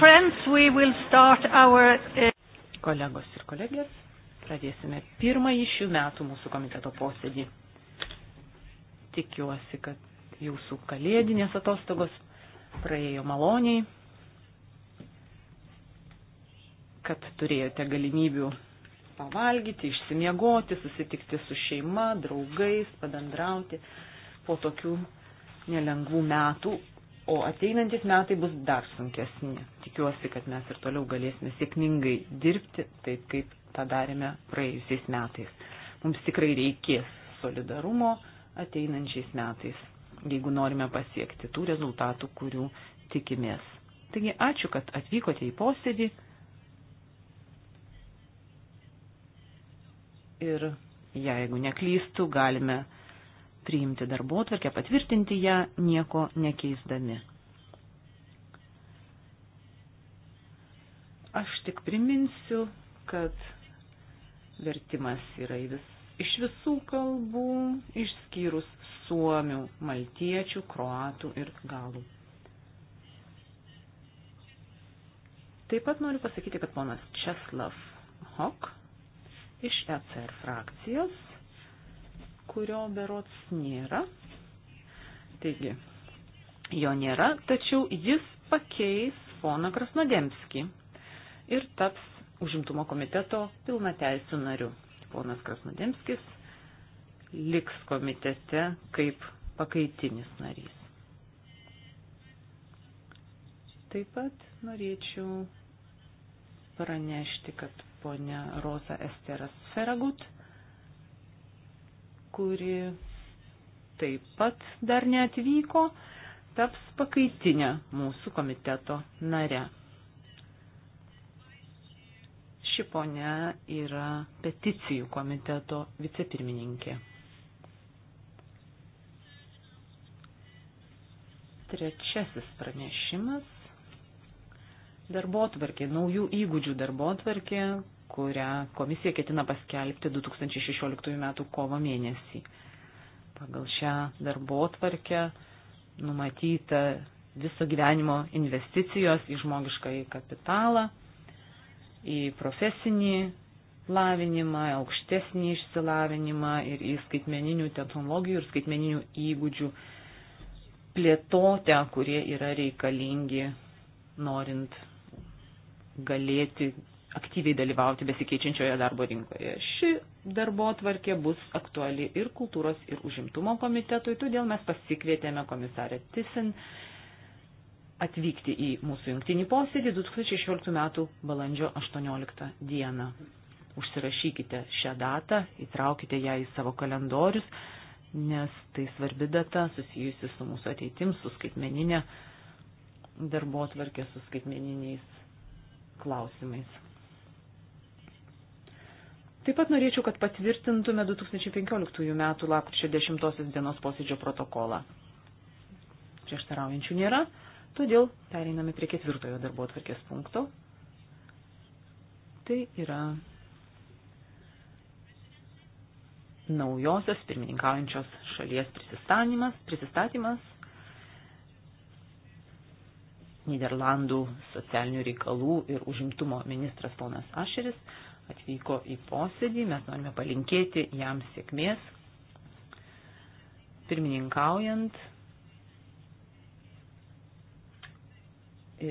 friends, we will start our... Uh, Kolegos ir kolegės, pradėsime pirmąjį šių metų mūsų komiteto posėdį. Tikiuosi, kad jūsų kalėdinės atostogos praėjo maloniai, kad turėjote galimybių pavalgyti, išsimiegoti, susitikti su šeima, draugais, padandrauti po tokių nelengvų metų, o ateinantis metai bus dar sunkesni. Tikiuosi, kad mes ir toliau galėsime sėkmingai dirbti, taip kaip tą darėme praėjusiais metais. Mums tikrai reikės solidarumo ateinančiais metais, jeigu norime pasiekti tų rezultatų, kurių tikimės. Taigi ačiū, kad atvykote į posėdį. Ir jeigu neklystų, galime priimti darbo atvarkę, patvirtinti ją, nieko nekeisdami. Aš tik priminsiu, kad vertimas yra vis, iš visų kalbų, išskyrus suomių, maltiečių, kroatų ir galų. Taip pat noriu pasakyti, kad ponas Česlav Hok iš ECR frakcijos kurio berots nėra. Taigi, jo nėra, tačiau jis pakeis poną Krasnodemskį ir taps užimtumo komiteto pilna teisų nariu. Ponas Krasnodemskis liks komitete kaip pakaitinis narys. Taip pat norėčiau pranešti, kad ponia Roza Esteras Feragut kuri taip pat dar neatvyko, taps pakaitinė mūsų komiteto nare. Ši ponia yra peticijų komiteto vicepirmininkė. Trečiasis pranešimas. Darbotvarkė, naujų įgūdžių darbotvarkė, kurią komisija ketina paskelbti 2016 m. kovo mėnesį. Pagal šią darbo tvarkę numatyta viso gyvenimo investicijos į žmogiškąjį kapitalą, į profesinį lavinimą, aukštesnį išsilavinimą ir į skaitmeninių technologijų ir skaitmeninių įgūdžių plėtotę, kurie yra reikalingi norint galėti aktyviai dalyvauti besikeičiančioje darbo rinkoje. Ši darbo tvarkė bus aktuali ir kultūros, ir užimtumo komitetui, todėl mes pasikvietėme komisarę Tisin atvykti į mūsų jungtinį posėdį 2016 m. balandžio 18 dieną. Užsirašykite šią datą, įtraukite ją į savo kalendorius, nes tai svarbi data susijusi su mūsų ateitim, su skaitmeninė darbo tvarkė, su skaitmeniniais klausimais. Taip pat norėčiau, kad patvirtintume 2015 m. lapkričio 10 dienos posėdžio protokolą. Prieštaraujančių nėra, todėl pereiname prie ketvirtojo darbo atvarkės punkto. Tai yra naujosios pirmininkaujančios šalies prisistatymas, prisistatymas Niderlandų socialinių reikalų ir užimtumo ministras ponas Ašeris atvyko į posėdį. Mes norime palinkėti jam sėkmės. Pirmininkaujant.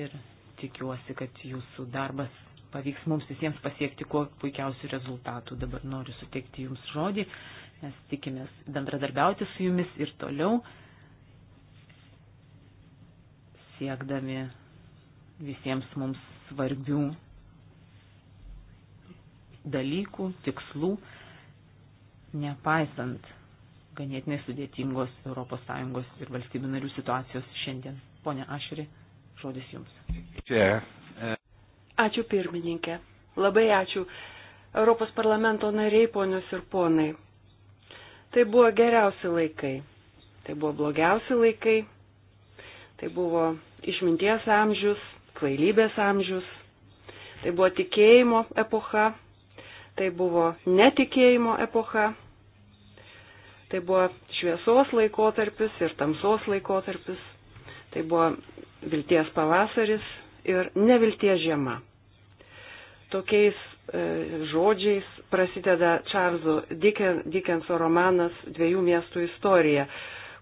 Ir tikiuosi, kad jūsų darbas pavyks mums visiems pasiekti kuo puikiausių rezultatų. Dabar noriu suteikti jums žodį. Mes tikimės bendradarbiauti su jumis ir toliau, siekdami visiems mums svarbių dalykų, tikslų, nepaisant ganėtinai sudėtingos ES ir valstybių narių situacijos šiandien. Pone Ašri, žodis Jums. Uh, ačiū pirmininkė. Labai ačiū Europos parlamento nariai, ponios ir ponai. Tai buvo geriausi laikai, tai buvo blogiausi laikai, tai buvo išminties amžius, kvailybės amžius, tai buvo tikėjimo epocha, Tai buvo netikėjimo epocha, tai buvo šviesos laikotarpis ir tamsos laikotarpis, tai buvo vilties pavasaris ir nevilties žiema. Tokiais e, žodžiais prasideda Čarlzo Dicken, Dickenso romanas Dviejų miestų istorija,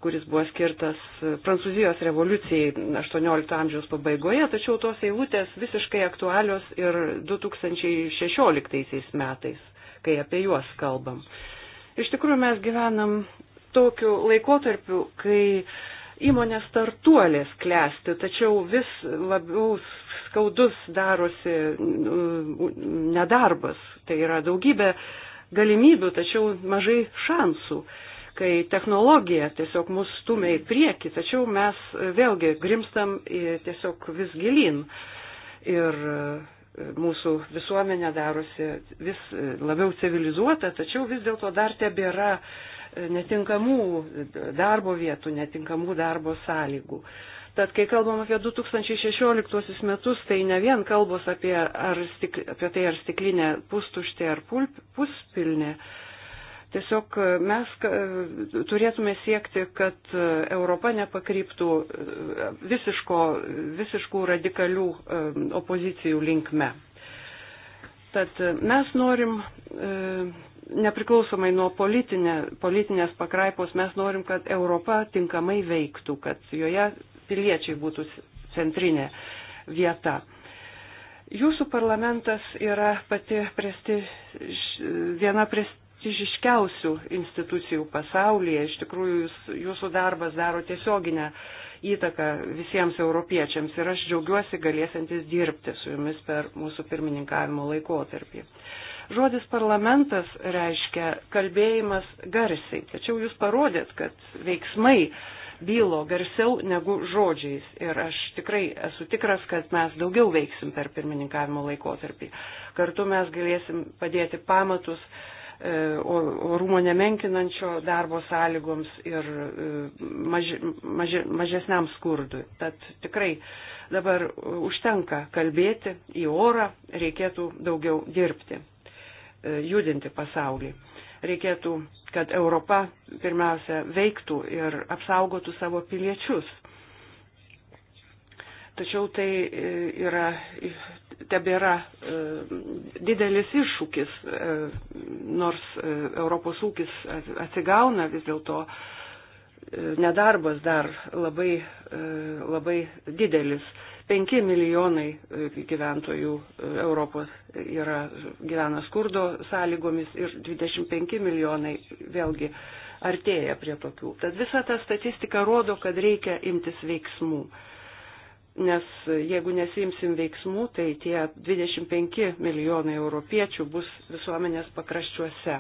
kuris buvo skirtas Prancūzijos revoliucijai 18 amžiaus pabaigoje, tačiau tos eilutės visiškai aktualios ir 2016 metais, kai apie juos kalbam. Iš tikrųjų mes gyvenam tokiu laikotarpiu, kai įmonės startuolės klesti, tačiau vis labiau skaudus darosi mm, nedarbas. Tai yra daugybė galimybių, tačiau mažai šansų kai technologija tiesiog mus stumia į priekį, tačiau mes e, vėlgi grimstam tiesiog vis gilin ir e, mūsų visuomenė darosi vis e, labiau civilizuota, tačiau vis dėlto dar tebėra netinkamų darbo vietų, netinkamų darbo sąlygų. Tad kai kalbam apie 2016 metus, tai ne vien kalbos apie, ar stik, apie tai, ar stiklinė pustuštė ar pulp, puspilnė, Tiesiog e, mes e, turėtume siekti, kad e, Europa nepakryptų visiško, visiškų radikalių opozicijų linkme. Tad mes norim, nepriklausomai nuo politinė, politinės pakraipos, mes norim, kad Europa tinkamai veiktų, kad joje piliečiai būtų centrinė vieta. Jūsų parlamentas yra pati presti, viena presti prestižiškiausių institucijų pasaulyje. Iš tikrųjų, jūs, jūsų darbas daro tiesioginę įtaką visiems europiečiams ir aš džiaugiuosi galėsantis dirbti su jumis per mūsų pirmininkavimo laikotarpį. Žodis parlamentas reiškia kalbėjimas garsiai, tačiau jūs parodėt, kad veiksmai bylo garsiau negu žodžiais. Ir aš tikrai esu tikras, kad mes daugiau veiksim per pirmininkavimo laikotarpį. Kartu mes galėsim padėti pamatus E, orumo nemenkinančio darbo sąlygoms ir e, maži, maži, mažesniam skurdui. Tad tikrai dabar užtenka kalbėti į orą, reikėtų daugiau dirbti, e, judinti pasaulį. Reikėtų, kad Europa pirmiausia veiktų ir apsaugotų savo piliečius. Tačiau tai yra tebėra e, didelis iššūkis, e, nors e, Europos ūkis atsigauna vis dėlto nedarbas dar labai, labai didelis. 5 milijonai gyventojų Europos yra, gyvena skurdo sąlygomis ir 25 milijonai vėlgi artėja prie tokių. Tad visa ta statistika rodo, kad reikia imtis veiksmų nes jeigu nesimsim veiksmų, tai tie 25 milijonai europiečių bus visuomenės pakraščiuose.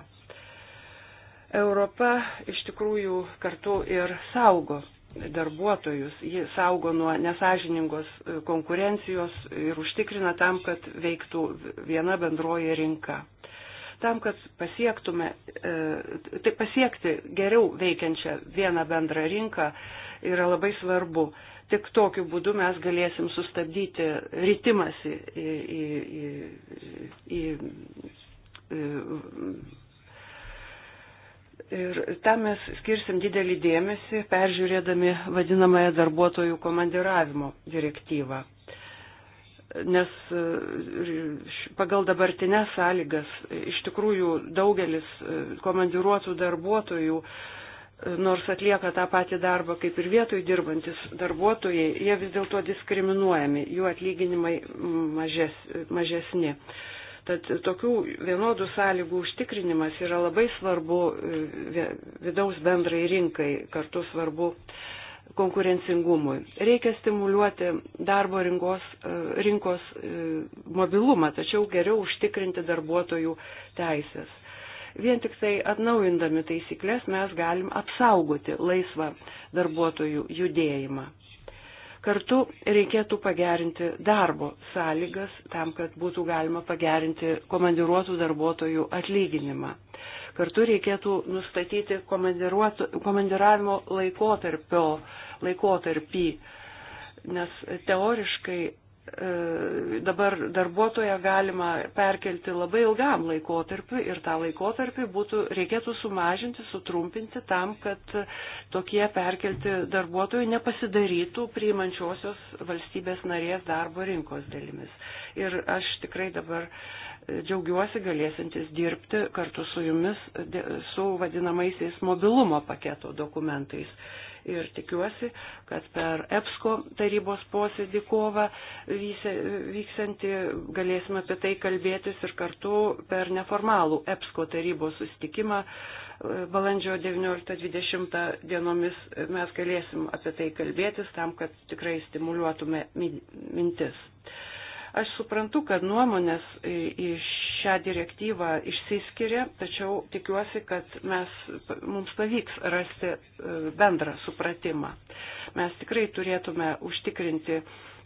Europa iš tikrųjų kartu ir saugo darbuotojus, ji saugo nuo nesažiningos e, konkurencijos ir užtikrina tam, kad veiktų viena bendroji rinka. Tam, kad pasiektume, e, tai pasiekti geriau veikiančią vieną bendrą rinką yra labai svarbu Tik tokiu būdu mes galėsim sustabdyti rytimąsi į, į, į, į, Ir tam mes skirsim didelį dėmesį, peržiūrėdami vadinamąją darbuotojų komandiravimo direktyvą nes e, pagal dabartinės sąlygas iš tikrųjų daugelis e, komandiruotų darbuotojų nors atlieka tą patį darbą kaip ir vietoj dirbantis darbuotojai, jie vis dėlto diskriminuojami, jų atlyginimai mažes, mažesni. Tad tokių vienodų sąlygų užtikrinimas yra labai svarbu e, vidaus bendrai rinkai, kartu svarbu konkurencingumui. Reikia stimuliuoti darbo rinkos, e, rinkos e, mobilumą, tačiau geriau užtikrinti darbuotojų teisės. Vien tik tai atnaujindami taisyklės mes galim apsaugoti laisvą darbuotojų judėjimą. Kartu reikėtų pagerinti darbo sąlygas tam, kad būtų galima pagerinti komandiruotų darbuotojų atlyginimą. Kartu reikėtų nustatyti komandiravimo laikotarpio, laikotarpį, nes teoriškai E, dabar darbuotoją galima perkelti labai ilgam laikotarpiu ir tą laikotarpį būtų, reikėtų sumažinti, sutrumpinti tam, kad tokie perkelti darbuotojai nepasidarytų priimančiosios valstybės narės darbo rinkos dalimis. Ir aš tikrai dabar e, džiaugiuosi galėsintis dirbti kartu su jumis, su vadinamaisiais mobilumo paketo dokumentais ir tikiuosi, kad per EPSCO tarybos posėdį kovą vyksianti galėsime apie tai kalbėtis ir kartu per neformalų EPSCO tarybos susitikimą e, balandžio 19-20 dienomis mes galėsim apie tai kalbėtis tam, kad tikrai stimuliuotume mintis. Aš suprantu, kad nuomonės į šią direktyvą išsiskiria, tačiau tikiuosi, kad mes, mums pavyks rasti e, bendrą supratimą. Mes tikrai turėtume užtikrinti,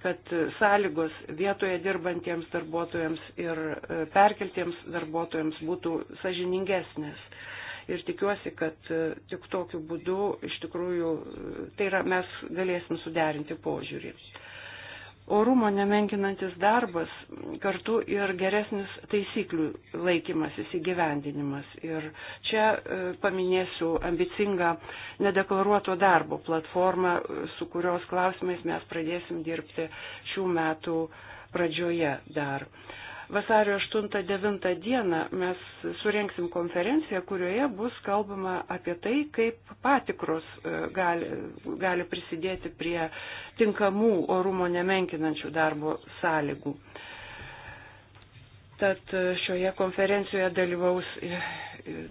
kad sąlygos vietoje dirbantiems darbuotojams ir e, perkeltiems darbuotojams būtų sažiningesnės. Ir tikiuosi, kad e, tik tokiu būdu iš tikrųjų tai yra mes galėsim suderinti požiūrį orumo nemenkinantis darbas kartu ir geresnis taisyklių laikymasis įgyvendinimas. Ir čia e, paminėsiu ambicingą nedeklaruoto darbo platformą, e, su kurios klausimais mes pradėsim dirbti šių metų pradžioje dar. Uh, vasario 8-9 dieną mes surenksim konferenciją, kurioje bus kalbama apie tai, kaip patikros e, gali, gali prisidėti prie tinkamų orumo nemenkinančių darbo sąlygų. Tad e, šioje konferencijoje dalyvaus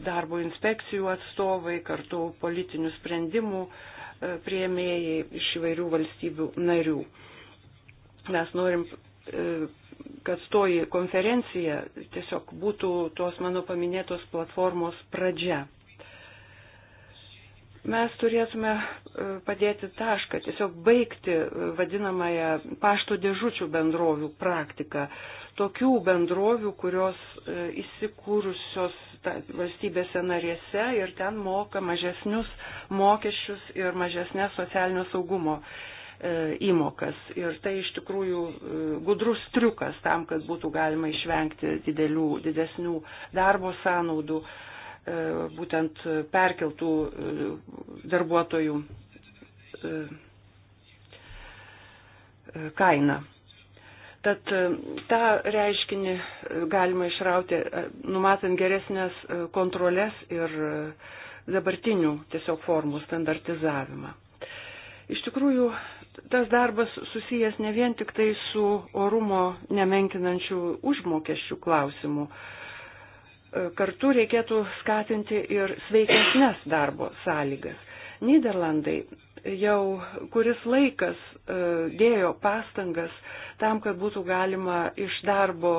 darbo inspekcijų atstovai, kartu politinių sprendimų e, prieimėjai iš įvairių valstybių narių. Mes norim kad toji konferencija tiesiog būtų tos mano paminėtos platformos pradžia. Mes turėtume e, padėti tašką, tiesiog baigti e, vadinamąją pašto dėžučių bendrovių praktiką. Tokių bendrovių, kurios e, įsikūrusios valstybėse narėse ir ten moka mažesnius mokesčius ir mažesnės socialinio saugumo E, įmokas. Ir tai iš tikrųjų e, gudrus triukas tam, kad būtų galima išvengti didelių, didesnių darbo sąnaudų, e, būtent perkeltų darbuotojų kainą. Tad tą reiškinį galima išrauti, numatant geresnės kontrolės ir dabartinių tiesiog formų standartizavimą. Iš tikrųjų, tas darbas susijęs ne vien tik tai su orumo nemenkinančių užmokesčių klausimu. E, kartu reikėtų skatinti ir sveikesnės darbo sąlygas. Niderlandai jau kuris laikas e, dėjo pastangas tam, kad būtų galima iš darbo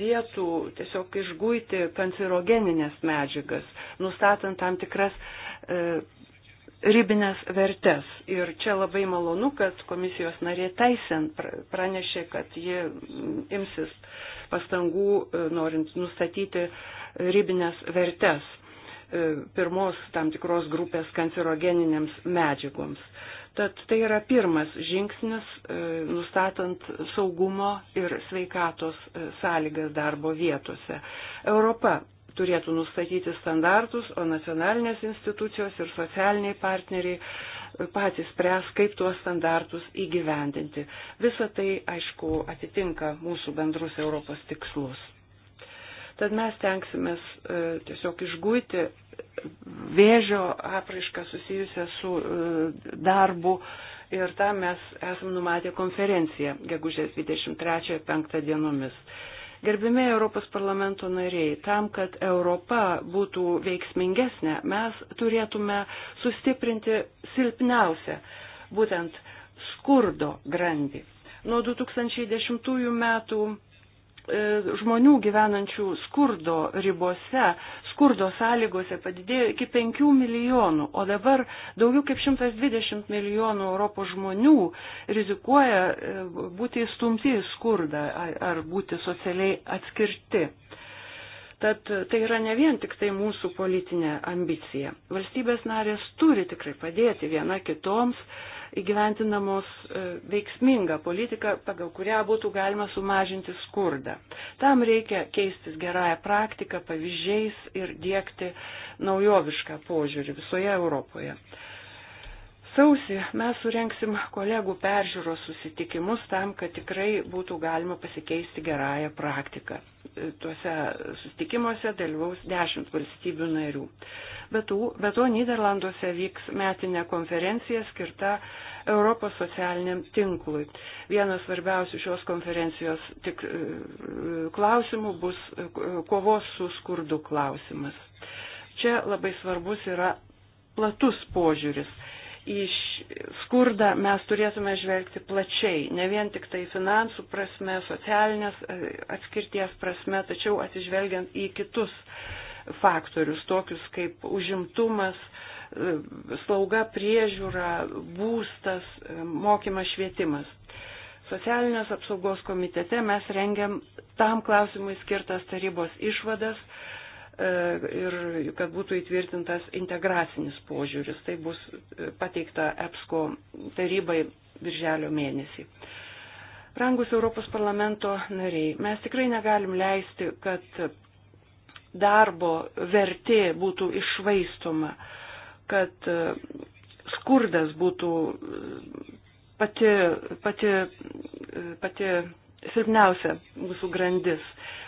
vietų tiesiog išguiti kancerogeninės medžiagas, nustatant tam tikras e, ribinės vertės. Ir čia labai malonu, kad komisijos narė Taisen pranešė, kad ji mm, imsis pastangų, e, norint nustatyti ribinės vertės e, pirmos tam tikros grupės kancerogeninėms medžiagoms. Tad tai yra pirmas žingsnis, e, nustatant saugumo ir sveikatos sąlygas darbo vietose. Europa turėtų nustatyti standartus, o nacionalinės institucijos ir socialiniai partneriai patys spręs, kaip tuos standartus įgyvendinti. Visa tai, aišku, atitinka mūsų bendrus Europos tikslus. Tad mes tenksimės e, tiesiog išgūti vėžio apraišką susijusią su e, darbu ir tam mes esam numatę konferenciją gegužės 23-5 dienomis. E, Gerbimi Europos parlamento nariai, tam, kad Europa būtų veiksmingesnė, mes turėtume sustiprinti silpniausią, būtent skurdo grandį. Nuo 2010 metų e, žmonių gyvenančių skurdo ribose skurdo sąlygose padidėjo iki 5 milijonų, o dabar daugiau kaip 120 milijonų Europos žmonių rizikuoja e, būti įstumti į skurdą ar būti socialiai atskirti. Tad e, tai yra ne vien tik tai mūsų politinė ambicija. Valstybės narės turi tikrai padėti viena kitoms, įgyventinamos e, veiksminga politika, pagal kurią būtų galima sumažinti skurdą. Tam reikia keistis gerąją praktiką, pavyzdžiais ir dėkti naujovišką požiūrį visoje Europoje. Sausį mes surenksim kolegų peržiūros susitikimus tam, kad tikrai būtų galima pasikeisti gerąją praktiką. Tuose susitikimuose dalyvaus dešimt valstybių narių. Be to, be to Niderlanduose vyks metinė konferencija skirta Europos socialiniam tinklui. Vienas svarbiausių šios konferencijos tik, e, klausimų bus e, kovos su skurdu klausimas. Čia labai svarbus yra platus požiūris į skurdą mes turėtume žvelgti plačiai, ne vien tik tai finansų prasme, socialinės e, atskirties prasme, tačiau atsižvelgiant į kitus faktorius, tokius kaip užimtumas, e, slauga priežiūra, būstas, e, mokymas švietimas. Socialinės apsaugos komitete mes rengiam tam klausimui skirtas tarybos išvadas, E, ir kad būtų įtvirtintas integracinis požiūris. Tai bus e, pateikta EPSCO tarybai birželio mėnesį. Rangus Europos parlamento nariai, mes tikrai negalim leisti, kad darbo vertė būtų išvaistoma, kad e, skurdas būtų pati, pati, pati silpniausia mūsų grandis.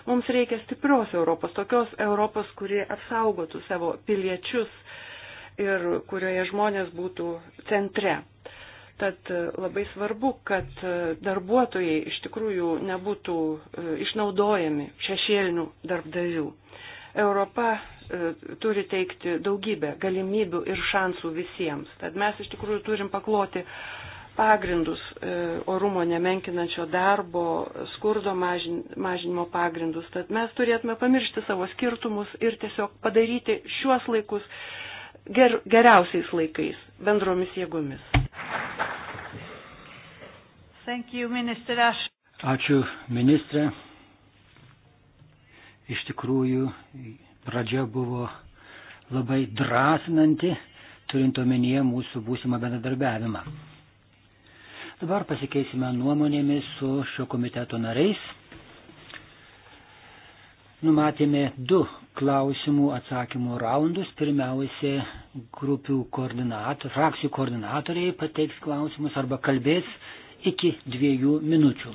Mums reikia stiprios Europos, tokios Europos, kurie apsaugotų savo piliečius ir kurioje žmonės būtų centre. Tad e, labai svarbu, kad e, darbuotojai iš tikrųjų nebūtų e, išnaudojami šešėlinių darbdavių. Europa turi teikti daugybę galimybių ir šansų visiems. Tad mes iš tikrųjų turim pakloti pagrindus, e, orumo nemenkinančio darbo, skurdo mažin, mažinimo pagrindus. Tad mes turėtume pamiršti savo skirtumus ir tiesiog padaryti šiuos laikus ger, geriausiais laikais, bendromis jėgomis. Thank you, Minister Ash. Ačiū, ministrė. Iš tikrųjų, pradžia buvo labai drąsinanti, turint omenyje mūsų būsimą bendradarbiavimą. Dabar pasikeisime nuomonėmis su šio komiteto nariais. Numatėme du klausimų atsakymų raundus. Pirmiausia, grupių koordinatoriai, frakcijų koordinatoriai pateiks klausimus arba kalbės iki dviejų minučių.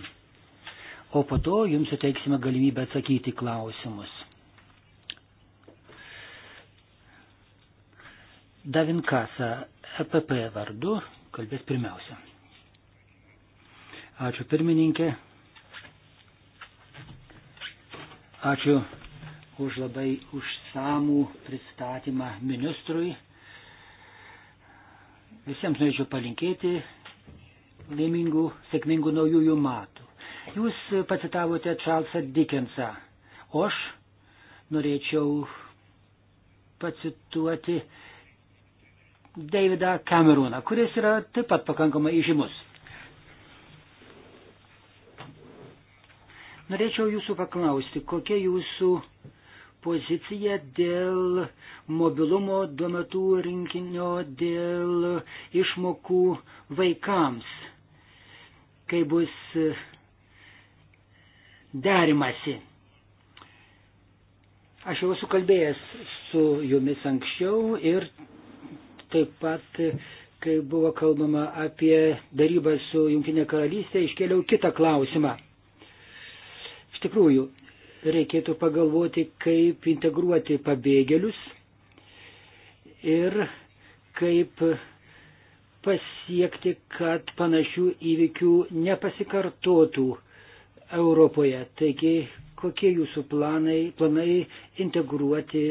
O po to jums suteiksime galimybę atsakyti klausimus. Davinkasa EPP vardu kalbės pirmiausia. Ačiū pirmininkė. Ačiū už labai užsamų pristatymą ministrui. Visiems norėčiau palinkėti laimingų, sėkmingų naujųjų metų. Jūs pacitavote Charlesą Dickensą, o aš norėčiau pacituoti Davidą Cameroną, kuris yra taip pat pakankamai įžymus. Norėčiau jūsų paklausti, kokia jūsų pozicija dėl mobilumo duometų rinkinio, dėl išmokų vaikams, kai bus derimasi. Aš jau esu kalbėjęs su jumis anksčiau ir taip pat, kai buvo kalbama apie darybą su Junktinė karalystė, iškėliau kitą klausimą tikrųjų reikėtų pagalvoti, kaip integruoti pabėgėlius ir kaip pasiekti, kad panašių įvykių nepasikartotų Europoje. Taigi, kokie jūsų planai, planai integruoti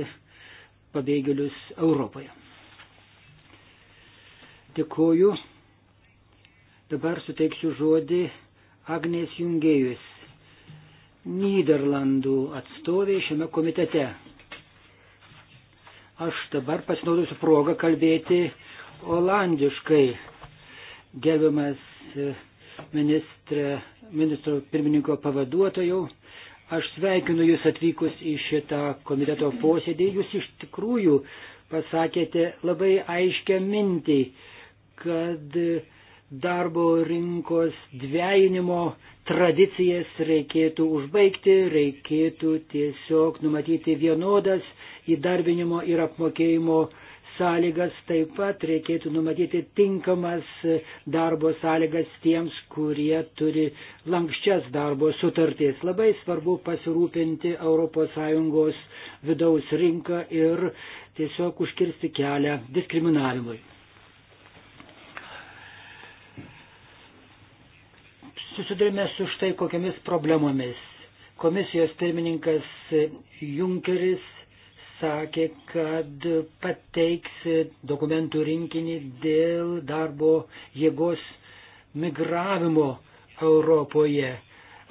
pabėgėlius Europoje? Dėkuoju. Dabar suteiksiu žodį Agnės Jungėjus. Niderlandų atstovė šiame komitete. Aš dabar pasinaudosiu progą kalbėti olandiškai. Gerbiamas e, ministrė, ministro pirmininko pavaduotojų, aš sveikinu Jūs atvykus į šitą komiteto posėdį. Jūs iš tikrųjų pasakėte labai aiškę mintį, kad uh, darbo rinkos dvėjinimo tradicijas reikėtų užbaigti, reikėtų tiesiog numatyti vienodas įdarbinimo ir apmokėjimo sąlygas, taip pat reikėtų numatyti tinkamas darbo sąlygas tiems, kurie turi lankščias darbo sutartys. Labai svarbu pasirūpinti ES vidaus rinką ir tiesiog užkirsti kelią diskriminavimui. susidurime su štai kokiamis problemomis. Komisijos pirmininkas Junkeris sakė, kad pateiks dokumentų rinkinį dėl darbo jėgos migravimo Europoje.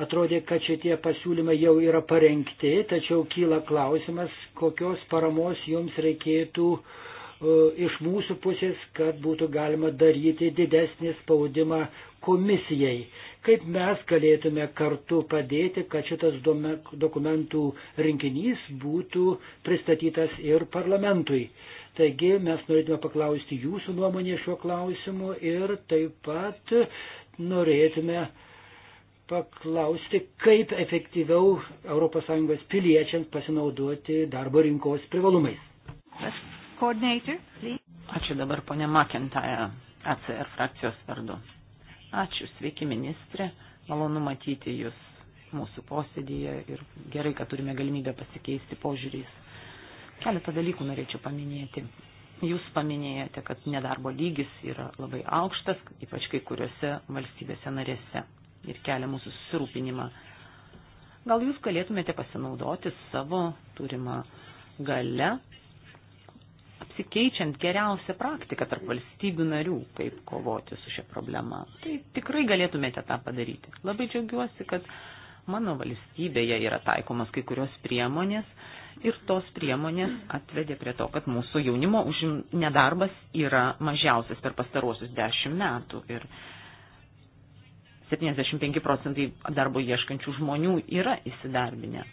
Atrodė, kad šitie pasiūlymai jau yra parengti, tačiau kyla klausimas, kokios paramos jums reikėtų uh, E, iš mūsų pusės, kad būtų galima daryti didesnį spaudimą komisijai. Kaip mes galėtume kartu padėti, kad šitas dokumentų rinkinys būtų pristatytas ir parlamentui. Taigi mes norėtume paklausti jūsų nuomonė šiuo klausimu ir taip pat norėtume paklausti, kaip efektyviau ES piliečiams pasinaudoti darbo rinkos privalumais. Aš Ačiū dabar ponė Makentaja, ACR frakcijos vardu. Ačiū, sveiki ministrė, malonu matyti Jūs mūsų posėdėje ir gerai, kad turime galimybę pasikeisti požiūriais. Keletą dalykų norėčiau paminėti. Jūs paminėjote, kad nedarbo lygis yra labai aukštas, ypač kai kuriuose valstybėse narėse ir kelia mūsų susirūpinimą. Gal jūs galėtumėte pasinaudoti savo turimą gale apsikeičiant geriausią praktiką tarp valstybių narių, kaip kovoti su šia problema. Tai tikrai galėtumėte tą padaryti. Labai džiaugiuosi, kad mano valstybėje yra taikomas kai kurios priemonės ir tos priemonės atvedė prie to, kad mūsų jaunimo užim, nedarbas yra mažiausias per pastaruosius dešimt metų. Ir 75 procentai darbo ieškančių žmonių yra įsidarbinę.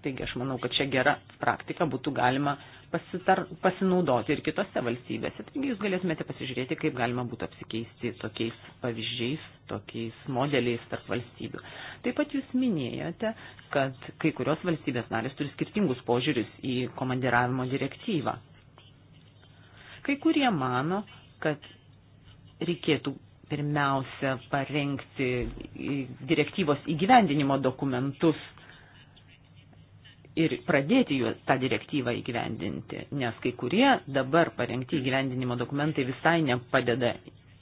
Taigi aš manau, kad čia gera praktika būtų galima pasitar, pasinaudoti ir kitose valstybėse. Taigi jūs galėtumėte pasižiūrėti, kaip galima būtų apsikeisti tokiais pavyzdžiais, tokiais modeliais tarp valstybių. Taip pat jūs minėjote, kad kai kurios valstybės narės turi skirtingus požiūrius į komandiravimo direktyvą. Kai kurie mano, kad reikėtų pirmiausia parengti direktyvos įgyvendinimo dokumentus ir pradėti juos tą direktyvą įgyvendinti, nes kai kurie dabar parengti įgyvendinimo dokumentai visai nepadeda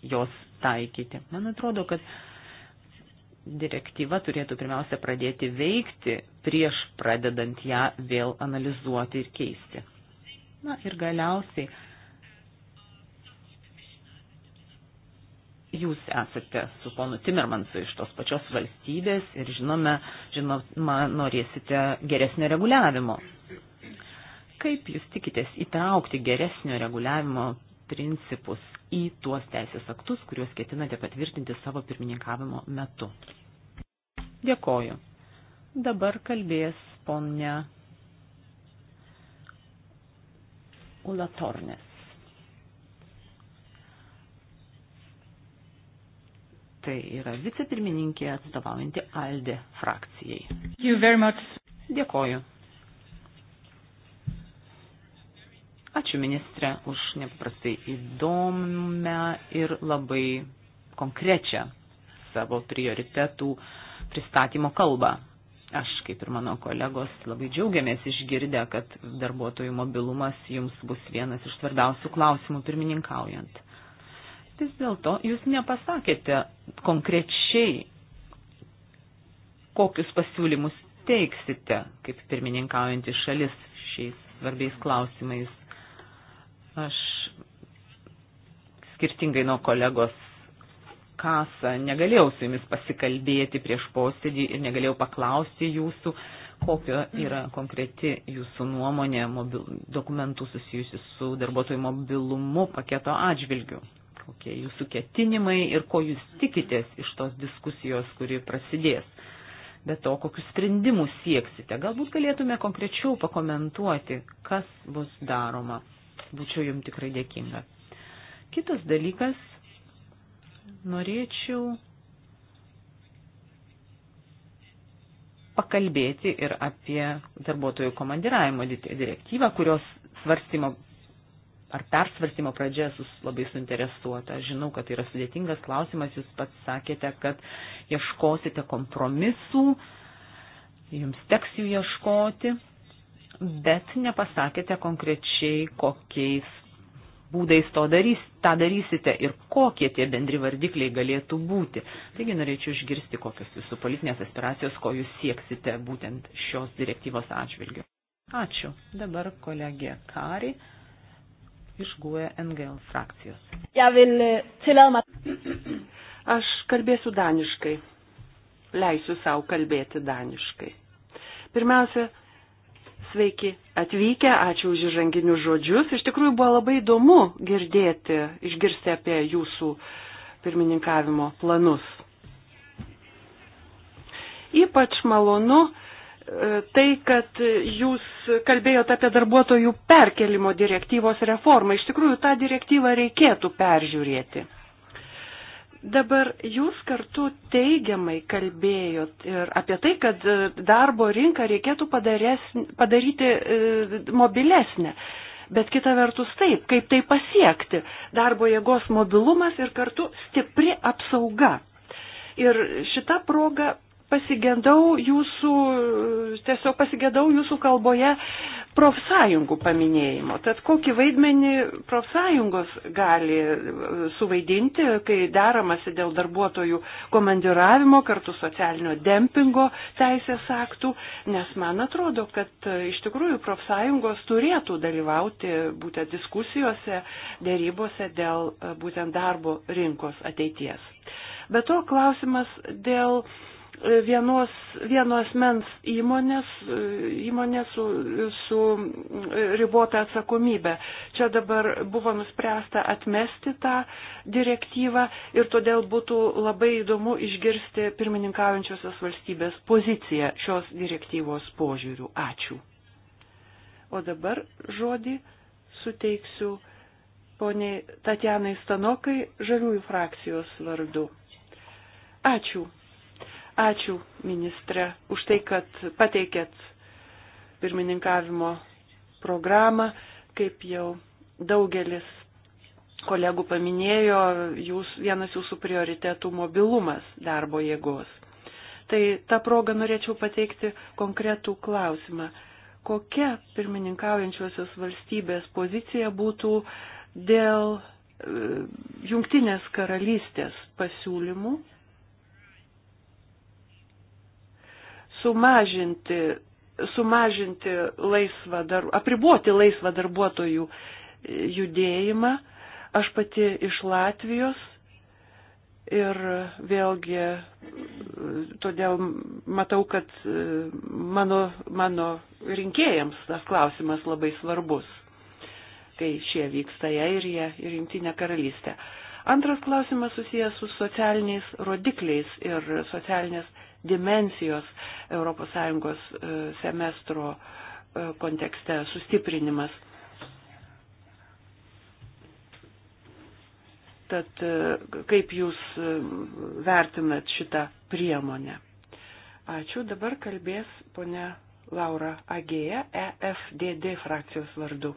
jos taikyti. Man atrodo, kad direktyva turėtų pirmiausia pradėti veikti prieš pradedant ją vėl analizuoti ir keisti. Na ir galiausiai jūs esate su ponu Timermansu iš tos pačios valstybės ir žinome, žinoma, norėsite geresnio reguliavimo. Kaip jūs tikitės įtraukti geresnio reguliavimo principus į tuos teisės aktus, kuriuos ketinate patvirtinti savo pirmininkavimo metu? Dėkoju. Dabar kalbės ponia Ulatornės. Tai yra vicepirmininkė atstovaujanti Aldė frakcijai. Dėkoju. Ačiū ministrė už nepaprastai įdomią ir labai konkrečią savo prioritetų pristatymo kalbą. Aš, kaip ir mano kolegos, labai džiaugiamės išgirdę, kad darbuotojų mobilumas jums bus vienas iš svarbiausių klausimų pirmininkaujant. Vis dėlto jūs nepasakėte konkrečiai, kokius pasiūlymus teiksite kaip pirmininkaujantis šalis šiais svarbiais klausimais. Aš skirtingai nuo kolegos kasą negalėjau su jumis pasikalbėti prieš posėdį ir negalėjau paklausti jūsų, kokia yra konkreti jūsų nuomonė mobil, dokumentų susijusi su darbuotojų mobilumu paketo atžvilgiu kokie jūsų ketinimai ir ko jūs tikitės iš tos diskusijos, kuri prasidės. Be to, kokius sprendimus sieksite. Galbūt galėtume konkrečiau pakomentuoti, kas bus daroma. Būčiau jums tikrai dėkinga. Kitas dalykas, norėčiau pakalbėti ir apie darbuotojų komandiravimo direktyvą, kurios svarstymo ar persvarstymo pradžia esu labai suinteresuota. Žinau, kad tai yra sudėtingas klausimas, jūs pats sakėte, kad ieškosite kompromisų, jums teks jų ieškoti, bet nepasakėte konkrečiai, kokiais būdais to darys, tą darysite ir kokie tie bendri vardikliai galėtų būti. Taigi norėčiau išgirsti, kokios jūsų politinės aspiracijos, ko jūs sieksite būtent šios direktyvos atžvilgiu. Ačiū. Dabar kolegė Kari iš GUE NGL frakcijos. Eh, Aš kalbėsiu daniškai. Leisiu savo kalbėti daniškai. Pirmiausia, sveiki atvykę, ačiū už įžanginius žodžius. Iš tikrųjų buvo labai įdomu girdėti, išgirsti apie jūsų pirmininkavimo planus. Ypač malonu, tai, kad jūs kalbėjote apie darbuotojų perkelimo direktyvos reformą. Iš tikrųjų, tą direktyvą reikėtų peržiūrėti. Dabar jūs kartu teigiamai kalbėjot ir apie tai, kad darbo rinką reikėtų padarės, padaryti e, mobilesnę. Bet kita vertus taip, kaip tai pasiekti - darbo jėgos mobilumas ir kartu stipri apsauga. Ir šita proga pasigėdau jūsų, tiesiog pasigėdau jūsų kalboje profsąjungų paminėjimo. Tad kokį vaidmenį profsąjungos gali e, suvaidinti, kai deramasi dėl darbuotojų komandiravimo kartu socialinio dempingo teisės aktų, nes man atrodo, kad e, iš tikrųjų profsąjungos turėtų dalyvauti būtent diskusijose, dėrybose dėl e, būtent darbo rinkos ateities. Be to klausimas dėl uh, vienos, vienos mens įmonės, įmonės su, su ribota atsakomybė. Čia dabar buvo nuspręsta atmesti tą direktyvą ir todėl būtų labai įdomu išgirsti pirmininkaujančiosios valstybės poziciją šios direktyvos požiūrių. Ačiū. O dabar žodį suteiksiu poniai Tatjanai Stanokai žaliųjų frakcijos vardu. Ačiū. Ačiū, ministrė, už tai, kad pateikėt pirmininkavimo programą. Kaip jau daugelis kolegų paminėjo, jūs, vienas jūsų prioritetų mobilumas darbo jėgos. Tai tą progą norėčiau pateikti konkretų klausimą. Kokia pirmininkaujančiosios valstybės pozicija būtų dėl e, jungtinės karalystės pasiūlymų sumažinti, sumažinti laisvą, dar, apriboti laisvą darbuotojų judėjimą. Aš pati iš Latvijos ir vėlgi todėl matau, kad e, mano, mano rinkėjams tas klausimas labai svarbus, kai šie vyksta į Airiją ir Jungtinę karalystę. Antras klausimas susijęs su socialiniais rodikliais ir socialinės dimensijos ES e, semestro e, kontekste sustiprinimas. Tad e, kaip jūs vertinat šitą priemonę? Ačiū. Dabar kalbės ponia Laura Agėja, EFDD frakcijos vardu.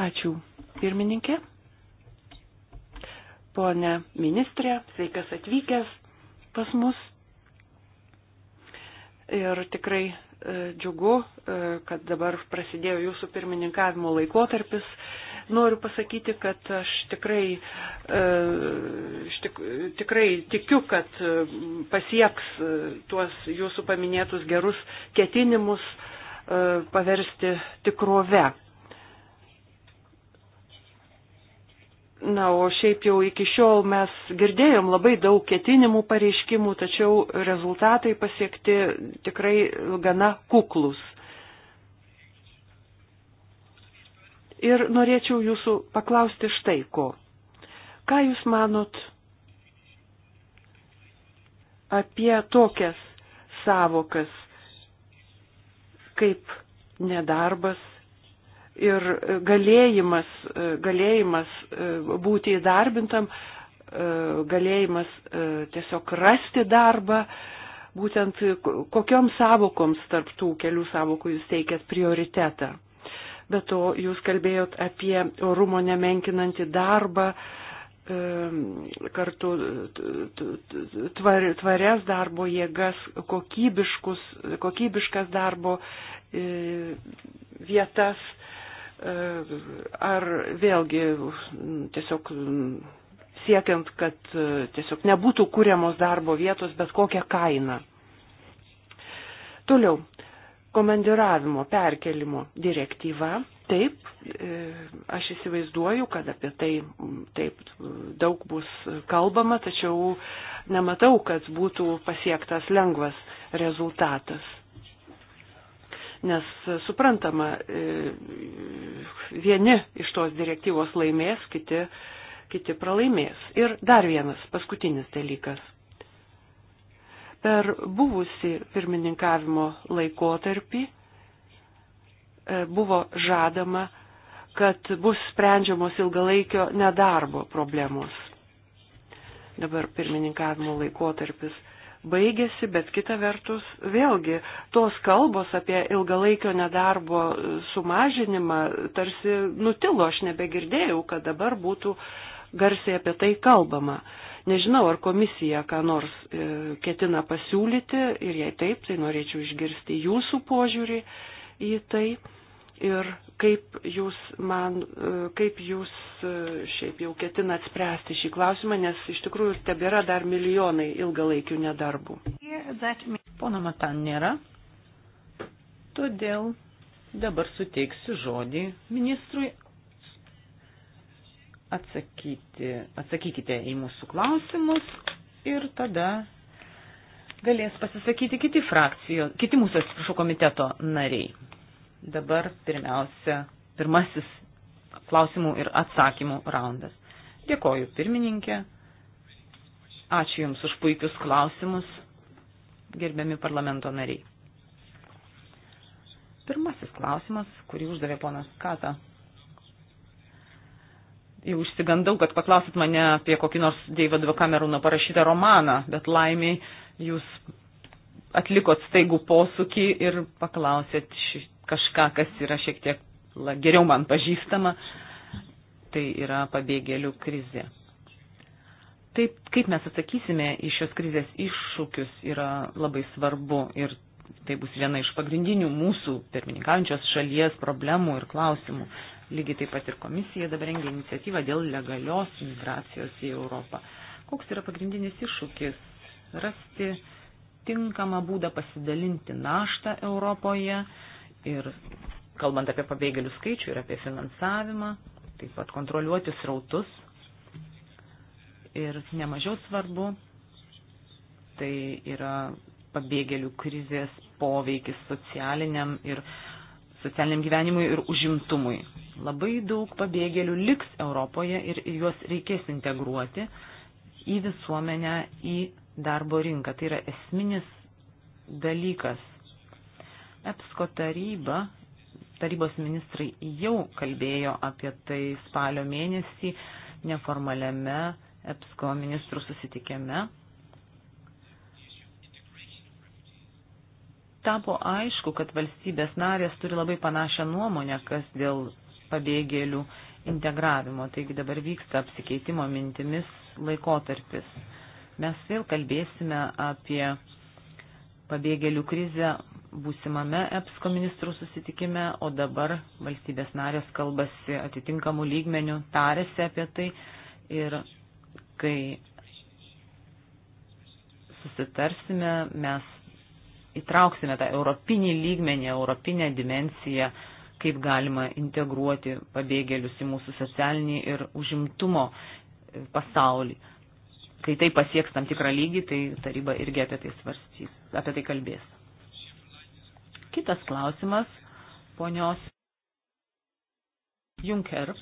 Ačiū. Pirmininkė. Pone ministrė, sveikas atvykęs pas mus. Ir tikrai e, džiugu, e, kad dabar prasidėjo jūsų pirmininkavimo laikotarpis. Noriu pasakyti, kad aš tikrai, e, tik, tikrai tikiu, kad pasieks tuos jūsų paminėtus gerus ketinimus paversti tikrove. Na, o šiaip jau iki šiol mes girdėjom labai daug ketinimų pareiškimų, tačiau rezultatai pasiekti tikrai gana kuklus. Ir norėčiau jūsų paklausti štai ko. Ką jūs manot apie tokias savokas kaip nedarbas, ir galėjimas, e, galėjimas e, būti įdarbintam, e, galėjimas tiesiog rasti darbą, būtent kokiom savokoms tarp tų kelių savokų jūs teikėt prioritetą. Be to, jūs kalbėjot apie orumo nemenkinantį darbą, kartu tvarias darbo jėgas, kokybiškas darbo vietas E, ar vėlgi tiesiog siekiant, kad e, tiesiog nebūtų kūriamos darbo vietos bet kokią kainą. Toliau, komandiravimo, perkelimo direktyva. Taip, e, aš įsivaizduoju, kad apie tai taip daug bus kalbama, tačiau nematau, kad būtų pasiektas lengvas rezultatas. Nes suprantama, e, vieni iš tos direktyvos laimės, kiti, kiti pralaimės. Ir dar vienas, paskutinis dalykas. Per buvusi pirmininkavimo laikotarpį e, buvo žadama, kad bus sprendžiamos ilgalaikio nedarbo problemos. Dabar pirmininkavimo laikotarpis baigėsi, bet kita vertus vėlgi tos kalbos apie ilgalaikio nedarbo sumažinimą tarsi nutilo, aš nebegirdėjau, kad dabar būtų garsiai apie tai kalbama. Nežinau, ar komisija ką nors e, ketina pasiūlyti ir jei taip, tai norėčiau išgirsti jūsų požiūrį į tai. Ir kaip jūs, man, e, kaip jūs e, šiaip jau ketinat spręsti šį klausimą, nes iš tikrųjų tebėra dar milijonai ilgalaikių nedarbų. Pono Matan nėra, todėl dabar suteiksiu žodį ministrui. Atsakyti, atsakykite į mūsų klausimus ir tada galės pasisakyti kiti, frakcijo, kiti mūsų atsiprašau komiteto nariai. Dabar pirmiausia, pirmasis klausimų ir atsakymų raundas. Dėkoju pirmininkė. Ačiū Jums už puikius klausimus, gerbiami parlamento nariai. Pirmasis klausimas, kurį uždavė ponas Kata. Jau užsigandau, kad paklausit mane apie kokį nors Deivido Kamerūno parašytą romaną, bet laimiai jūs atlikot staigų posūkį ir paklausėt kažką, kas yra šiek tiek geriau man pažįstama, tai yra pabėgėlių krizė. Taip, kaip mes atsakysime į šios krizės iššūkius yra labai svarbu ir tai bus viena iš pagrindinių mūsų pirmininkaujančios šalies problemų ir klausimų. Lygiai taip pat ir komisija dabar rengia iniciatyvą dėl legalios migracijos į Europą. Koks yra pagrindinis iššūkis? Rasti tinkamą būdą pasidalinti naštą Europoje, uh, ir kalbant apie pabėgėlių skaičių ir apie finansavimą, taip pat kontroliuoti srautus. Ir nemažiau svarbu, tai yra pabėgėlių krizės poveikis socialiniam ir socialiniam gyvenimui ir užimtumui. Labai daug pabėgėlių liks Europoje ir juos reikės integruoti į visuomenę, į darbo rinką. Tai yra esminis dalykas EPSCO taryba, tarybos ministrai jau kalbėjo apie tai spalio mėnesį neformaliame EPSCO ministrų susitikime. Tapo aišku, kad valstybės narės turi labai panašią nuomonę, kas dėl pabėgėlių integravimo. Taigi dabar vyksta apsikeitimo mintimis laikotarpis. Mes vėl kalbėsime apie pabėgėlių krizę būsimame EPSCO ministrų susitikime, o dabar valstybės narės kalbasi atitinkamų lygmenių, tarėsi apie tai ir kai susitarsime, mes įtrauksime tą europinį lygmenį, europinę dimenciją, kaip galima integruoti pabėgėlius į mūsų socialinį ir užimtumo pasaulį kai tai pasieks tam tikrą lygį, tai taryba irgi apie tai svarstys, apie tai kalbės. Kitas klausimas, ponios Junker.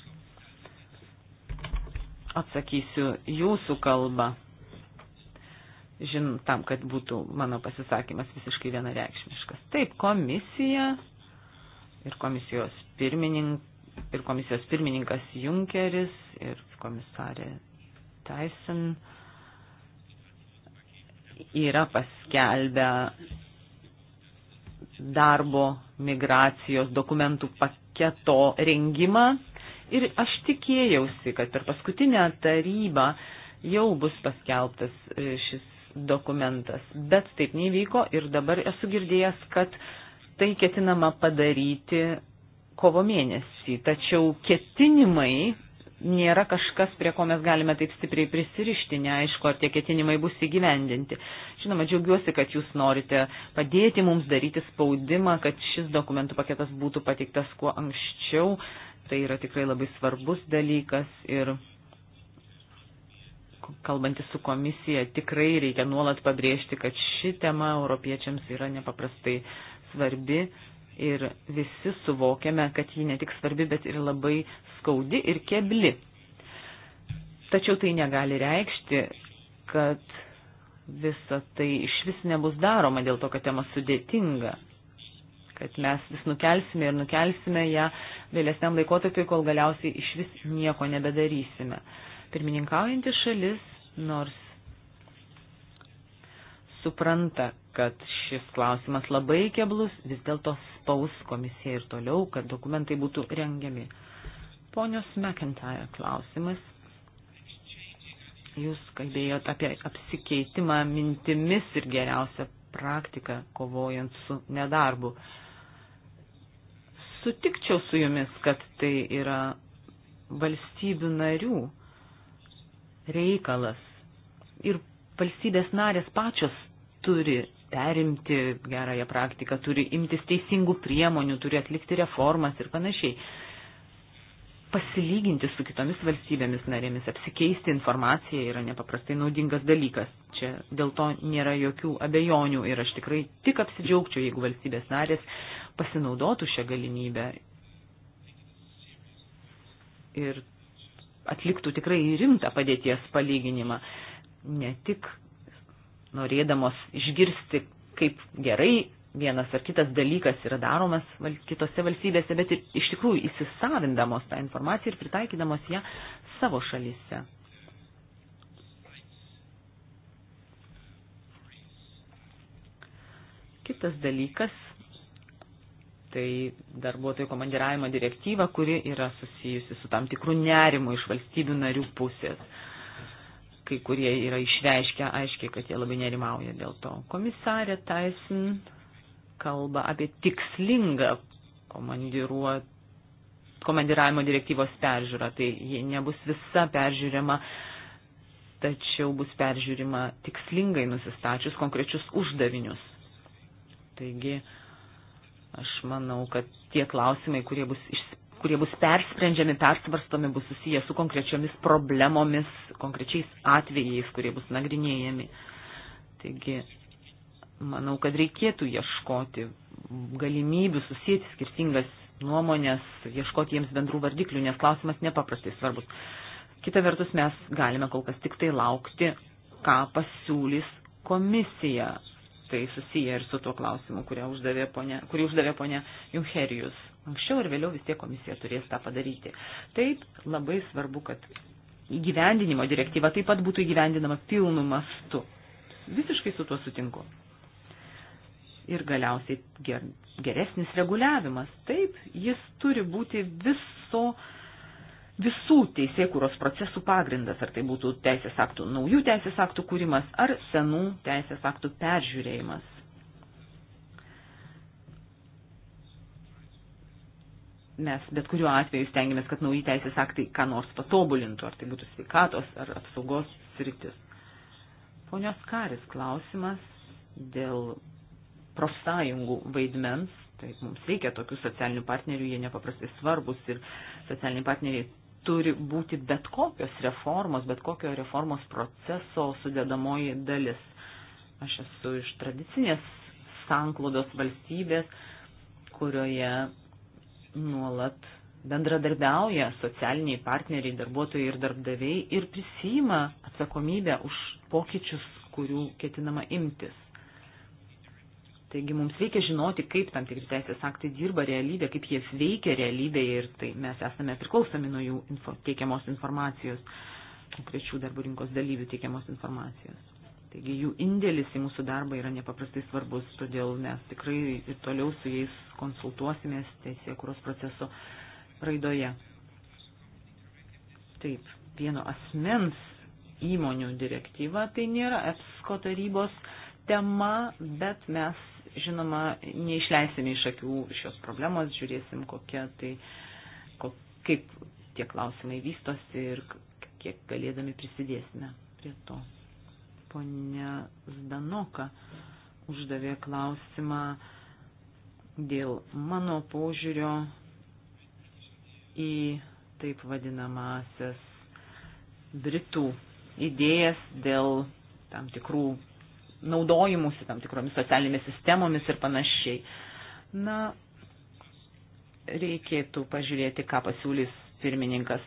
Atsakysiu jūsų kalbą. Žin, tam, kad būtų mano pasisakymas visiškai vienareikšmiškas. Taip, komisija ir komisijos, pirmininkas, ir komisijos pirmininkas Junkeris ir komisarė Tyson yra paskelbę darbo migracijos dokumentų paketo rengimą ir aš tikėjausi, kad per paskutinę tarybą jau bus paskelbtas e, šis dokumentas, bet taip nevyko ir dabar esu girdėjęs, kad tai ketinama padaryti kovo mėnesį, tačiau ketinimai nėra kažkas, prie ko mes galime taip stipriai prisirišti, neaišku, ar tie ketinimai bus įgyvendinti. Žinoma, džiaugiuosi, kad jūs norite padėti mums daryti spaudimą, kad šis dokumentų paketas būtų pateiktas kuo anksčiau. Tai yra tikrai labai svarbus dalykas ir kalbantį su komisija tikrai reikia nuolat pabrėžti, kad ši tema europiečiams yra nepaprastai svarbi ir visi suvokiame, kad ji ne tik svarbi, bet ir labai skaudi ir kebli. Tačiau tai negali reikšti, kad visa tai iš vis nebus daroma dėl to, kad tema sudėtinga, kad mes vis nukelsime ir nukelsime ją vėlesniam laikotarpiu, kol galiausiai iš vis nieko nebedarysime. Pirmininkaujantis šalis, nors supranta, kad šis klausimas labai keblus, vis dėlto spaus komisija ir toliau, kad dokumentai būtų rengiami. Ponios McIntyre klausimas. Jūs kalbėjote apie apsikeitimą mintimis ir geriausią praktiką kovojant su nedarbu. Sutikčiau su jumis, kad tai yra valstybių narių reikalas ir valstybės narės pačios turi perimti gerąją praktiką, turi imtis teisingų priemonių, turi atlikti reformas ir panašiai pasilyginti su kitomis valstybėmis narėmis, apsikeisti informaciją yra nepaprastai naudingas dalykas. Čia dėl to nėra jokių abejonių ir aš tikrai tik apsidžiaugčiau, jeigu valstybės narės pasinaudotų šią galimybę ir atliktų tikrai rimtą padėties palyginimą, ne tik norėdamos išgirsti, kaip gerai vienas ar kitas dalykas yra daromas kitose valstybėse, bet ir iš tikrųjų įsisavindamos tą informaciją ir pritaikydamos ją savo šalyse. Kitas dalykas - tai darbuotojų komandiravimo direktyva, kuri yra susijusi su tam tikrų nerimų iš valstybių narių pusės. Kai kurie yra išreiškę aiškiai, kad jie labai nerimauja dėl to. Komisarė Tyson kalba apie tikslingą komandiravimo direktyvos peržiūrą. Tai ji nebus visa peržiūrima, tačiau bus peržiūrima tikslingai nusistačius konkrečius uždavinius. Taigi, aš manau, kad tie klausimai, kurie bus išspręsti, kurie bus persprendžiami, persvarstomi, bus susiję su konkrečiomis problemomis, konkrečiais atvejais, kurie bus nagrinėjami. Taigi manau, kad reikėtų ieškoti galimybių susijęti skirtingas nuomonės, ieškoti jiems bendrų vardiklių, nes klausimas nepaprastai svarbus. Kita vertus, mes galime kol kas tik tai laukti, ką pasiūlys komisija. Tai susiję ir su tuo klausimu, kurį uždavė ponė, kurį uždavė ponė Jumherijus. Anksčiau ir vėliau vis tiek komisija turės tą padaryti. Taip, labai svarbu, kad įgyvendinimo direktyva taip pat būtų įgyvendinama pilnu mastu. Visiškai su tuo sutinku ir galiausiai geresnis reguliavimas. Taip, jis turi būti viso, visų teisėkūros procesų pagrindas, ar tai būtų teisės aktų, naujų teisės aktų kūrimas, ar senų teisės aktų peržiūrėjimas. Mes bet kuriuo atveju stengiamės, kad nauji teisės aktai ką nors patobulintų, ar tai būtų sveikatos ar apsaugos sritis. Ponios Karis klausimas dėl profsąjungų vaidmens. Taip, mums reikia tokių socialinių partnerių, jie nepaprastai svarbus ir socialiniai partneriai turi būti bet kokios reformos, bet kokio reformos proceso sudėdamoji dalis. Aš esu iš tradicinės sanklodos valstybės, kurioje nuolat bendradarbiauja socialiniai partneriai, darbuotojai ir darbdaviai ir prisima atsakomybę už pokyčius, kurių ketinama imtis. Taigi mums reikia žinoti, kaip tam tikri teisės aktai dirba realybė, kaip jie veikia realybėje ir tai mes esame priklausomi nuo jų info, teikiamos informacijos, konkrečių darbo rinkos dalyvių teikiamos informacijos. Taigi jų indėlis į mūsų darbą yra nepaprastai svarbus, todėl mes tikrai ir toliau su jais konsultuosimės teisėkuros proceso raidoje. Taip, vieno asmens įmonių direktyva tai nėra EPSCO tarybos tema, bet mes žinoma, neišleisime iš akių šios problemos, žiūrėsim, kokia tai, kok, kaip tie klausimai vystosi ir kiek galėdami prisidėsime prie to. Pone Zdanoka uždavė klausimą dėl mano požiūrio į taip vadinamasias Britų idėjas dėl tam tikrų naudojimusi tam tikromis socialinėmis sistemomis ir panašiai. Na, reikėtų pažiūrėti, ką pasiūlys pirmininkas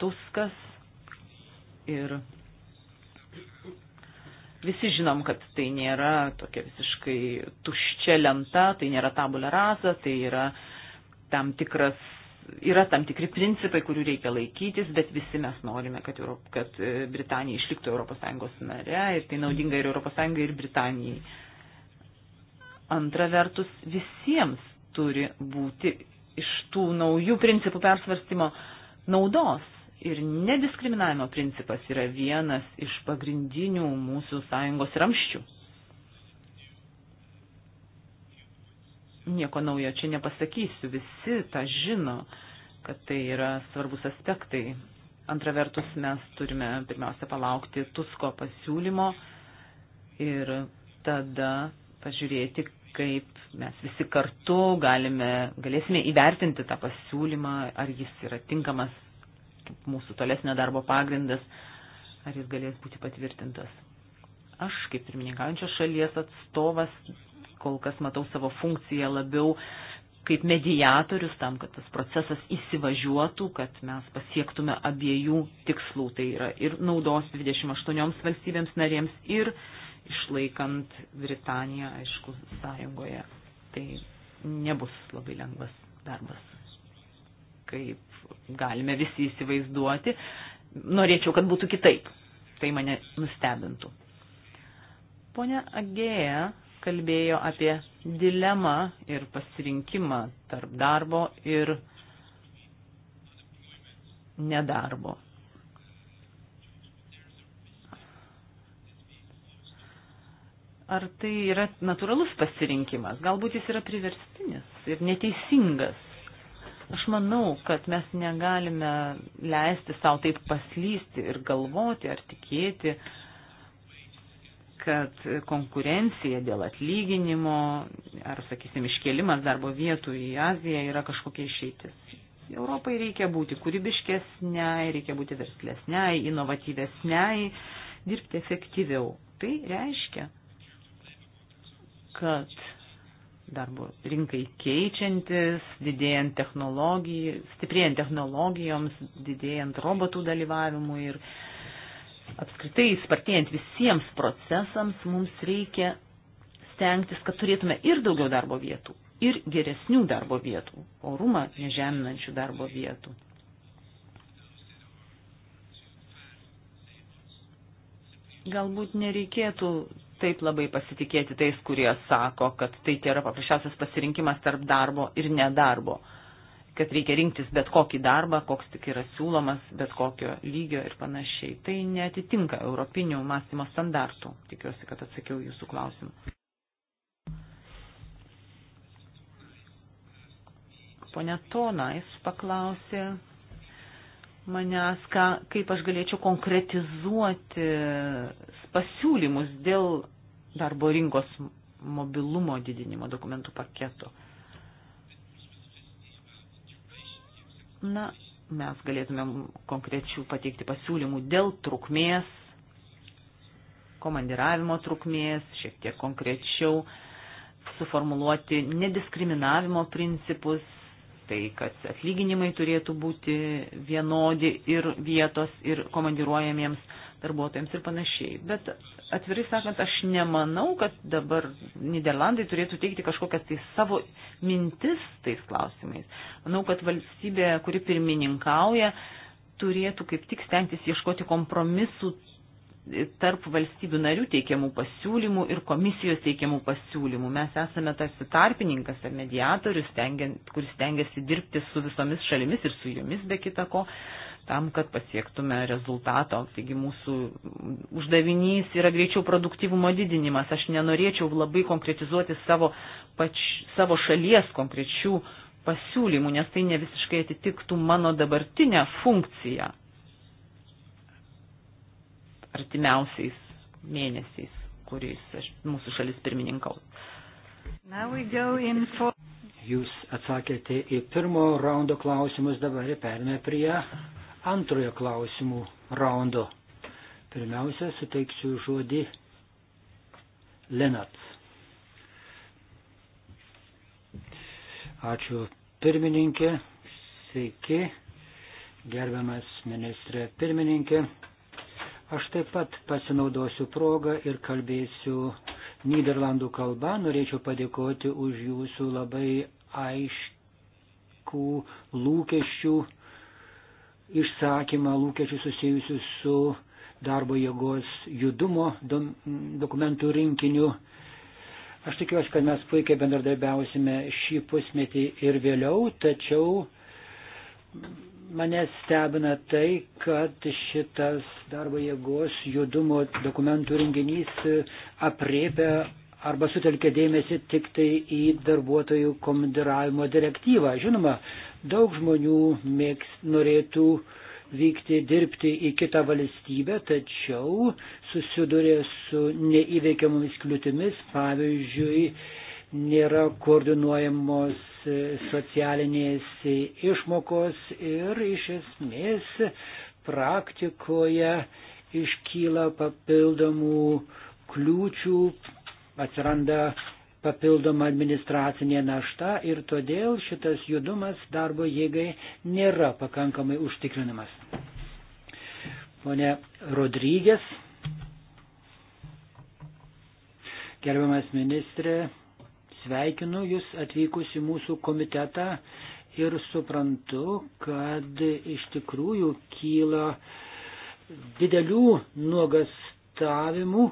Tuskas ir visi žinom, kad tai nėra tokia visiškai tuščia lenta, tai nėra tabulė rasa, tai yra tam tikras yra tam tikri principai, kurių reikia laikytis, bet visi mes norime, kad, Europ, kad e, Britanija išliktų ES nare ir tai naudinga ir ES, ir Britanijai. Antra vertus, visiems turi būti iš tų naujų principų persvarstymo naudos. Ir nediskriminavimo principas yra vienas iš pagrindinių mūsų sąjungos ramščių. nieko naujo čia nepasakysiu, visi tą žino, kad tai yra svarbus aspektai. Antra vertus, mes turime pirmiausia palaukti Tusko pasiūlymo ir tada pažiūrėti, kaip mes visi kartu galime, galėsime įvertinti tą pasiūlymą, ar jis yra tinkamas mūsų tolesnio darbo pagrindas, ar jis galės būti patvirtintas. Aš, kaip pirmininkaujančios šalies atstovas, kol kas matau savo funkciją labiau kaip mediatorius tam, kad tas procesas įsivažiuotų, kad mes pasiektume abiejų tikslų. Tai yra ir naudos 28 valstybėms narėms ir išlaikant Britaniją, aišku, sąjungoje. Tai nebus labai lengvas darbas, kaip galime visi įsivaizduoti. Norėčiau, kad būtų kitaip. Tai mane nustebintų. Pone Agėja kalbėjo apie dilemą ir pasirinkimą tarp darbo ir nedarbo. Ar tai yra natūralus pasirinkimas? Galbūt jis yra priverstinis ir neteisingas. Aš manau, kad mes negalime leisti savo taip paslysti ir galvoti ar tikėti, uh, kad konkurencija dėl atlyginimo ar, sakysim, iškėlimas darbo vietų į Aziją yra kažkokia išeitis. Europai reikia būti kūrybiškesniai, reikia būti verslesniai, inovatyvesniai, dirbti efektyviau. Tai reiškia, kad darbo rinkai keičiantis, didėjant technologijai, stiprėjant technologijoms, didėjant robotų dalyvavimui ir uh, apskritai spartėjant visiems procesams mums reikia stengtis, kad turėtume ir daugiau darbo vietų, ir geresnių darbo vietų, orumą nežeminančių darbo vietų. Galbūt nereikėtų taip labai pasitikėti tais, kurie sako, kad tai yra paprasčiausias pasirinkimas tarp darbo ir nedarbo. darbo kad reikia rinktis bet kokį darbą, koks tik yra siūlomas, bet kokio lygio ir panašiai. Tai netitinka europinių mąstymo standartų. Tikiuosi, kad atsakiau jūsų klausimą. Pone Tonais paklausė manęs, ką, kaip aš galėčiau konkretizuoti pasiūlymus dėl darbo rinkos mobilumo didinimo dokumentų paketo. Na, mes galėtumėm konkrečių pateikti pasiūlymų dėl trukmės, komandiravimo trukmės, šiek tiek konkrečiau suformuluoti nediskriminavimo principus, tai kad atlyginimai turėtų būti vienodi ir vietos, ir komandiruojamiems darbuotojams ir panašiai. Bet atvirai sakant, aš nemanau, kad dabar Niderlandai turėtų teikti kažkokias tai savo mintis tais klausimais. Manau, kad valstybė, kuri pirmininkauja, turėtų kaip tik stengtis ieškoti kompromisų tarp valstybių narių teikiamų pasiūlymų ir komisijos teikiamų pasiūlymų. Mes esame tarsi tarpininkas ar mediatorius, kuris stengiasi dirbti su visomis šalimis ir su jumis be kita ko. Uh, tam, kad pasiektume rezultato. Taigi mūsų uždavinys yra greičiau produktyvumo didinimas. Aš nenorėčiau labai konkretizuoti savo, pač, savo šalies konkrečių pasiūlymų, nes tai ne visiškai atitiktų mano dabartinę funkciją artimiausiais mėnesiais, kuriais aš, mūsų šalis pirmininkaus. For... Jūs atsakėte į pirmo raundo klausimus, dabar perėmė prie antrojo klausimų raundo. Pirmiausia, suteiksiu žodį Lenats. Ačiū pirmininkė, sveiki, gerbiamas ministrė pirmininkė. Aš taip pat pasinaudosiu progą ir kalbėsiu Niderlandų kalba. Norėčiau padėkoti už jūsų labai aiškų lūkesčių išsakymą lūkesčių susijusių su darbo jėgos judumo dokumentų rinkiniu. Aš tikiuosi, kad mes puikiai bendradarbiausime šį pusmetį ir vėliau, tačiau mane stebina tai, kad šitas darbo jėgos judumo dokumentų renginys apriepia arba sutelkia dėmesį tik tai į darbuotojų komandiravimo direktyvą. Žinoma, Daug žmonių mėgs, norėtų vykti dirbti į kitą valstybę, tačiau susiduria su neįveikiamomis kliūtimis, pavyzdžiui, nėra koordinuojamos e, socialinės išmokos ir iš esmės praktikoje iškyla papildomų kliūčių, atsiranda papildoma administracinė našta ir todėl šitas judumas darbo jėgai nėra pakankamai užtikrinamas. Pone Rodrygės, gerbiamas ministrė, sveikinu Jūs atvykus į mūsų komitetą ir suprantu, kad iš tikrųjų kyla didelių nuogastavimų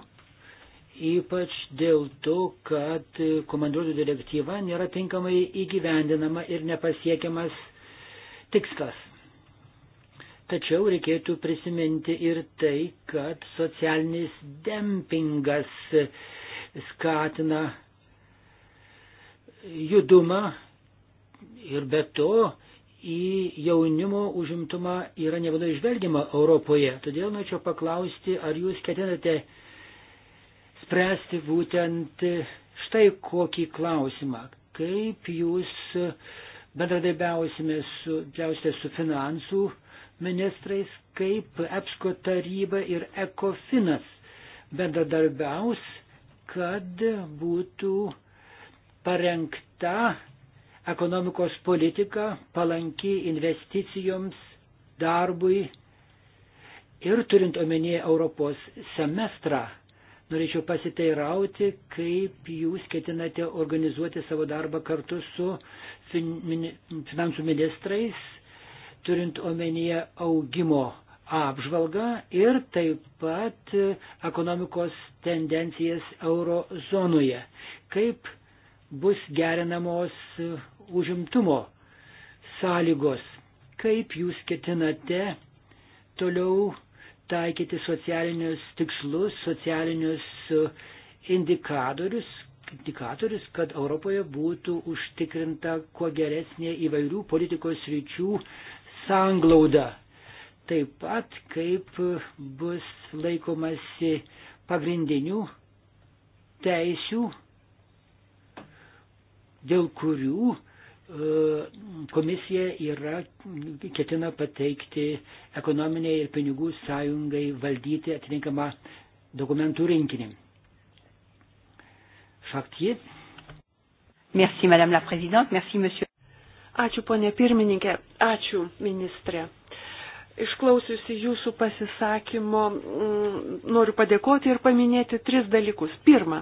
ypač dėl to, kad komandiruotų direktyva nėra tinkamai įgyvendinama ir nepasiekiamas tikslas. Tačiau reikėtų prisiminti ir tai, kad socialinis dempingas skatina judumą ir be to į jaunimo užimtumą yra nevienai išvelgiama Europoje. Todėl norėčiau paklausti, ar jūs ketinate spręsti būtent štai kokį klausimą. Kaip jūs bendradarbiausime su, su finansų ministrais, kaip EPSCO taryba ir ECOFINAS bendradarbiaus, kad būtų parengta ekonomikos politika palanki investicijoms, darbui ir turint omenyje Europos semestrą Norėčiau pasiteirauti, kaip jūs ketinate organizuoti savo darbą kartu su finansų ministrais, turint omenyje augimo apžvalgą ir taip pat ekonomikos tendencijas euro zonoje. Kaip bus gerinamos užimtumo sąlygos, kaip jūs ketinate toliau taikyti socialinius tikslus, socialinius e, indikatorius, indikatorius, kad Europoje būtų užtikrinta kuo geresnė įvairių politikos ryčių sanglauda. Taip pat, kaip bus laikomasi pagrindinių teisių, dėl kurių komisija yra, ketina pateikti ekonominiai ir pinigų sąjungai valdyti atitinkamą dokumentų rinkinį. Faktie. Merci, Madame la Présidente, merci, Monsieur. Ačiū, ponė pirmininkė, ačiū, ministrė. Išklausiusi jūsų pasisakymo, mm, noriu padėkoti ir paminėti tris dalykus. Pirma,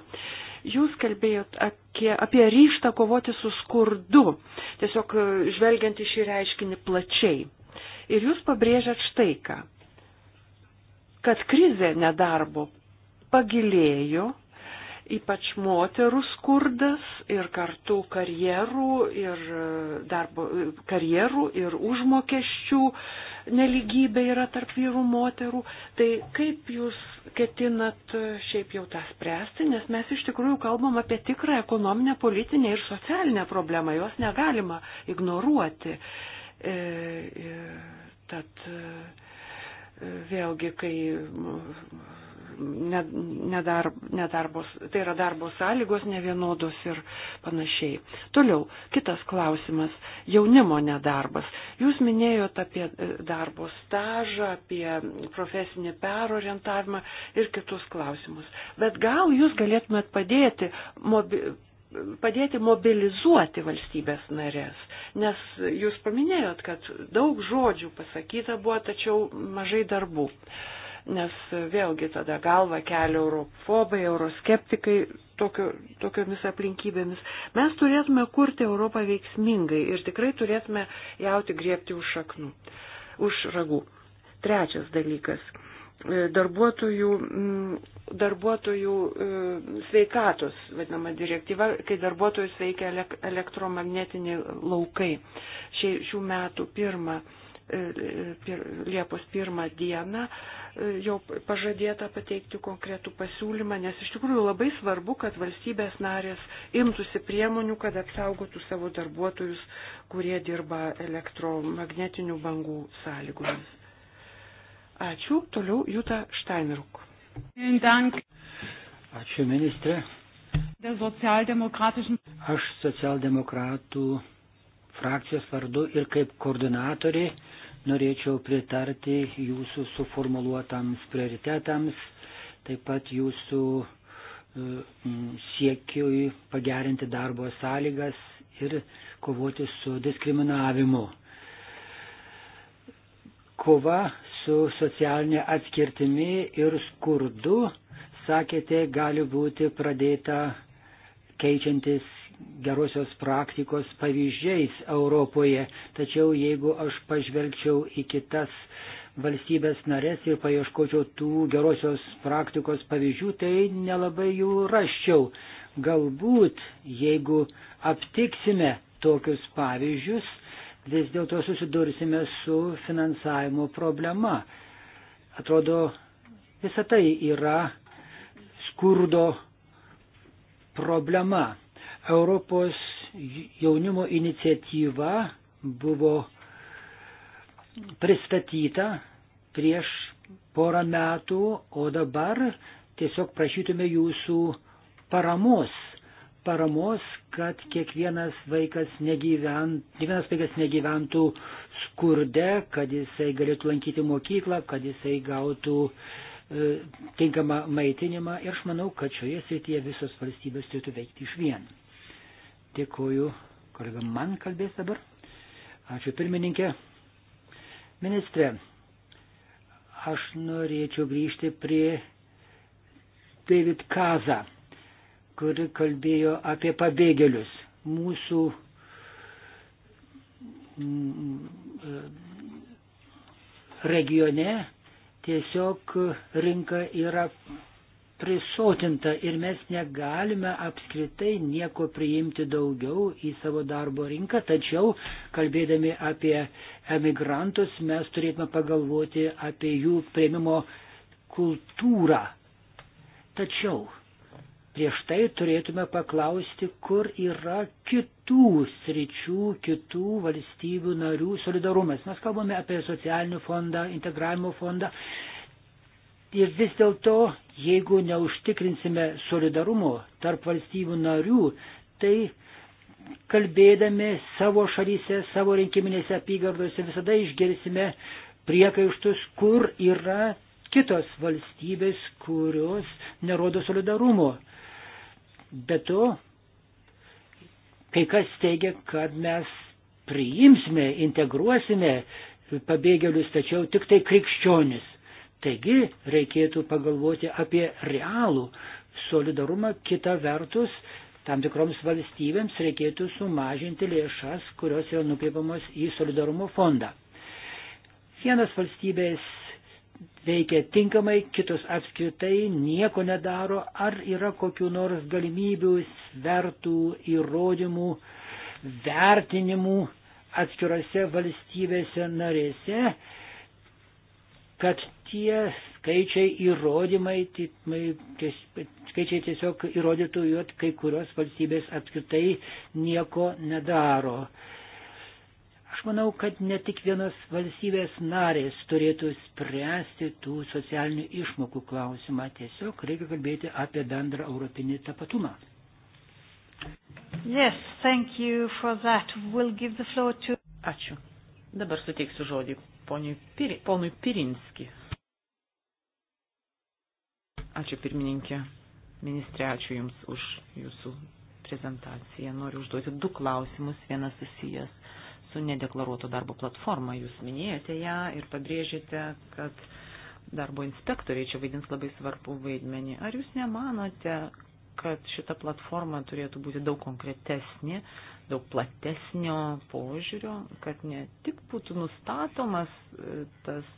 Jūs kalbėjot apie, apie ryštą kovoti su skurdu, tiesiog e, žvelgiant į šį reiškinį plačiai. Ir jūs pabrėžėt štai ką, kad krizė nedarbo pagilėjo, ypač moterų skurdas ir kartu karjerų ir, e, darbo, e, karjerų ir užmokesčių neligybė yra tarp vyrų moterų, tai kaip jūs ketinat šiaip jau tą spręsti, nes mes iš tikrųjų kalbam apie tikrą ekonominę, politinę ir socialinę problemą, jos negalima ignoruoti. E, e, tad e, vėlgi, kai nedarb, nedarbos, tai yra darbo sąlygos nevienodos ir panašiai. Toliau, kitas klausimas - jaunimo nedarbas. Jūs minėjot apie e, darbo stažą, apie profesinį perorientavimą ir kitus klausimus. Bet gal jūs galėtumėt padėti mobi, padėti mobilizuoti valstybės narės. Nes jūs paminėjot, kad daug žodžių pasakyta buvo, tačiau mažai darbų. Uh, nes vėlgi tada galva kelia eurofobai, euroskeptikai tokio, tokiomis aplinkybėmis. Mes turėtume kurti Europą veiksmingai ir tikrai turėtume jauti griepti už šaknų, už ragų. Trečias dalykas darbuotojų, mm, darbuotojų mm, sveikatos, vadinama direktyva, kai darbuotojus veikia elektromagnetiniai laukai. Šie, šių metų pirmą Liepos pirmą dieną e, jau pažadėta pateikti konkretų pasiūlymą, nes iš tikrųjų labai svarbu, kad valstybės narės imtųsi priemonių, kad apsaugotų savo darbuotojus, kurie dirba elektromagnetinių bangų sąlygomis. Ačiū. Toliau Jūta Steinruk. Ačiū, ministrė. Aš socialdemokratų frakcijos vardu ir kaip koordinatoriai norėčiau pritarti jūsų suformuluotams prioritetams, taip pat jūsų e, siekiui pagerinti darbo sąlygas ir kovoti su diskriminavimu. Kova su socialinė atskirtimi ir skurdu, sakėte, gali būti pradėta keičiantis gerosios praktikos pavyzdžiais Europoje. Tačiau jeigu aš pažvelgčiau į kitas valstybės narės ir paieškočiau tų gerosios praktikos pavyzdžių, tai nelabai jų raščiau. Galbūt, jeigu aptiksime tokius pavyzdžius, vis dėlto susidursime su finansavimo problema. Atrodo, visa tai yra skurdo problema. Europos jaunimo iniciatyva buvo pristatyta prieš porą metų, o dabar tiesiog prašytume jūsų paramos. Paramos, kad kiekvienas vaikas, negyvent, kiekvienas vaikas negyventų skurde, kad jisai galėtų lankyti mokyklą, kad jisai gautų e, tinkamą maitinimą. Ir aš manau, kad šioje srityje visos valstybės turėtų veikti iš vien. Dėkuoju, kolega man kalbės dabar. Ačiū pirmininkė. Ministrė, aš norėčiau grįžti prie David Kaza, kuri kalbėjo apie pabėgėlius. Mūsų mm, e, regione tiesiog rinka yra prisotinta ir mes negalime apskritai nieko priimti daugiau į savo darbo rinką, tačiau kalbėdami apie emigrantus mes turėtume pagalvoti apie jų prieimimo kultūrą. Tačiau prieš tai turėtume paklausti, kur yra kitų sričių, kitų valstybių narių solidarumas. Mes kalbame apie socialinį fondą, integravimo fondą, Ir vis dėlto, jeigu neužtikrinsime solidarumo tarp valstybių narių, tai kalbėdami savo šalyse, savo rinkiminėse apygardose visada išgirsime priekaištus, kur yra kitos valstybės, kurios nerodo solidarumo. Be to, kai kas teigia, kad mes priimsime, integruosime pabėgėlius, tačiau tik tai krikščionis. Taigi reikėtų pagalvoti apie realų solidarumą, kita vertus, tam tikroms valstybėms reikėtų sumažinti lėšas, kurios yra nukreipiamos į solidarumo fondą. Vienas valstybės veikia tinkamai, kitos apskritai nieko nedaro, ar yra kokiu nors galimybių, svertų, įrodymų, vertinimų atskirose valstybėse narėse, kad tie skaičiai įrodymai, skaičiai tiesiog įrodytų, jog kai kurios valstybės apskritai nieko nedaro. Aš manau, kad ne tik vienos valstybės narės turėtų spręsti tų socialinių išmokų klausimą, tiesiog reikia kalbėti apie bendrą europinį tapatumą. Yes, thank you for that. We'll give the floor to. Ačiū. Dabar suteiksiu žodį Piri, ponui Pirinski. Ačiū pirmininkė. Ministrė, ačiū Jums už Jūsų prezentaciją. Noriu užduoti du klausimus. Vienas susijęs su nedeklaruoto darbo platforma. Jūs minėjote ją ir pabrėžėte, kad darbo inspektoriai čia vaidins labai svarbu vaidmenį. Ar Jūs nemanote, kad šita platforma turėtų būti daug konkretesnė, daug platesnio požiūrio, kad ne tik būtų nustatomas e, tas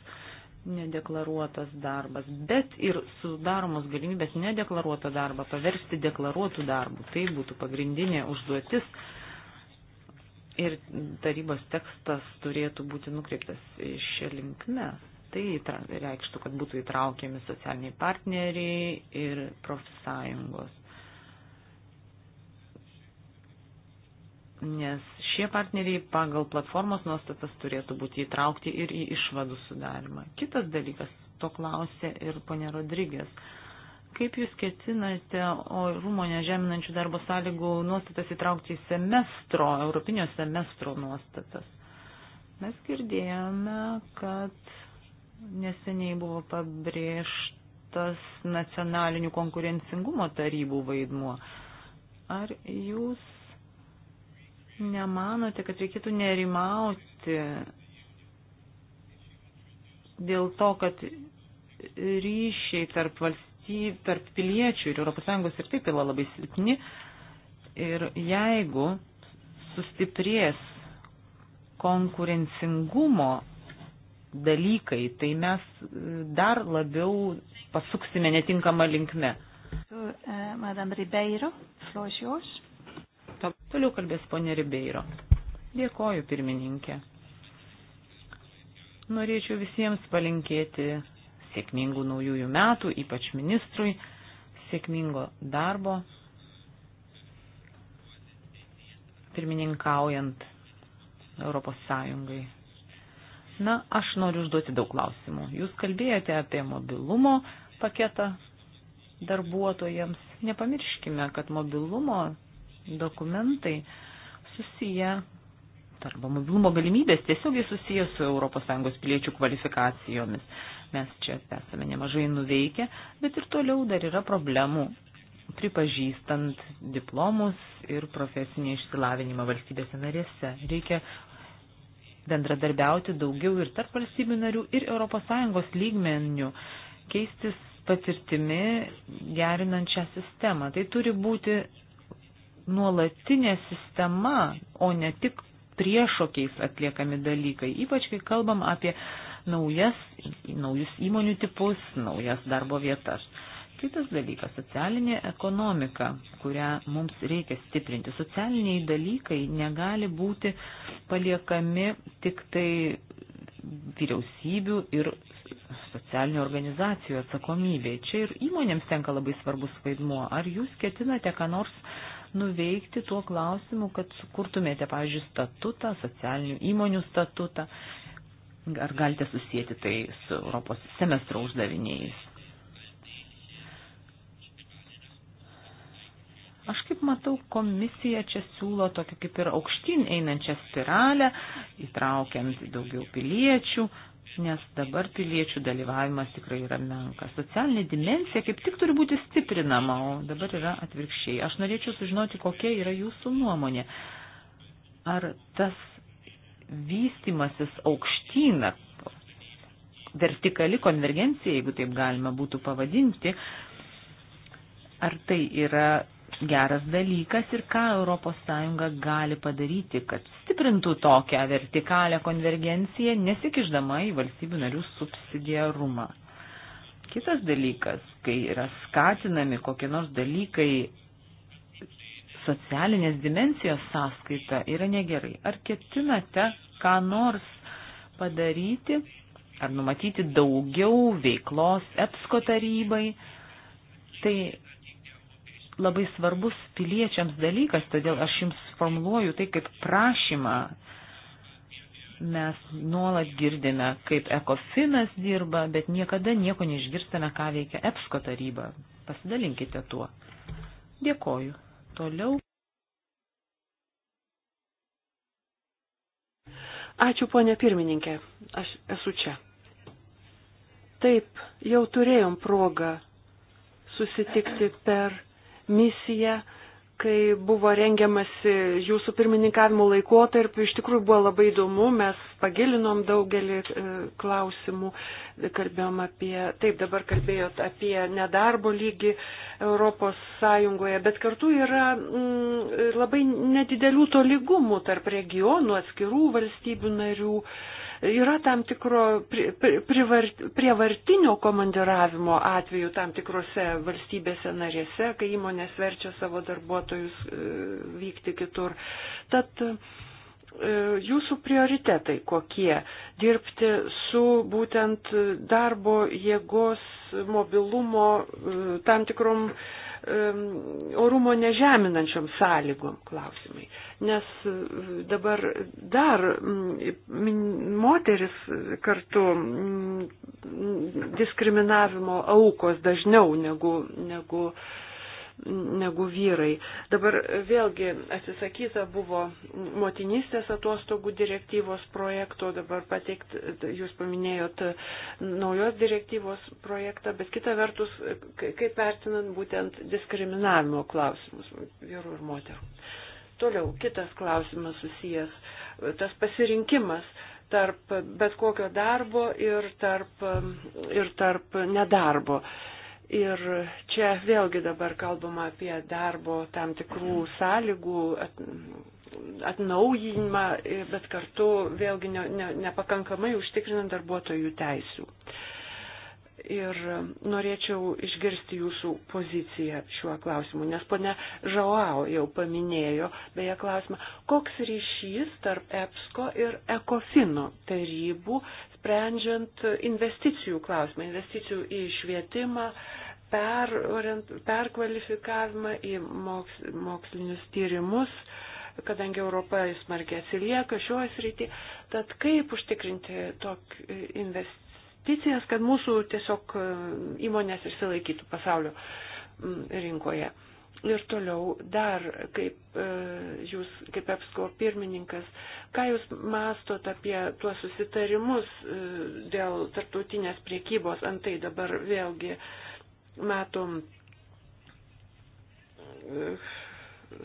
nedeklaruotas darbas, bet ir sudaromos galimybės nedeklaruotą darbą paversti deklaruotų darbų. Tai būtų pagrindinė užduotis ir tarybos tekstas turėtų būti nukreiptas šią linkmę. Tai reikštų, kad būtų įtraukiami socialiniai partneriai ir profsąjungos. nes šie partneriai pagal platformos nuostatas turėtų būti įtraukti ir į išvadų sudarimą. Kitas dalykas, to klausė ir ponė Rodrygės. Kaip jūs ketinate orumo nežeminančių darbo sąlygų nuostatas įtraukti į semestro, europinio semestro nuostatas? Mes girdėjome, kad neseniai buvo pabrėžtas nacionalinių konkurencingumo tarybų vaidmuo. Ar jūs Nemanote, kad reikėtų nerimauti dėl to, kad ryšiai tarp valstybių, tarp piliečių ir ES ir taip yra labai silpni. Ir jeigu sustiprės konkurencingumo dalykai, tai mes dar labiau pasuksime netinkamą linkme. Uh, Madame Ribeiro, floor is yours. Toliau kalbės ponė Ribeiro. Dėkoju, pirmininkė. Norėčiau visiems palinkėti sėkmingų naujųjų metų, ypač ministrui, sėkmingo darbo, pirmininkaujant Europos Sąjungai. Na, aš noriu užduoti daug klausimų. Jūs kalbėjote apie mobilumo paketą darbuotojams. Nepamirškime, kad mobilumo dokumentai susiję, arba mobilumo galimybės tiesiogiai susiję su ES piliečių kvalifikacijomis. Mes čia esame nemažai nuveikę, bet ir toliau dar yra problemų pripažįstant diplomus ir profesinį išsilavinimą valstybėse narėse. Reikia bendradarbiauti daugiau ir tarp valstybių narių ir ES lygmenių, keistis patirtimi gerinant šią sistemą. Tai turi būti nuolatinė sistema, o ne tik priešokiais atliekami dalykai, ypač kai kalbam apie naujas, naujus įmonių tipus, naujas darbo vietas. Kitas dalykas - socialinė ekonomika, kurią mums reikia stiprinti. Socialiniai dalykai negali būti paliekami tik tai vyriausybių ir socialinių organizacijų atsakomybė. Čia ir įmonėms tenka labai svarbus vaidmuo. Ar jūs ketinate ką nors nuveikti tuo klausimu, kad sukurtumėte, pavyzdžiui, statutą, socialinių įmonių statutą? Ar galite susijęti tai su Europos semestro uždaviniais? Aš kaip matau, komisija čia siūlo tokią kaip ir aukštyn einančią spiralę, įtraukiant daugiau piliečių, nes dabar piliečių dalyvavimas tikrai yra menkas. Socialinė dimensija kaip tik turi būti stiprinama, o dabar yra atvirkščiai. Aš norėčiau sužinoti, kokia yra jūsų nuomonė. Ar tas vystimasis aukštyn, vertikali konvergencija, jeigu taip galima būtų pavadinti, ar tai yra geras dalykas ir ką ES gali padaryti, kad stiprintų tokią vertikalę konvergenciją, nesikiždama į valstybių narių subsidiarumą. Kitas dalykas, kai yra skatinami kokie nors dalykai socialinės dimensijos sąskaita, yra negerai. Ar ketinate ką nors padaryti, ar numatyti daugiau veiklos EPSCO tarybai? Tai labai svarbus piliečiams dalykas, todėl aš jums formuluoju tai kaip prašymą. Mes nuolat girdime, kaip ekofinas dirba, bet niekada nieko neišgirstame, ką veikia EPSCO taryba. Pasidalinkite tuo. Dėkoju. Toliau. Ačiū, ponė pirmininkė. Aš esu čia. Taip, jau turėjom progą susitikti per misija, kai buvo rengiamasi jūsų pirmininkavimo laikotarpiu. Iš tikrųjų buvo labai įdomu, mes pagilinom daugelį e, klausimų, kalbėjom apie, taip dabar kalbėjot apie nedarbo lygį Europos Sąjungoje, bet kartu yra m, mm, labai nedidelių tolygumų tarp regionų, atskirų valstybių narių. Yra tam tikro pri, pri, prievartinio komandiravimo atveju tam tikrose valstybėse narėse, kai įmonės verčia savo darbuotojus e, vykti kitur. Tad e, jūsų prioritetai kokie? Dirbti su būtent darbo jėgos mobilumo e, tam tikrom orumo nežeminančiom sąlygom klausimai. Nes e, dabar dar moteris kartu diskriminavimo aukos dažniau negu, negu uh, negu vyrai. Dabar vėlgi atsisakyta buvo motinystės atostogų direktyvos projekto, dabar pateikt, jūs paminėjot naujos direktyvos projektą, bet kita vertus, kaip vertinant būtent diskriminavimo klausimus vyrų ir moterų. Toliau, kitas klausimas susijęs, tas pasirinkimas tarp bet kokio darbo ir tarp, ir tarp nedarbo. Ir čia vėlgi dabar kalbama apie darbo tam tikrų sąlygų atnaujinimą, bet kartu vėlgi ne, ne, nepakankamai užtikrinant darbuotojų teisų. Ir norėčiau išgirsti jūsų poziciją šiuo klausimu, nes ponė Žauau jau paminėjo beje klausimą, koks ryšys tarp EPSCO ir ECOFINO tarybų, sprendžiant investicijų klausimą, investicijų į švietimą, uh, per, perkvalifikavimą į moks, mokslinius tyrimus, kadangi Europa smarkiai atsilieka šioje srityje. Tad kaip užtikrinti tokį investicijas, kad mūsų tiesiog e, įmonės išsilaikytų pasaulio rinkoje. Ir toliau dar, kaip e, jūs, kaip EPSCO pirmininkas, ką jūs mastot apie tuos susitarimus e, dėl tarptautinės priekybos, antai dabar vėlgi uh, matom,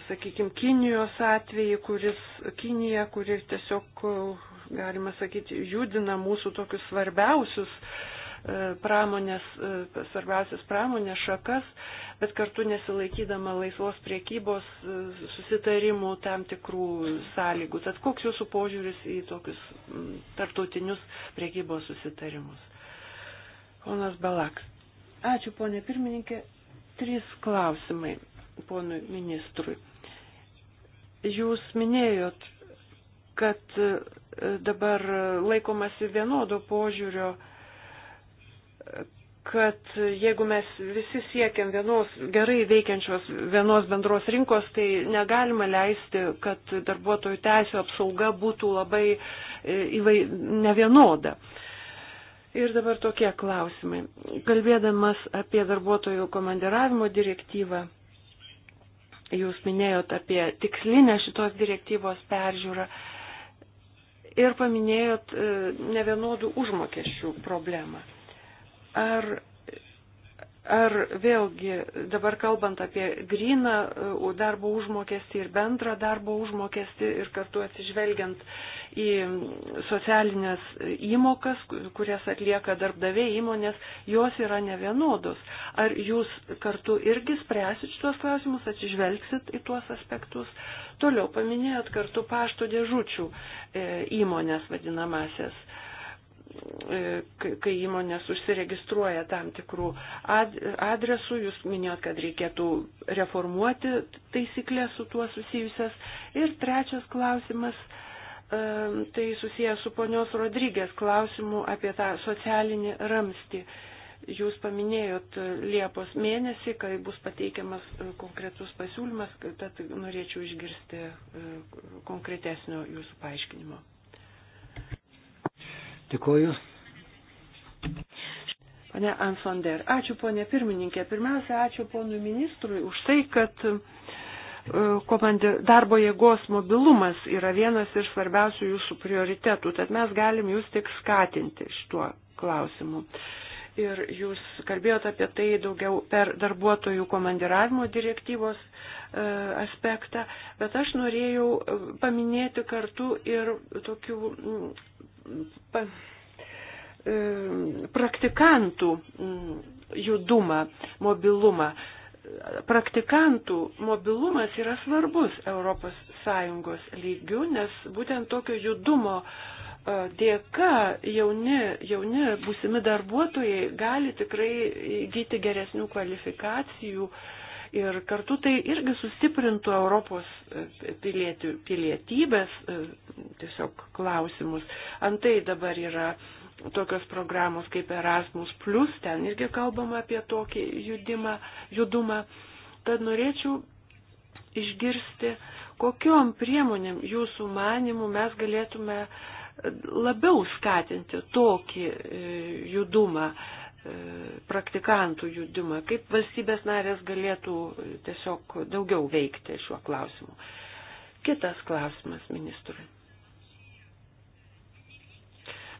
sakykime, Kinijos atvejį, kuris Kinija, kuri tiesiog, galima sakyti, judina mūsų tokius svarbiausius e, pramonės, e, svarbiausias pramonės šakas, bet kartu nesilaikydama laisvos priekybos e, susitarimų tam tikrų sąlygų. Tad koks jūsų požiūris į tokius tarptautinius priekybos susitarimus? Ponas Balaks. Ačiū, ponė pirmininkė. Trys klausimai ponui ministrui. Jūs minėjot, kad e, dabar laikomasi vienodo požiūrio, kad jeigu mes visi siekiam vienos gerai veikiančios vienos bendros rinkos, tai negalima leisti, kad darbuotojų teisų apsauga būtų labai e, įvai, nevienoda. vienoda Ir dabar tokie klausimai. Kalbėdamas apie darbuotojų komandiravimo direktyvą, jūs minėjot apie tikslinę šitos direktyvos peržiūrą ir paminėjot e, nevienodų užmokesčių problemą. Ar Ar vėlgi dabar kalbant apie gryną darbo užmokestį ir bendrą darbo užmokestį ir kartu atsižvelgiant į socialinės įmokas, kurias atlieka darbdaviai įmonės, jos yra nevienodos. Ar jūs kartu irgi spręsit šitos klausimus, atsižvelgsit į tuos aspektus? Toliau paminėjot kartu pašto dėžučių e, įmonės vadinamasias E, kai įmonės užsiregistruoja tam tikrų adresų, jūs minėjot, kad reikėtų reformuoti taisyklės su tuo susijusias. Ir trečias klausimas, e, tai susijęs su ponios Rodrygės klausimu apie tą socialinį ramstį. Jūs paminėjot Liepos mėnesį, kai bus pateikiamas e, konkretus pasiūlymas, tad norėčiau išgirsti konkretesnio jūsų paaiškinimo. Tikoju. Pane Ansonder, ačiū ponė pirmininkė. Pirmiausia, ačiū ponui ministrui už tai, kad e, komandi, darbo jėgos mobilumas yra vienas iš svarbiausių jūsų prioritetų, tad mes galim jūs tik skatinti šituo klausimu. Ir jūs kalbėjot apie tai daugiau per darbuotojų komandiravimo direktyvos e, aspektą, bet aš norėjau e, paminėti kartu ir tokių E, praktikantų judumą, mobilumą. Praktikantų mobilumas yra svarbus ES lygių, nes būtent tokio judumo e, dėka jauni, jauni būsimi darbuotojai gali tikrai įgyti geresnių kvalifikacijų, uh, Ir kartu tai irgi sustiprintų Europos e, pilietių, pilietybės e, tiesiog klausimus. Antai dabar yra tokios programos kaip Erasmus, ten irgi kalbama apie tokį judimą, judumą. Tad norėčiau išgirsti, kokiom priemonėm jūsų manimų mes galėtume labiau skatinti tokį e, judumą E, praktikantų judimą, kaip valstybės narės galėtų tiesiog daugiau veikti šiuo klausimu. Kitas klausimas ministrui.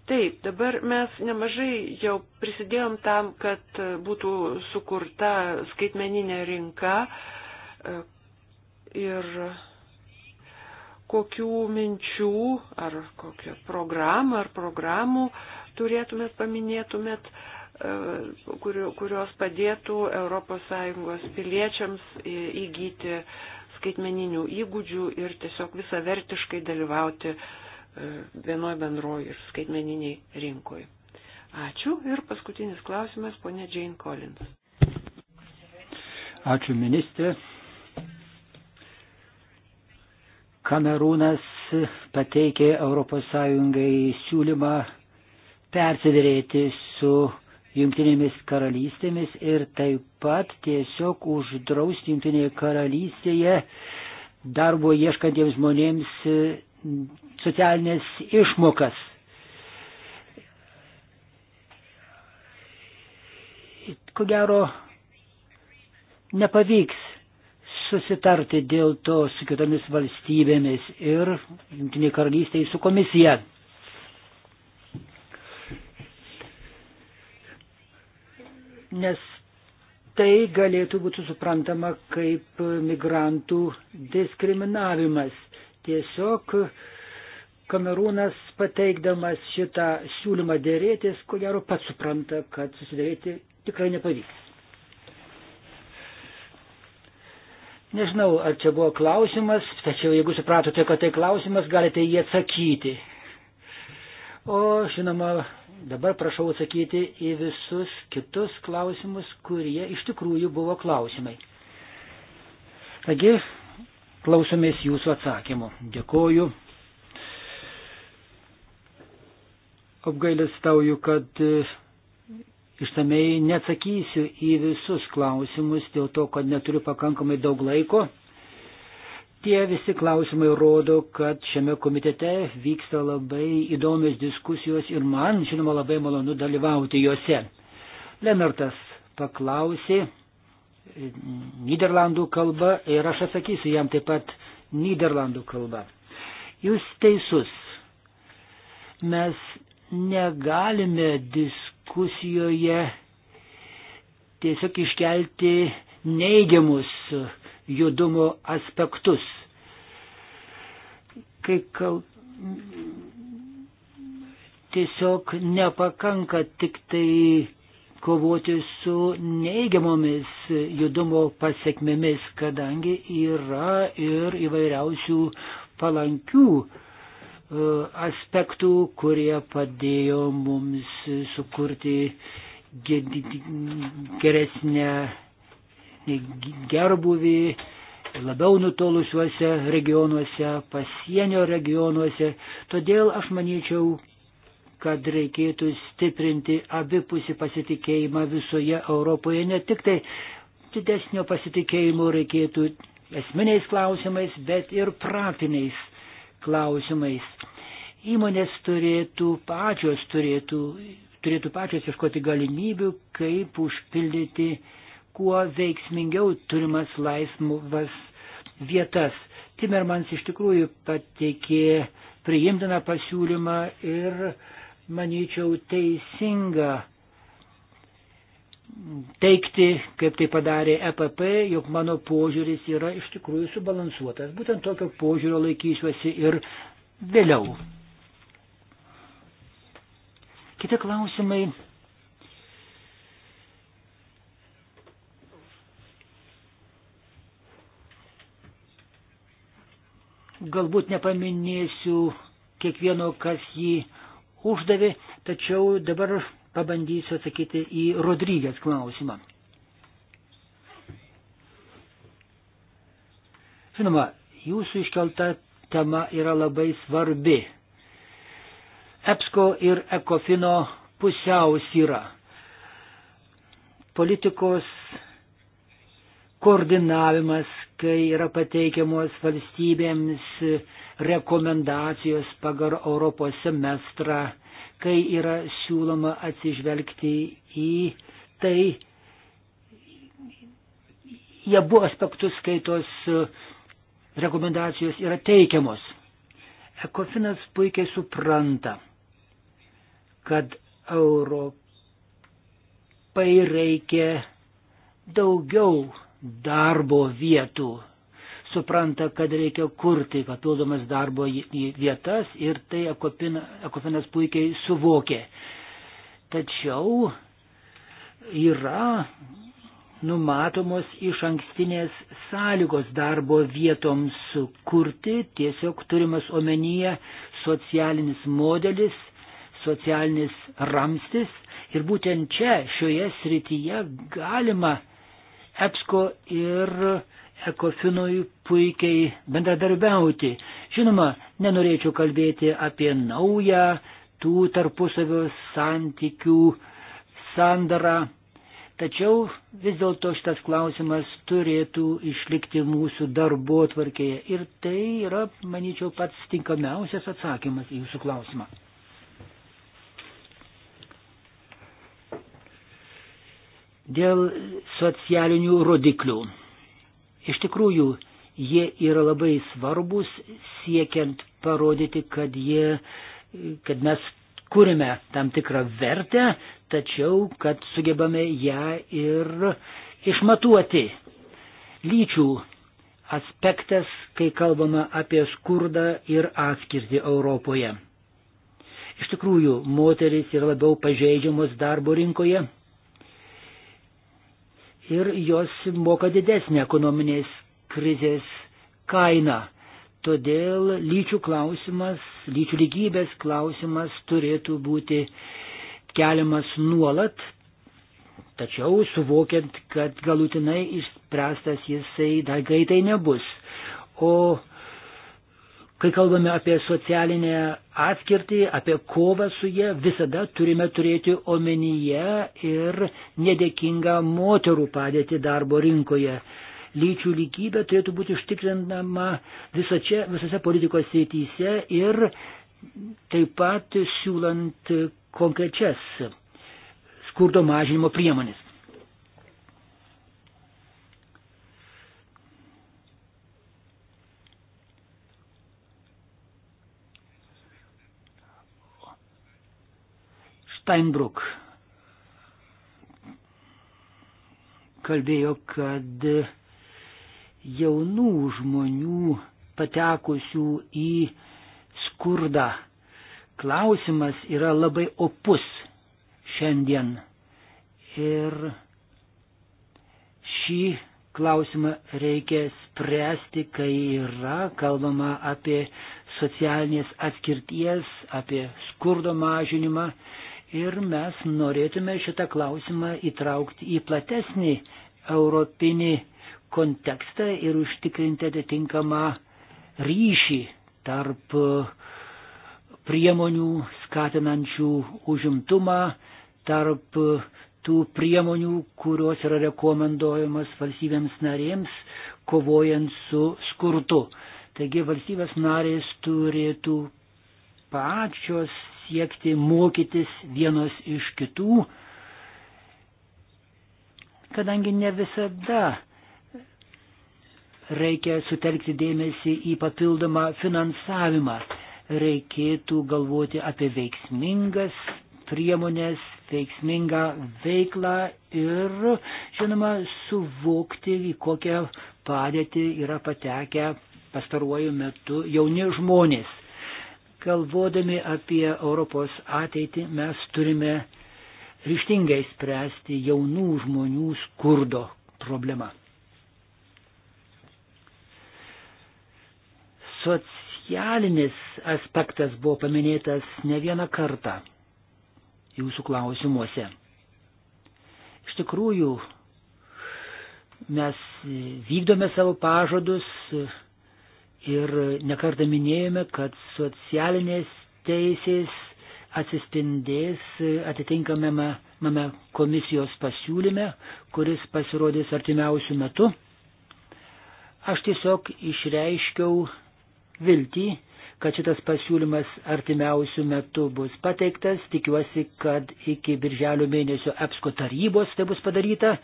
Taip, dabar mes nemažai jau prisidėjom tam, kad būtų sukurta skaitmeninė rinka e, ir kokių minčių ar kokią programą ar programų turėtumėt paminėtumėt, E, kurios padėtų ES piliečiams įgyti skaitmeninių įgūdžių ir tiesiog visavertiškai dalyvauti e, vienoje bendroje ir skaitmeniniai rinkoje. Ačiū. Ir paskutinis klausimas, ponė Jane Collins. Ačiū, ministrė. Kamerūnas pateikė ES siūlymą persidarėti su jungtinėmis karalystėmis ir taip pat tiesiog uždrausti jungtinėje karalystėje darbo ieškantiems žmonėms e, socialinės išmokas. Ko gero, nepavyks susitarti dėl to su kitomis valstybėmis ir Junktinė karalystė su komisija. nes tai galėtų būti suprantama kaip migrantų diskriminavimas. Tiesiog Kamerūnas pateikdamas šitą siūlymą dėrėtis, ko gero pats supranta, kad susidėrėti tikrai nepavyks. Nežinau, ar čia buvo klausimas, tačiau jeigu supratote, kad tai klausimas, galite jį atsakyti. O, žinoma, Dabar prašau atsakyti į visus kitus klausimus, kurie iš tikrųjų buvo klausimai. Taigi, klausomės jūsų atsakymų. Dėkoju. Apgailestauju, kad e, ištamei neatsakysiu į visus klausimus dėl to, kad neturiu pakankamai daug laiko. Tie visi klausimai rodo, kad šiame komitete vyksta labai įdomios diskusijos ir man, žinoma, labai malonu dalyvauti juose. Lenartas paklausė Niderlandų kalbą ir aš atsakysiu jam taip pat Niderlandų kalbą. Jūs teisus. Mes negalime diskusijoje tiesiog iškelti neigiamus judumo aspektus kai kal... tiesiog nepakanka tik tai kovoti su neigiamomis judumo pasiekmėmis, kadangi yra ir įvairiausių palankių e, aspektų, kurie padėjo mums sukurti geresnę gerbuvį, labiau nutolusiuose regionuose, pasienio regionuose. Todėl aš manyčiau, kad reikėtų stiprinti abipusį pasitikėjimą visoje Europoje, ne tik tai didesnio pasitikėjimo reikėtų esminiais klausimais, bet ir praktiniais klausimais. Įmonės turėtų pačios, turėtų, turėtų pačios ieškoti galimybių, kaip užpildyti kuo veiksmingiau turimas laisvas vietas. Timermans iš tikrųjų pateikė priimtiną pasiūlymą ir, manyčiau, teisinga teikti, kaip tai padarė EPP, jog mano požiūris yra iš tikrųjų subalansuotas. Būtent tokio požiūrio laikysiuosi ir vėliau. Kiti klausimai Galbūt nepaminėsiu kiekvieno, kas jį uždavė, tačiau dabar pabandysiu atsakyti į Rodrygės klausimą. Žinoma, jūsų iškelta tema yra labai svarbi. EPSCO ir ECOFINO pusiausvyra. Politikos koordinavimas, kai yra pateikiamos valstybėms rekomendacijos pagal Europos semestrą, kai yra siūloma atsižvelgti į tai, jie buvo aspektus, kai tos rekomendacijos yra teikiamos. Ekofinas puikiai supranta, kad Europai reikia daugiau darbo vietų. Supranta, kad reikia kurti papildomas darbo vietas ir tai Ekofinas puikiai suvokė. Tačiau yra numatomos iš ankstinės sąlygos darbo vietoms kurti, tiesiog turimas omenyje socialinis modelis, socialinis ramstis ir būtent čia, šioje srityje galima EPSCO ir ECOFINui puikiai bendradarbiauti. Žinoma, nenorėčiau kalbėti apie naują tų tarpusavio santykių sandarą, tačiau vis dėlto šitas klausimas turėtų išlikti mūsų darbo tvarkėje. Ir tai yra, manyčiau, pats tinkamiausias atsakymas į jūsų klausimą. Dėl socialinių rodiklių. Iš tikrųjų, jie yra labai svarbus siekiant parodyti, kad, jie, kad mes kūrime tam tikrą vertę, tačiau kad sugebame ją ir išmatuoti. Lyčių aspektas, kai kalbama apie skurdą ir atskirtį Europoje. Iš tikrųjų, moteris yra labiau pažeidžiamos darbo rinkoje, ir jos moka didesnę ekonominės krizės kainą. Todėl lyčių klausimas, lyčių lygybės klausimas turėtų būti keliamas nuolat, tačiau suvokiant, kad galutinai išspręstas jisai dar greitai nebus. O Kai kalbame apie socialinę atskirtį, apie kovą su ją, visada turime turėti omenyje ir nedėkingą moterų padėtį darbo rinkoje. Lyčių lygybė turėtų būti užtikrinama visočia, visose politikos srityse ir taip pat siūlant konkrečias skurdo mažinimo priemonės. Steinbrück kalbėjo, kad jaunų žmonių patekusių į skurdą klausimas yra labai opus šiandien. Ir šį klausimą reikia spręsti, kai yra kalbama apie socialinės atskirties, apie skurdo mažinimą ir mes norėtume šitą klausimą įtraukti į platesnį europinį kontekstą ir užtikrinti atitinkamą ryšį tarp uh, priemonių skatinančių užimtumą, tarp uh, tų priemonių, kurios yra rekomenduojamas valstybėms narėms, kovojant su skurtu. Taigi valstybės narės turėtų pačios siekti mokytis vienos iš kitų, kadangi ne visada reikia sutelkti dėmesį į papildomą finansavimą. Reikėtų galvoti apie veiksmingas priemonės, veiksmingą veiklą ir, žinoma, suvokti, į kokią padėtį yra patekę pastaruoju metu jauni žmonės. Kalvodami apie Europos ateitį mes turime ryštingai spręsti jaunų žmonių skurdo problemą. Socialinis aspektas buvo paminėtas ne vieną kartą jūsų klausimuose. Iš tikrųjų, mes vykdome savo pažadus, Ir nekartą minėjome, kad socialinės teisės atsispindės atitinkamame komisijos pasiūlyme, kuris pasirodys artimiausių metų. Aš tiesiog išreiškiau viltį, kad šitas pasiūlymas artimiausių metų bus pateiktas. Tikiuosi, kad iki birželio mėnesio EPSCO tarybos tai bus padaryta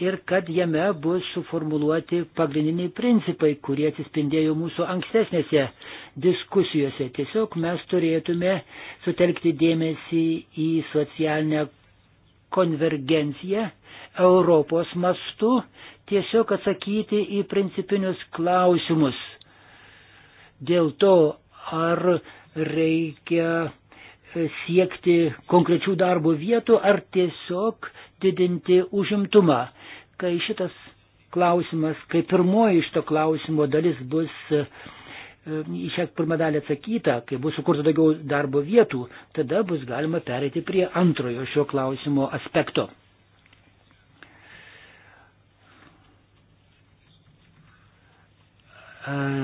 ir kad jame bus suformuluoti pagrindiniai principai, kurie atsispindėjo mūsų ankstesnėse diskusijose. Tiesiog mes turėtume sutelkti dėmesį į socialinę konvergenciją Europos mastu, tiesiog atsakyti į principinius klausimus. Dėl to, ar reikia siekti konkrečių darbo vietų, ar tiesiog didinti užimtumą kai šitas klausimas, kai pirmoji iš to klausimo dalis bus e, į šią pirmą dalį atsakyta, kai bus sukurta daugiau darbo vietų, tada bus galima pereiti prie antrojo šio klausimo aspekto.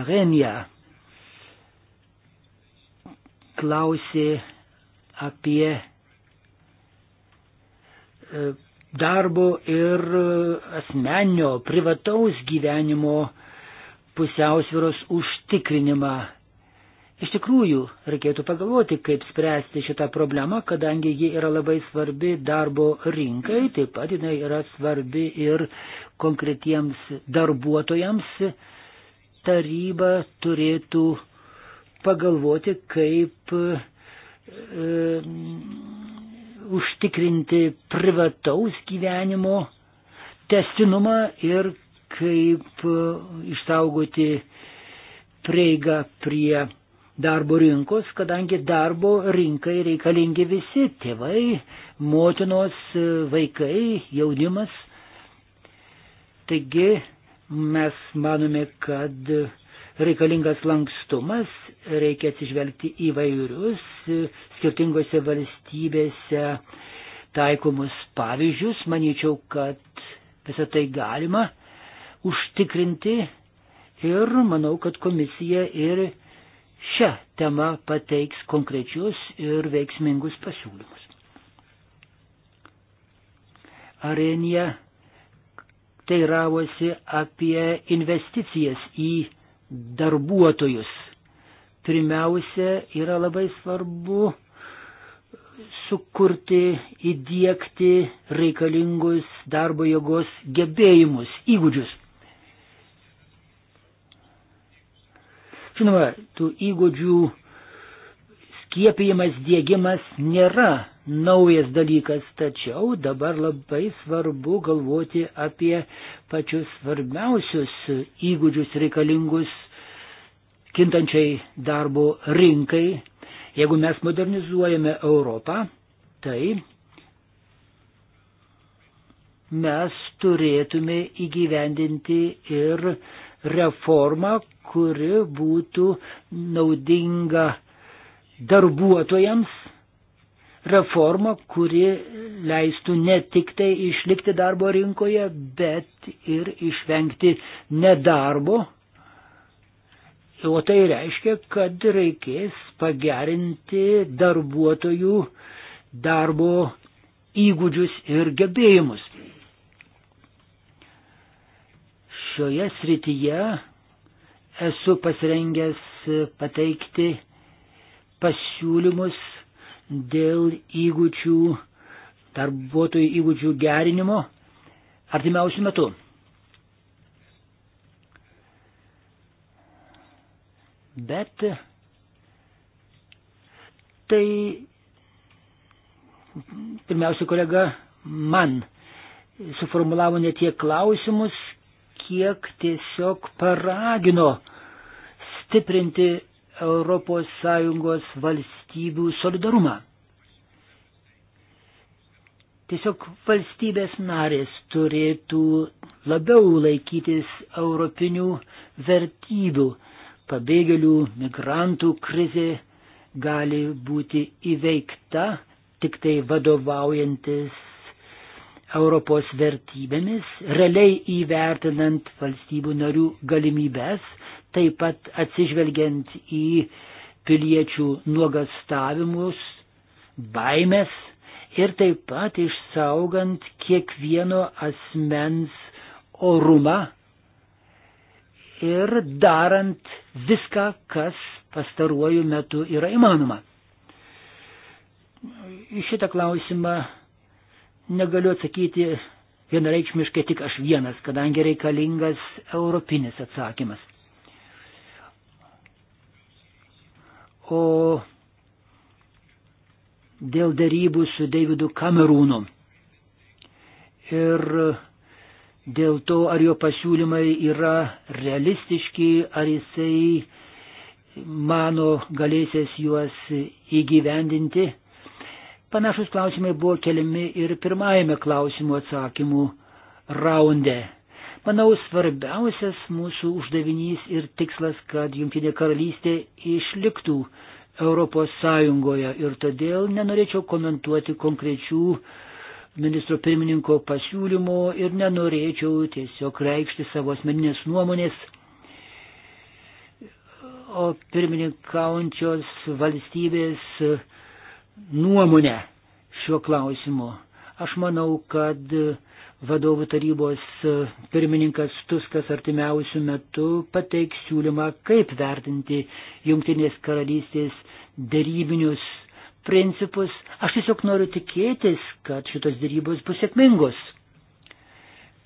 Renija klausė apie e, darbo ir asmenio, privataus gyvenimo pusiausviros užtikrinimą. Iš tikrųjų, reikėtų pagalvoti, kaip spręsti šitą problemą, kadangi ji yra labai svarbi darbo rinkai, taip pat jinai yra svarbi ir konkretiems darbuotojams. Taryba turėtų pagalvoti, kaip e, užtikrinti privataus gyvenimo testinumą ir kaip e, išsaugoti prieigą prie darbo rinkos, kadangi darbo rinkai reikalingi visi - tėvai, motinos, e, vaikai, jaunimas. Taigi mes manome, kad reikalingas lankstumas, reikia atsižvelgti įvairius e, skirtingose valstybėse taikomus pavyzdžius. Manyčiau, kad visą tai galima užtikrinti ir manau, kad komisija ir šią temą pateiks konkrečius ir veiksmingus pasiūlymus. Arenija teiravosi apie investicijas į darbuotojus. Pirmiausia, yra labai svarbu sukurti, įdėkti reikalingus darbo jėgos gebėjimus, įgūdžius. Žinoma, tų įgūdžių skiepijimas, dėgymas nėra naujas dalykas, tačiau dabar labai svarbu galvoti apie pačius svarbiausius įgūdžius reikalingus kintančiai darbo rinkai. Jeigu mes modernizuojame Europą, tai mes turėtume įgyvendinti ir reformą, kuri būtų naudinga darbuotojams, reformą, kuri leistų ne tik tai išlikti darbo rinkoje, bet ir išvengti nedarbo O tai reiškia, kad reikės pagerinti darbuotojų darbo įgūdžius ir gebėjimus. Šioje srityje esu pasirengęs pateikti pasiūlymus dėl įgūdžių, darbuotojų įgūdžių gerinimo artimiausių metų. bet tai pirmiausia kolega man suformulavo ne tiek klausimus, kiek tiesiog paragino stiprinti ES valstybių solidarumą. Tiesiog valstybės narės turėtų labiau laikytis europinių vertybių pabėgėlių, migrantų krizė gali būti įveikta tik tai vadovaujantis Europos vertybėmis, realiai įvertinant valstybių narių galimybės, taip pat atsižvelgiant į piliečių nuogastavimus, baimės ir taip pat išsaugant kiekvieno asmens orumą ir darant viską, kas pastaruoju metu yra įmanoma. Į šitą klausimą negaliu atsakyti vienareikšmiškai tik aš vienas, kadangi reikalingas europinis atsakymas. O dėl darybų su Davidu Kamerūnu ir dėl to, ar jo pasiūlymai yra realistiški, ar jisai mano galėsės juos įgyvendinti. Panašus klausimai buvo keliami ir pirmajame klausimų atsakymų raunde. Manau, svarbiausias mūsų uždavinys ir tikslas, kad Junktinė karalystė išliktų Europos Sąjungoje ir todėl nenorėčiau komentuoti konkrečių uh, ministro pirmininko pasiūlymo ir nenorėčiau tiesiog reikšti savo asmeninės nuomonės. O pirmininkaujančios valstybės nuomonę šiuo klausimu. Aš manau, kad vadovų tarybos pirmininkas Tuskas artimiausių metų pateiks siūlymą, kaip vertinti Junktinės karalystės dėrybinius principus. Aš tiesiog noriu tikėtis, kad šitos dėrybos bus sėkmingos,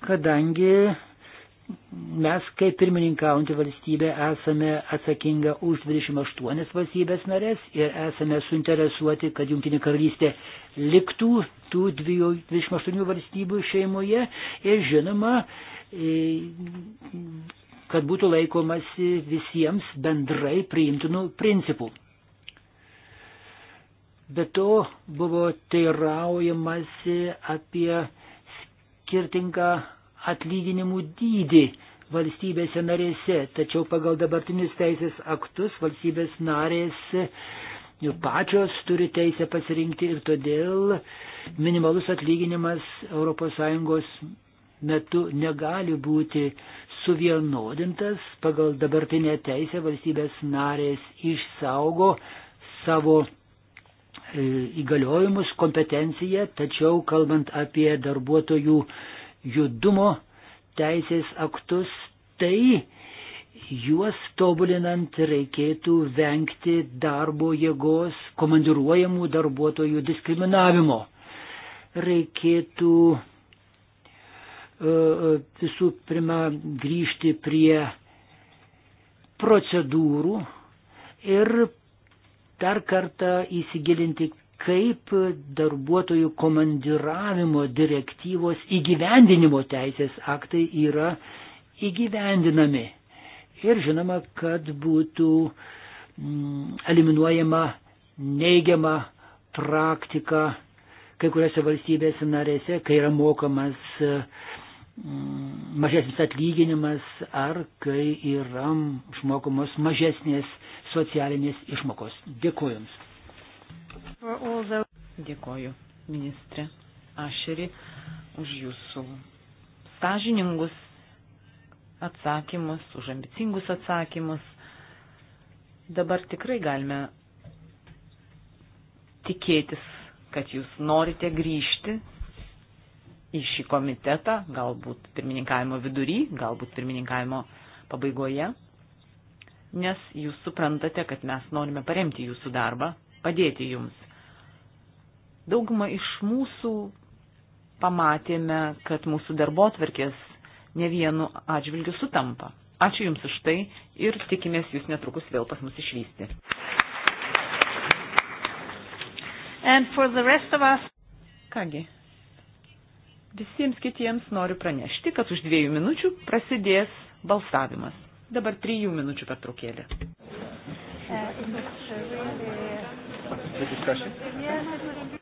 kadangi mes kaip pirmininkaujantį valstybę esame atsakinga už 28 valstybės narės ir esame suinteresuoti, kad Junktinė karalystė liktų tų 28 valstybių šeimoje ir žinoma, kad būtų laikomasi visiems bendrai priimtinų principų. Be to buvo teiraujamasi apie skirtingą atlyginimų dydį valstybėse narėse, tačiau pagal dabartinius teisės aktus valstybės narės pačios turi teisę pasirinkti ir todėl minimalus atlyginimas ES metu negali būti suvienodintas, pagal dabartinę teisę valstybės narės išsaugo savo įgaliojimus, kompetenciją, tačiau kalbant apie darbuotojų judumo teisės aktus, tai juos tobulinant reikėtų vengti darbo jėgos komandiruojamų darbuotojų diskriminavimo. Reikėtų e, e, visų pirma grįžti prie procedūrų ir dar kartą įsigilinti, kaip darbuotojų komandiravimo direktyvos įgyvendinimo teisės aktai yra įgyvendinami. Ir žinoma, kad būtų mm, eliminuojama neigiama praktika kai kuriuose valstybėse narėse, kai yra mokamas Mm, mažesnis atlyginimas ar kai yra išmokomos mažesnės socialinės išmokos. Dėkuoju Jums. The... Dėkuoju, ministrė Ašeri, už Jūsų sąžiningus atsakymus, už ambicingus atsakymus. Dabar tikrai galime tikėtis, kad Jūs norite grįžti į šį komitetą, galbūt pirmininkavimo vidury, galbūt pirmininkavimo pabaigoje, nes jūs suprantate, kad mes norime paremti jūsų darbą, padėti jums. Dauguma iš mūsų pamatėme, kad mūsų darbo atverkės ne vienu atžvilgiu sutampa. Ačiū Jums už tai ir tikimės Jūs netrukus vėl pas mus išvysti. Us... Kągi, Visiems kitiems noriu pranešti, kad už dviejų minučių prasidės balsavimas. Dabar trijų minučių pertraukėlė. Uh,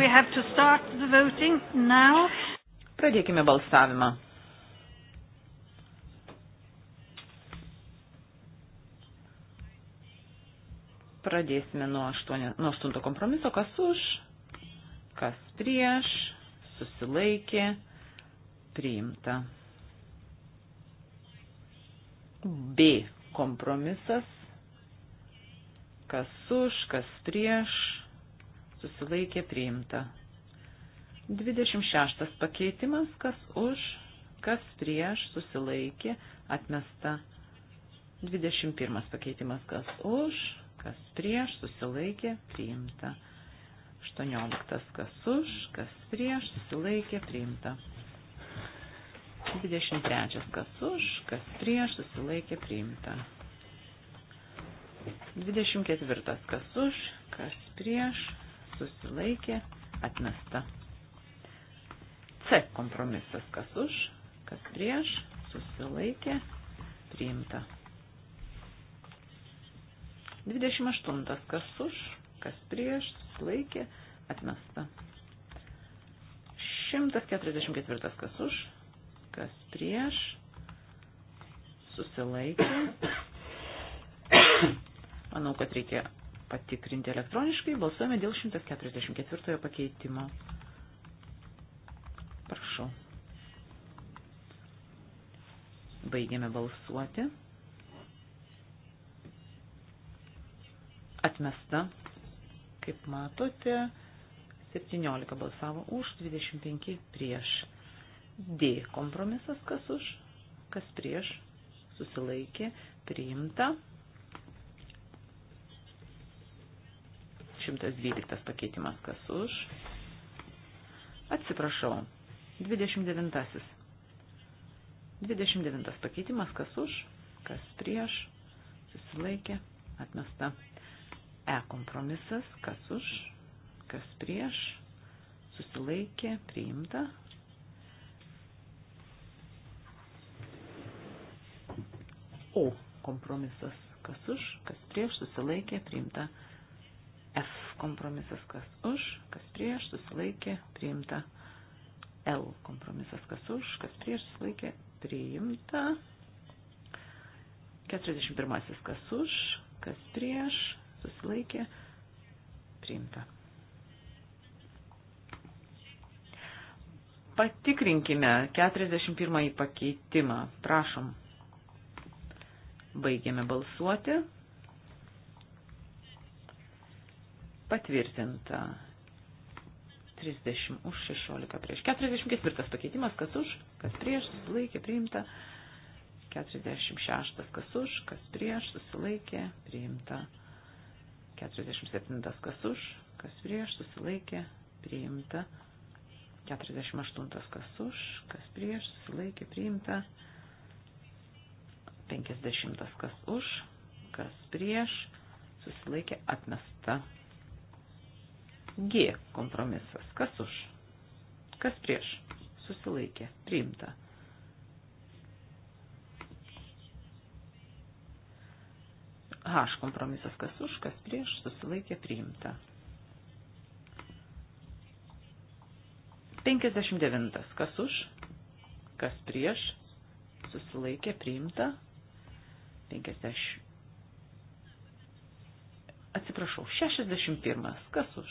we have to start the voting now. Pradėkime balsavimą. Pradėsime nuo 8, nuo 8 kompromiso, kas už, kas prieš, susilaikė, priimta. B kompromisas, kas už, kas prieš, susilaikė priimta. 26 pakeitimas, kas už, kas prieš, susilaikė, atmesta. 21 pakeitimas, kas už, kas prieš, susilaikė, priimta. 18 kas už, kas prieš, susilaikė, priimta. 23 kas už, kas prieš, susilaikė, priimta. 24 kas už, kas prieš, susilaikė, atmesta. C kompromisas, kas už, kas prieš, susilaikė, priimta. 28. Kas už, kas prieš, susilaikė, atmesta. 144. Kas už, kas prieš, susilaikė. Manau, kad reikia patikrinti elektroniškai. Balsuojame dėl 144 pakeitimo. Prašau. Baigiame balsuoti. Atmesta. Kaip matote, 17 balsavo už, 25 prieš. D. Kompromisas kas už, kas prieš, susilaikė, priimta. 112 pakeitimas kas už. Atsiprašau. 29. 29 pakeitimas kas už, kas prieš, susilaikė, atmesta. E kompromisas kas už, kas prieš, susilaikė, priimta. O kompromisas kas už, kas prieš, susilaikė, priimta. F kompromisas kas už, kas prieš, susilaikė, priimta. L kompromisas kas už, kas prieš, susilaikė, priimta. 41 kas už, kas prieš, susilaikė, priimta. Patikrinkime 41 pakeitimą. Prašom. Baigėme balsuoti. Patvirtinta. 30 už 16 prieš. 44 pakeitimas, kas už, kas prieš, susilaikė, priimta. 46 kas už, kas prieš, susilaikė, priimta. 47 kas už, kas prieš, susilaikė, priimta. 48 kas už, kas prieš, susilaikė, priimta. 50 kas už, kas prieš, susilaikė, atmesta. G kompromisas. Kas už? Kas prieš? Susilaikė. Priimta. H kompromisas. Kas už? Kas prieš? Susilaikė. Priimta. 59. Kas už? Kas prieš? Susilaikė. Priimta. 50. Atsiprašau, 61. Kas už?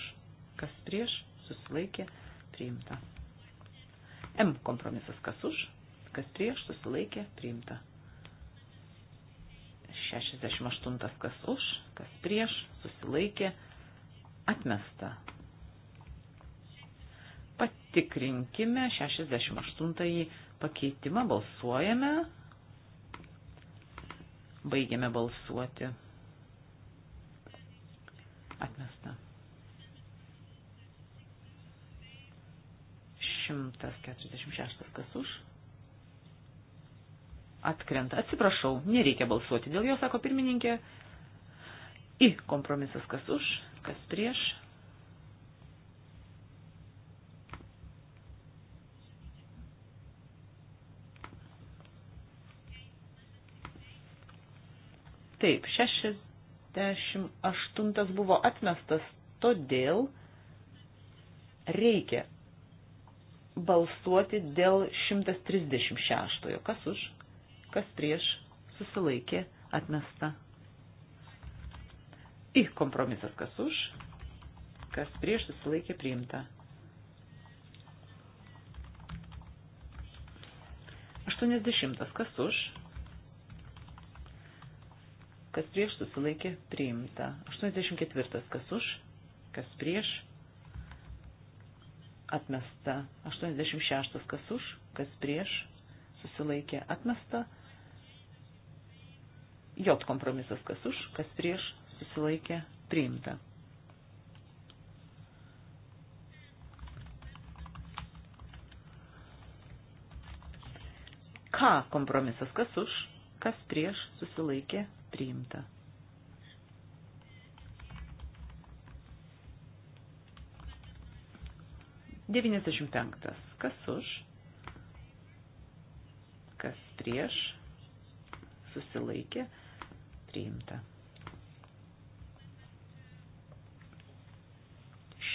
kas prieš, susilaikė, priimta. M kompromisas, kas už, kas prieš, susilaikė, priimta. 68 kas už, kas prieš, susilaikė, atmesta. Patikrinkime 68 pakeitimą, balsuojame, baigiame balsuoti. Atmesta. 146 kas už. Atkrenta. Atsiprašau, nereikia balsuoti dėl jo, sako pirmininkė. I kompromisas kas už, kas prieš. Taip, 68 buvo atmestas, todėl reikia balsuoti dėl 136. Kas už, kas prieš, susilaikė, atmesta. Į kompromisas kas už, kas prieš, susilaikė, priimta. 80. Kas už, kas prieš, susilaikė, priimta. 84. Kas už, kas prieš, atmesta. 86 kas už, kas prieš, susilaikė atmesta. J kompromisas kas už, kas prieš, susilaikė priimta. K kompromisas kas už, kas prieš, susilaikė priimta. 95. Kas už? Kas prieš? Susilaikė. Priimta.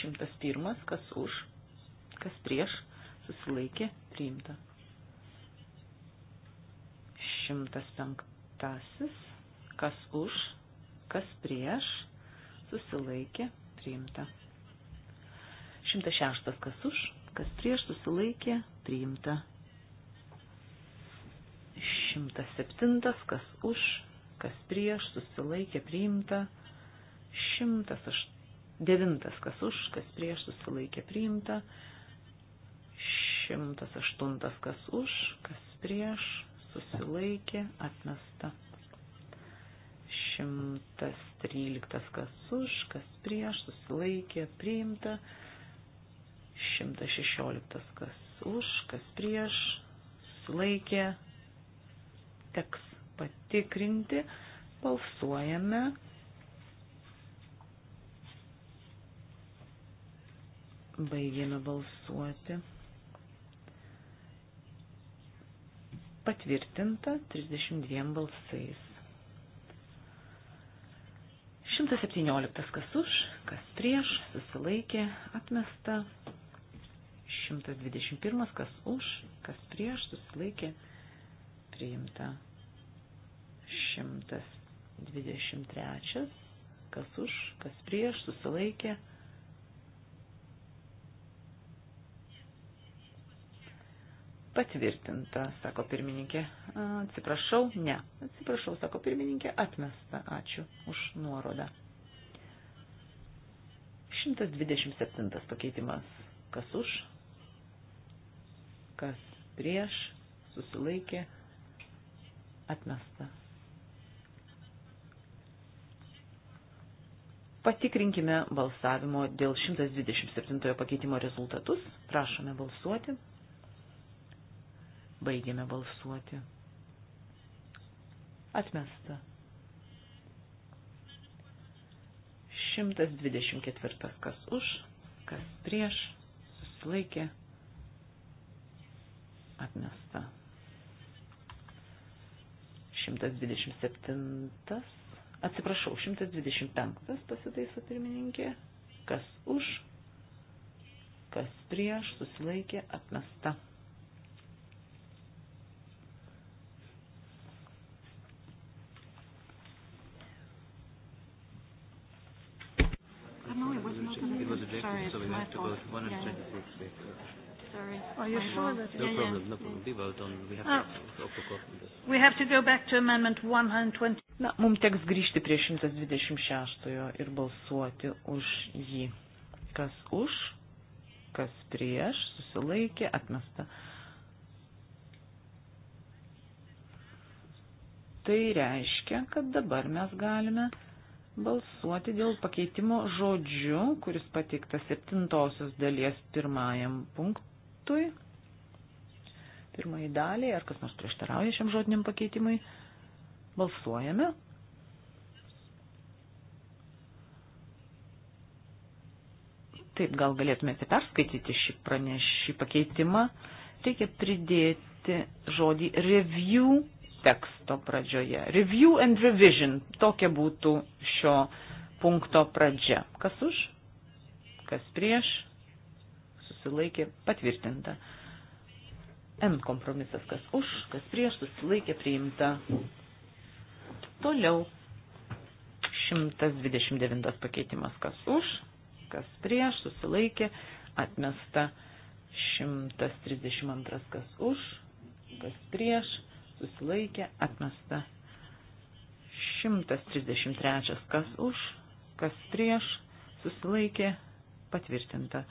101. Kas už? Kas prieš? Susilaikė. Priimta. 105. Kas už? Kas prieš? Susilaikė. Priimta. 106 kas už, kas prieš susilaikė, priimta. 107 kas už, kas prieš susilaikė, priimta. 109 kas už, kas prieš susilaikė, priimta. 108 kas už, kas prieš susilaikė, atmesta. 113 kas už, kas prieš, susilaikė, priimta, 116. Kas už, kas prieš, sulaikė. Teks patikrinti. Balsuojame. Baigėme balsuoti. Patvirtinta 32 balsais. 117 kas už, kas prieš, susilaikė, atmesta 121, kas už, kas prieš, susilaikė, priimta. 123, kas už, kas prieš, susilaikė. Patvirtinta, sako pirmininkė. Atsiprašau, ne. Atsiprašau, sako pirmininkė, atmesta. Ačiū už nuorodą. 127 pakeitimas. Kas už, kas prieš, susilaikė, atmesta. Patikrinkime balsavimo dėl 127 pakeitimo rezultatus. Prašome balsuoti. Baigiame balsuoti. Atmesta. 124 kas už, kas prieš, susilaikė, atmesta. 127. Atsiprašau, 125 pasitaiso pirmininkė. Kas už, kas prieš, susilaikė, atmesta. Oh, no, it was not an... Sorry, it's my fault. Yeah sorry. Are you I sure wrong? that No yeah, problem, yeah. no problem. We vote on, we have ah. to, to We have to go back to amendment 120. Na, mums teks grįžti prie 126-ojo ir balsuoti už jį. Kas už, kas prieš, susilaikė, atmesta. Tai reiškia, kad dabar mes galime balsuoti dėl pakeitimo žodžiu, kuris pateiktas septintosios dalies pirmajam punktui punktui, pirmai daliai, ar kas nors prieštarauja šiam žodiniam pakeitimui. Balsuojame. Taip, gal galėtumėte perskaityti šį, praneš, šį pakeitimą. Reikia pridėti žodį review teksto pradžioje. Review and revision. Tokia būtų šio punkto pradžia. Kas už? Kas prieš? susilaikė, patvirtinta. M kompromisas, kas už, kas prieš, susilaikė, priimta. Toliau 129 pakeitimas, kas už, kas prieš, susilaikė, atmesta. 132 kas už, kas prieš, susilaikė, atmesta. 133 kas už, kas prieš, susilaikė, patvirtinta.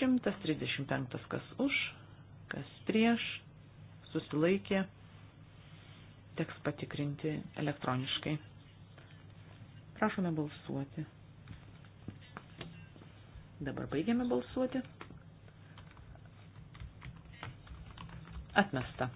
135 kas už, kas prieš, susilaikė, teks patikrinti elektroniškai. Prašome balsuoti. Dabar baigiame balsuoti. Atmesta.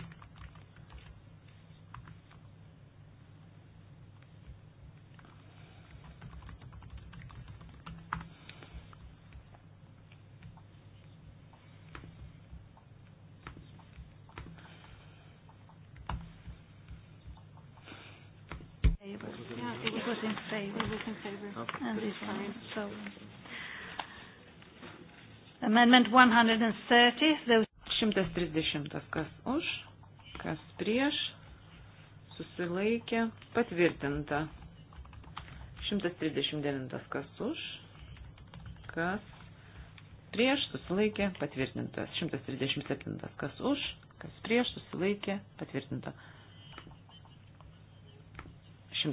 Amendment 130. Those... 130. Kas už, kas prieš, susilaikė, patvirtinta. 139. Kas už, kas prieš, susilaikė, patvirtintas. 137. Kas už, kas prieš, susilaikė, patvirtinta. 142.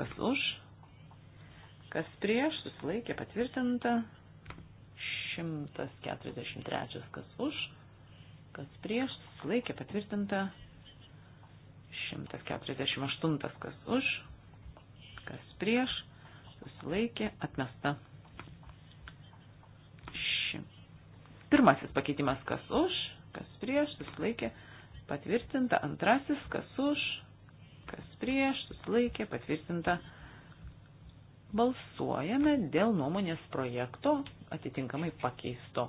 Kas už, kas prieš, susilaikė, patvirtinta. 143 kas už, kas prieš, laikė patvirtinta. 148 kas už, kas prieš, susilaikė, atmesta. Ši. Pirmasis pakeitimas kas už, kas prieš, susilaikė, patvirtinta. Antrasis kas už, kas prieš, susilaikė, patvirtinta balsuojame dėl nuomonės projekto atitinkamai pakeisto.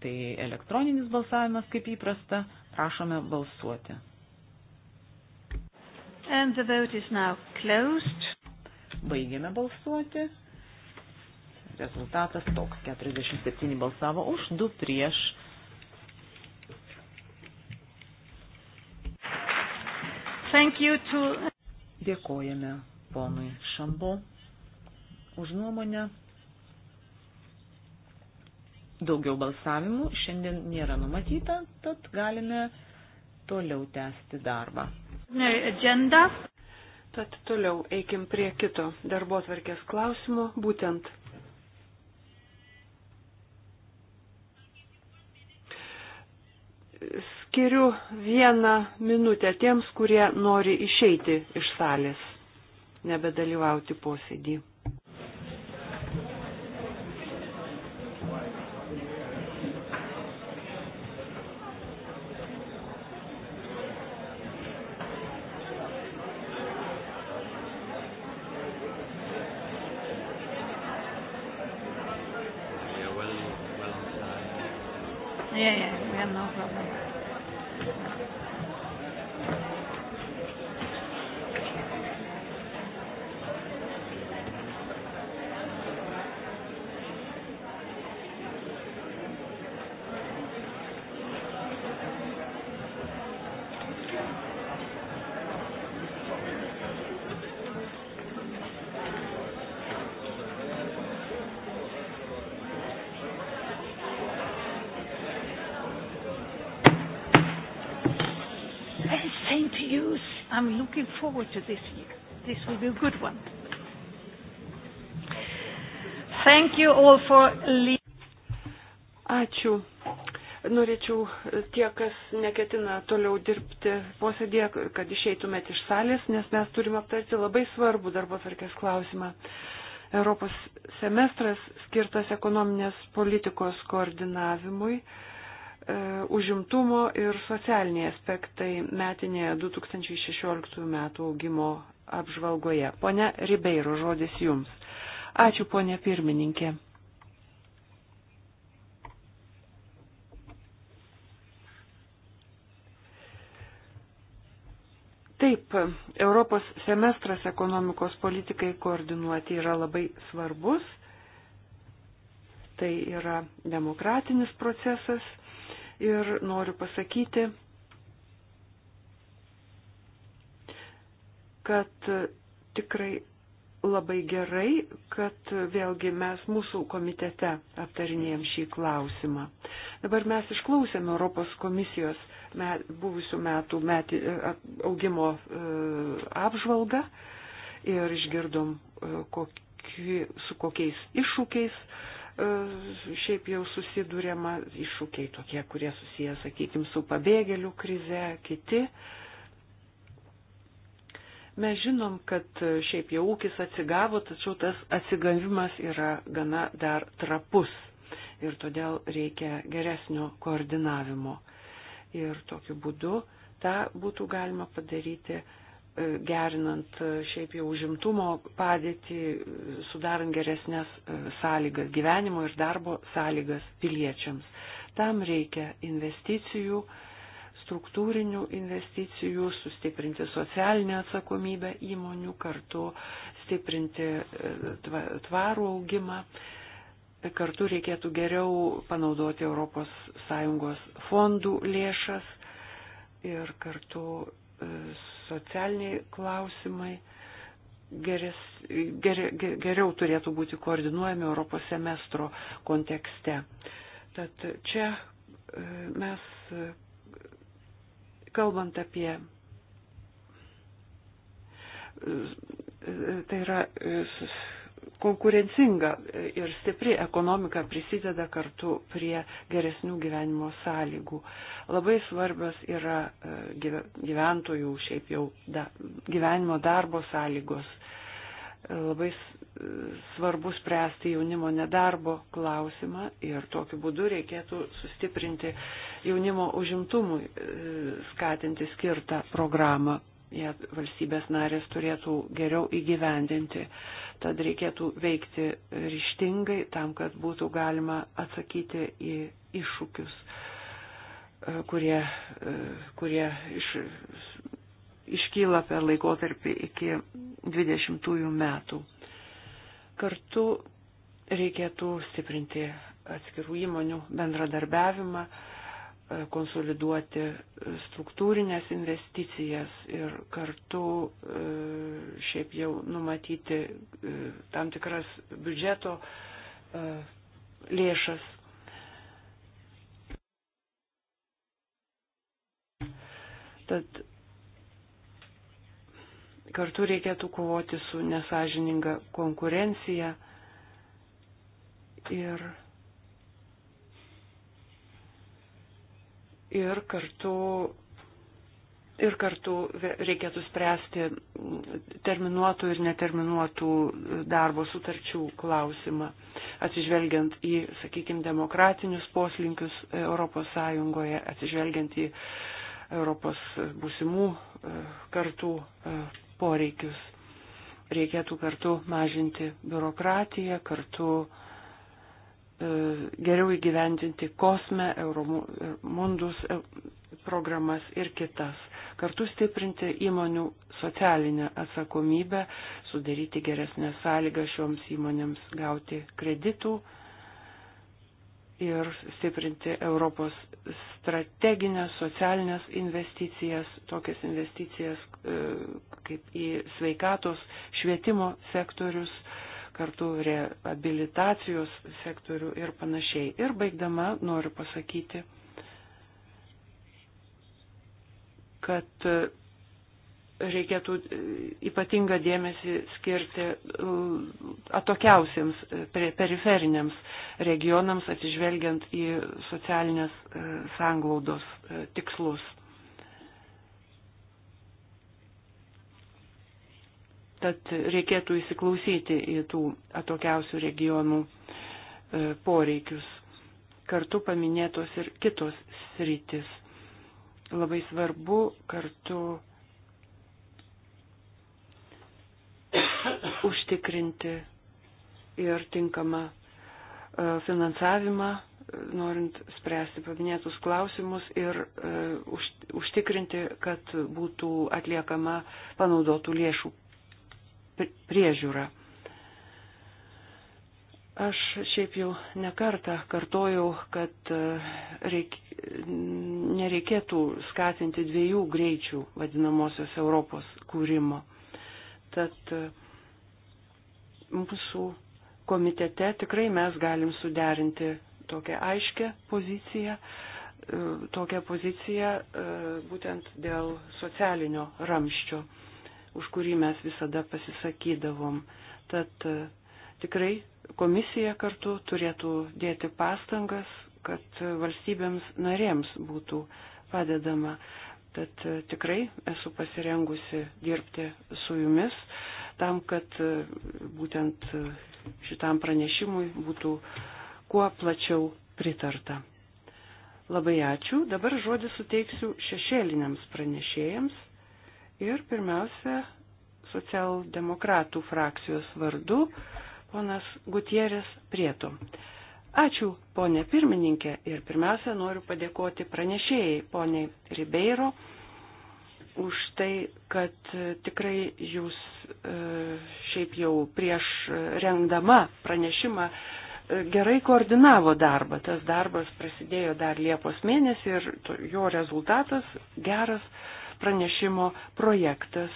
Tai elektroninis balsavimas, kaip įprasta, prašome balsuoti. And the vote is now closed. Baigėme balsuoti. Rezultatas toks. 47 balsavo už, 2 prieš. Thank you to... Dėkojame ponui Šambo už nuomonę. Daugiau balsavimų šiandien nėra numatyta, tad galime toliau tęsti darbą. Agenda. Tad toliau eikim prie kito darbo atvarkės klausimo, būtent skiriu vieną minutę tiems, kurie nori išeiti iš salės, nebedalyvauti posėdį. Yeah, yeah, we have no problem. forward to this year. This will be a good one. Thank you all for Ačiū. Norėčiau tie, kas neketina toliau dirbti posėdėje, kad išeitumėt iš salės, nes mes turime aptarti labai svarbų darbo tvarkės klausimą. Europos semestras skirtas ekonominės politikos koordinavimui E, užimtumo ir socialiniai aspektai metinėje 2016 metų augimo apžvalgoje. Pone Ribeiro, žodis jums. Ačiū, ponė pirmininkė. Taip, Europos semestras ekonomikos politikai koordinuoti yra labai svarbus. Tai yra demokratinis procesas ir noriu pasakyti, kad tikrai labai gerai, kad vėlgi mes mūsų komitete aptarinėjom šį klausimą. Dabar mes išklausėm Europos komisijos met, buvusių metų metį, e, augimo e, apžvalgą ir išgirdom, e, kokį, su kokiais iššūkiais E, šiaip jau susidūrėma iššūkiai tokie, kurie susiję, sakykime, su pabėgėlių krize, kiti. Mes žinom, kad šiaip jau ūkis atsigavo, tačiau tas atsigavimas yra gana dar trapus ir todėl reikia geresnio koordinavimo. Ir tokiu būdu tą būtų galima padaryti E, gerinant e, šiaip jau užimtumo padėtį, e, sudarant geresnės sąlygas gyvenimo ir darbo sąlygas piliečiams. Tam reikia investicijų, struktūrinių investicijų, sustiprinti socialinę atsakomybę įmonių, kartu stiprinti tvarų augimą. Kartu reikėtų geriau panaudoti ES fondų lėšas ir kartu socialiniai klausimai geres, ger, ger, geriau turėtų būti koordinuojami Europos semestro kontekste. Tad čia e, mes, e, kalbant apie e, tai yra konkurencinga ir stipri ekonomika prisideda kartu prie geresnių gyvenimo sąlygų. Labai svarbios yra e, gyventojų šiaip jau da, gyvenimo darbo sąlygos. E, labai e, svarbu spręsti jaunimo nedarbo klausimą ir tokiu būdu reikėtų sustiprinti jaunimo užimtumui skatinti skirtą programą ją valstybės narės turėtų geriau įgyvendinti. Tad reikėtų veikti ryštingai tam, kad būtų galima atsakyti į iššūkius, e, kurie, e, kurie iš, iškyla per laikotarpį iki 20 metų. Kartu reikėtų stiprinti atskirų įmonių bendradarbiavimą konsoliduoti struktūrinės investicijas ir kartu e, šiaip jau numatyti e, tam tikras biudžeto e, lėšas. Tad kartu reikėtų kovoti su nesažininga konkurencija ir ir kartu, ir kartu reikėtų spręsti terminuotų ir neterminuotų darbo sutarčių klausimą, atsižvelgiant į, sakykime, demokratinius poslinkius ES, atsižvelgiant į Europos būsimų e, kartų e, poreikius. Reikėtų kartu mažinti biurokratiją, kartu uh, E, geriau įgyvendinti kosme, euromundus e, e, programas ir kitas. Kartu stiprinti įmonių socialinę atsakomybę, sudaryti geresnę sąlygą šioms įmonėms gauti kreditų ir stiprinti Europos strateginės socialinės investicijas, tokias investicijas kaip į sveikatos švietimo sektorius kartu reabilitacijos sektorių ir panašiai. Ir baigdama noriu pasakyti, kad reikėtų ypatingą dėmesį skirti atokiausiams periferiniams regionams, atsižvelgiant į socialinės e, sanglaudos e, tikslus. Tad reikėtų įsiklausyti į tų atokiausių regionų e, poreikius. Kartu paminėtos ir kitos sritis. Labai svarbu kartu užtikrinti ir tinkamą e, finansavimą, e, norint spręsti paminėtus klausimus ir užtikrinti, kad būtų atliekama panaudotų lėšų priežiūrą. Aš šiaip jau nekartą kartojau, kad e, reik, nereikėtų skatinti dviejų greičių vadinamosios Europos kūrimo. Tad e, mūsų komitete tikrai mes galim suderinti tokią aiškę poziciją, e, tokią poziciją būtent dėl socialinio ramščio už kurį mes visada pasisakydavom. Tad e, tikrai komisija kartu turėtų dėti pastangas, kad valstybėms narėms būtų padedama. Tad e, tikrai esu pasirengusi dirbti su jumis tam, kad e, būtent šitam pranešimui būtų kuo plačiau pritarta. Labai ačiū. Dabar žodį suteiksiu šešėliniams pranešėjams. Ir pirmiausia, socialdemokratų frakcijos vardu, ponas Gutierės Prieto. Ačiū, ponė pirmininkė, ir pirmiausia, noriu padėkoti pranešėjai, poniai Ribeiro, už tai, kad e, tikrai jūs e, šiaip jau prieš rengdama pranešimą e, gerai koordinavo darbą. Tas darbas prasidėjo dar Liepos mėnesį ir jo rezultatas geras pranešimo projektas.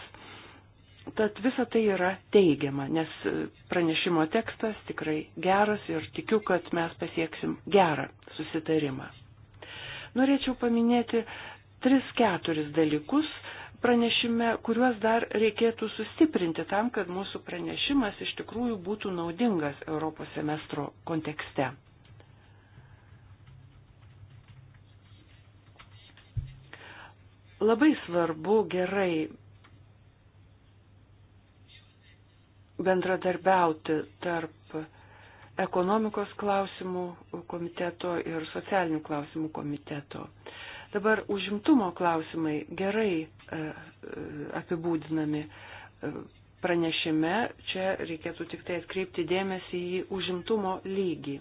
Tad visa tai yra teigiama, nes pranešimo tekstas tikrai geras ir tikiu, kad mes pasieksim gerą susitarimą. Norėčiau paminėti 3-4 dalykus pranešime, kuriuos dar reikėtų sustiprinti tam, kad mūsų pranešimas iš tikrųjų būtų naudingas Europos semestro kontekste. Labai svarbu gerai bendradarbiauti tarp ekonomikos klausimų komiteto ir socialinių klausimų komiteto. Dabar užimtumo klausimai gerai e, e, apibūdinami e, pranešime, čia reikėtų tik tai atkreipti dėmesį į užimtumo lygį.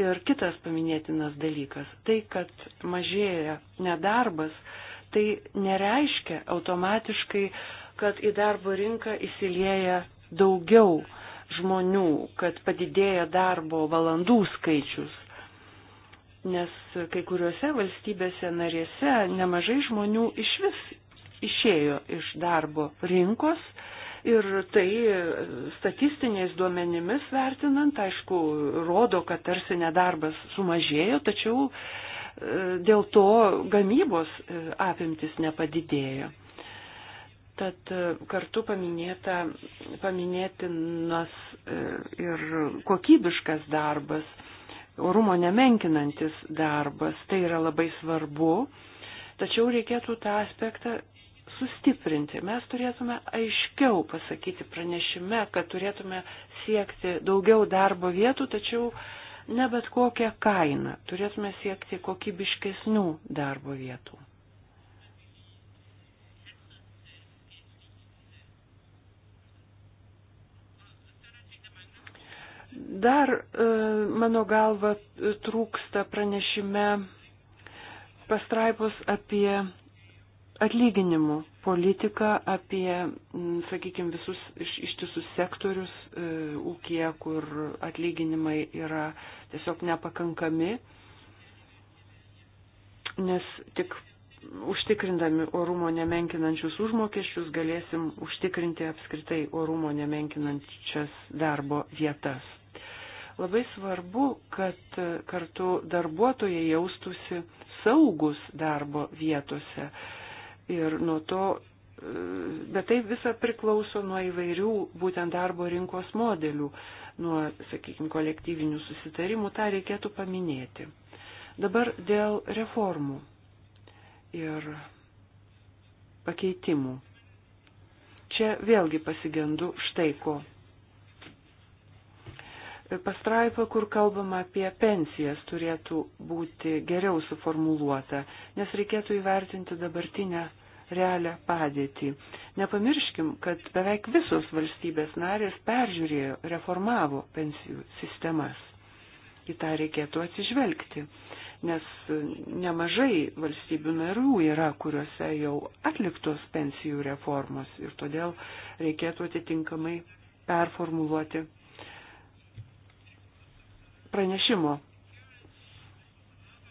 Ir kitas paminėtinas dalykas - tai, kad mažėja nedarbas, tai nereiškia automatiškai, kad į darbo rinką įsilieja daugiau žmonių, kad padidėja darbo valandų skaičius. Nes kai kuriuose valstybėse narėse nemažai žmonių iš vis išėjo iš darbo rinkos ir tai statistiniais duomenimis vertinant, aišku, rodo, kad tarsi nedarbas sumažėjo, tačiau dėl to gamybos e, apimtis nepadidėjo. Tad e, kartu paminėta, paminėtinas e, ir kokybiškas darbas, orumo nemenkinantis darbas, tai yra labai svarbu, tačiau reikėtų tą aspektą sustiprinti. Mes turėtume aiškiau pasakyti pranešime, kad turėtume siekti daugiau darbo vietų, tačiau uh, ne bet kokią kainą. Turėtume siekti kokybiškesnių darbo vietų. Dar, e, mano galva, trūksta pranešime pastraipos apie atlyginimų politiką apie, mm, sakykime, visus iš, ištisus sektorius e, ūkija, kur atlyginimai yra tiesiog nepakankami, nes tik užtikrindami orumo nemenkinančius užmokesčius galėsim užtikrinti apskritai orumo nemenkinančias darbo vietas. Labai svarbu, kad kartu darbuotojai jaustųsi saugus darbo vietose ir nuo to, e, bet tai visa priklauso nuo įvairių būtent darbo rinkos modelių, nuo, sakykime, kolektyvinių susitarimų, tą reikėtų paminėti. Dabar dėl reformų ir pakeitimų. Čia vėlgi pasigendu štai ko pastraipa, kur kalbama apie pensijas, turėtų būti geriau suformuluota, nes reikėtų įvertinti dabartinę realią padėtį. Nepamirškim, kad beveik visos valstybės narės peržiūrėjo, reformavo pensijų sistemas. Į tą reikėtų atsižvelgti, nes nemažai valstybių narių yra, kuriuose jau atliktos pensijų reformos ir todėl reikėtų atitinkamai performuluoti pranešimo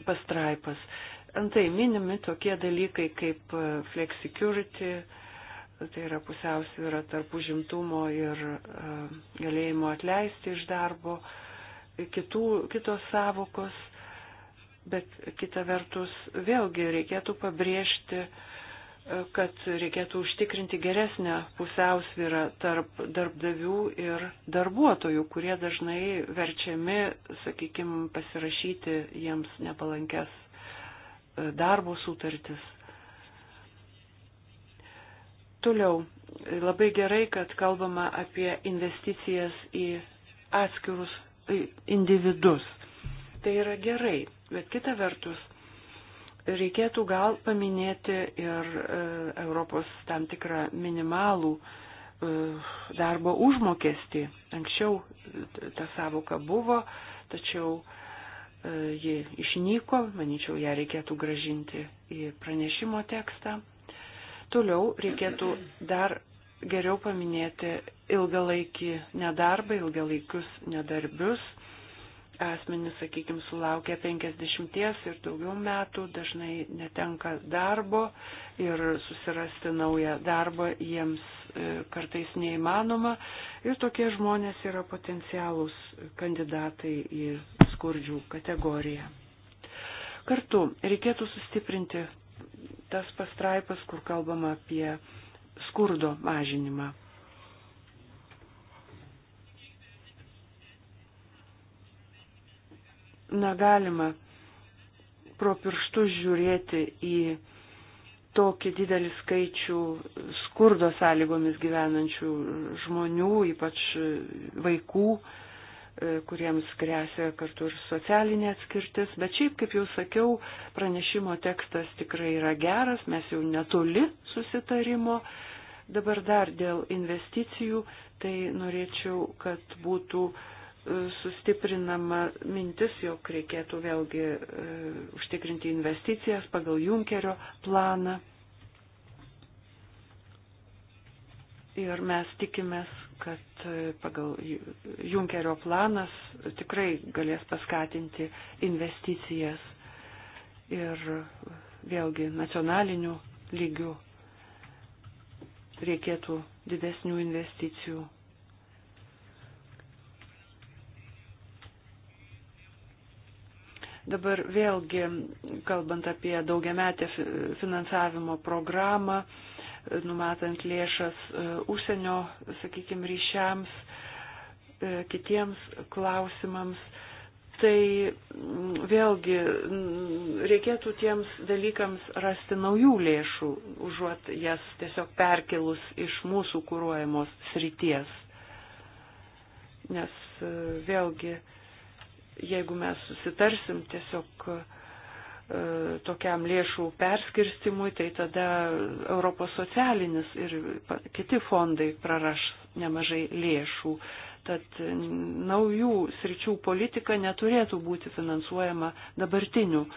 pastraipas. Antai minimi tokie dalykai kaip e, flexicurity, tai yra pusiausvyrą tarp užimtumo ir e, galėjimo atleisti iš darbo, kitų, kitos savokos, bet kita vertus vėlgi reikėtų pabrėžti, e, kad reikėtų užtikrinti geresnę pusiausvyrą tarp darbdavių ir darbuotojų, kurie dažnai verčiami, sakykime, pasirašyti jiems nepalankes darbo sutartis. Toliau, labai gerai, kad kalbama apie investicijas į atskirus individus. Tai yra gerai, bet kita vertus, reikėtų gal paminėti ir e, Europos tam tikrą minimalų e, darbo užmokestį. Anksčiau e, ta savoka buvo, tačiau E, ji išnyko, manyčiau, ją reikėtų gražinti į pranešimo tekstą. Toliau reikėtų dar geriau paminėti ilgalaikį nedarbą, ilgalaikius nedarbius. Asmenys, sakykime, sulaukia 50 ir daugiau metų, dažnai netenka darbo ir susirasti naują darbą jiems e, kartais neįmanoma. Ir tokie žmonės yra potencialūs kandidatai į skurdžių kategoriją. Kartu reikėtų sustiprinti tas pastraipas, kur kalbama apie skurdo mažinimą. Na, galima pro pirštus žiūrėti į tokį didelį skaičių skurdo sąlygomis gyvenančių žmonių, ypač vaikų, E, kuriems grėsia kartu ir socialinė atskirtis. Bet šiaip, kaip jau sakiau, pranešimo tekstas tikrai yra geras, mes jau netoli susitarimo. Dabar dar dėl investicijų, tai norėčiau, kad būtų e, sustiprinama mintis, jog reikėtų vėlgi e, užtikrinti investicijas pagal Junkerio planą Ir mes tikimės, kad e, pagal Junkerio planas tikrai galės paskatinti investicijas ir vėlgi nacionaliniu lygiu reikėtų didesnių investicijų. Dabar vėlgi, kalbant apie daugiametę finansavimo programą, numatant lėšas e, užsienio, sakykime, ryšiams, e, kitiems klausimams. Tai vėlgi reikėtų tiems dalykams rasti naujų lėšų, užuot jas tiesiog perkelus iš mūsų kūruojamos srities. Nes e, vėlgi, jeigu mes susitarsim tiesiog E, tokiam lėšų perskirstimui, tai tada Europos socialinis ir kiti fondai praraš nemažai lėšų. Tad naujų sričių politika neturėtų būti finansuojama dabartinių e,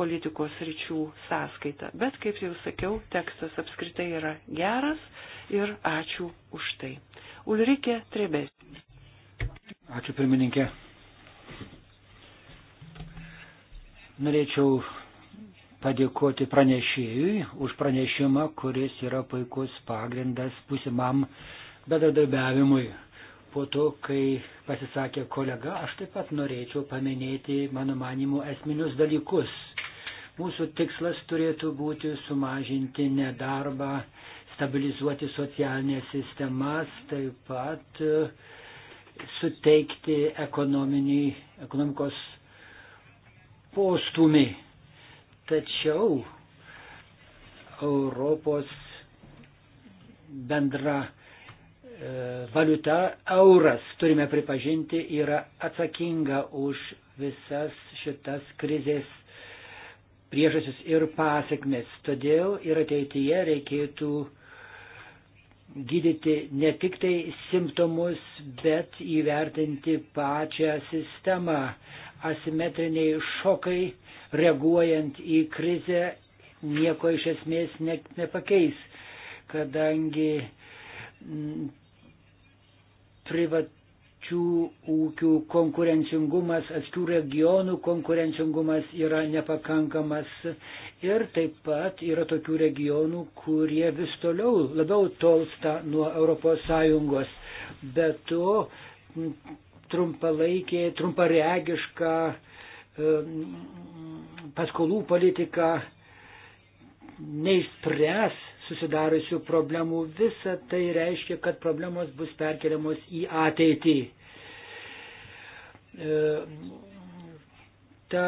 politikos ryčių sąskaita. Bet, kaip jau sakiau, tekstas apskritai yra geras ir ačiū už tai. Ulrike Trebės. Ačiū pirmininkė. Norėčiau padėkoti pranešėjui už pranešimą, kuris yra puikus pagrindas pusimam bedarbiavimui. Po to, kai pasisakė kolega, aš taip pat norėčiau paminėti, mano manimu, esminius dalykus. Mūsų tikslas turėtų būti sumažinti nedarbą, stabilizuoti socialinės sistemas, taip pat e, suteikti ekonomikos postumį. Tačiau Europos bendra e, valiuta euras, turime pripažinti, yra atsakinga už visas šitas krizės priežasis ir pasiekmes. Todėl ir ateityje reikėtų gydyti ne tik tai simptomus, bet įvertinti pačią sistemą asimetriniai šokai, reaguojant į krizę, nieko iš esmės ne, nepakeis, kadangi m, mm, privačių ūkių konkurencingumas, atskirų regionų konkurencingumas yra nepakankamas ir taip pat yra tokių regionų, kurie vis toliau labiau tolsta nuo ES. Bet to m, trumpalaikė, trumparegiška paskolų politika neišspręs susidariusių problemų. Visa tai reiškia, kad problemos bus perkeliamos į ateitį. Ta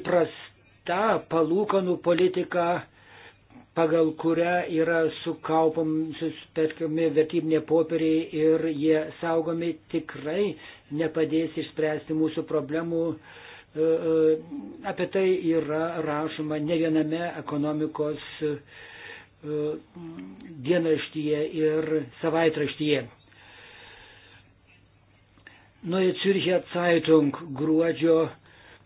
įprasta palūkanų politika pagal kurią yra sukaupami vertybiniai popieriai ir jie saugomi, tikrai nepadės išspręsti mūsų problemų. E, e, apie tai yra rašoma ne viename ekonomikos e, dienraštyje ir savaitraštyje. Nuo Ciurichė Zeitung gruodžio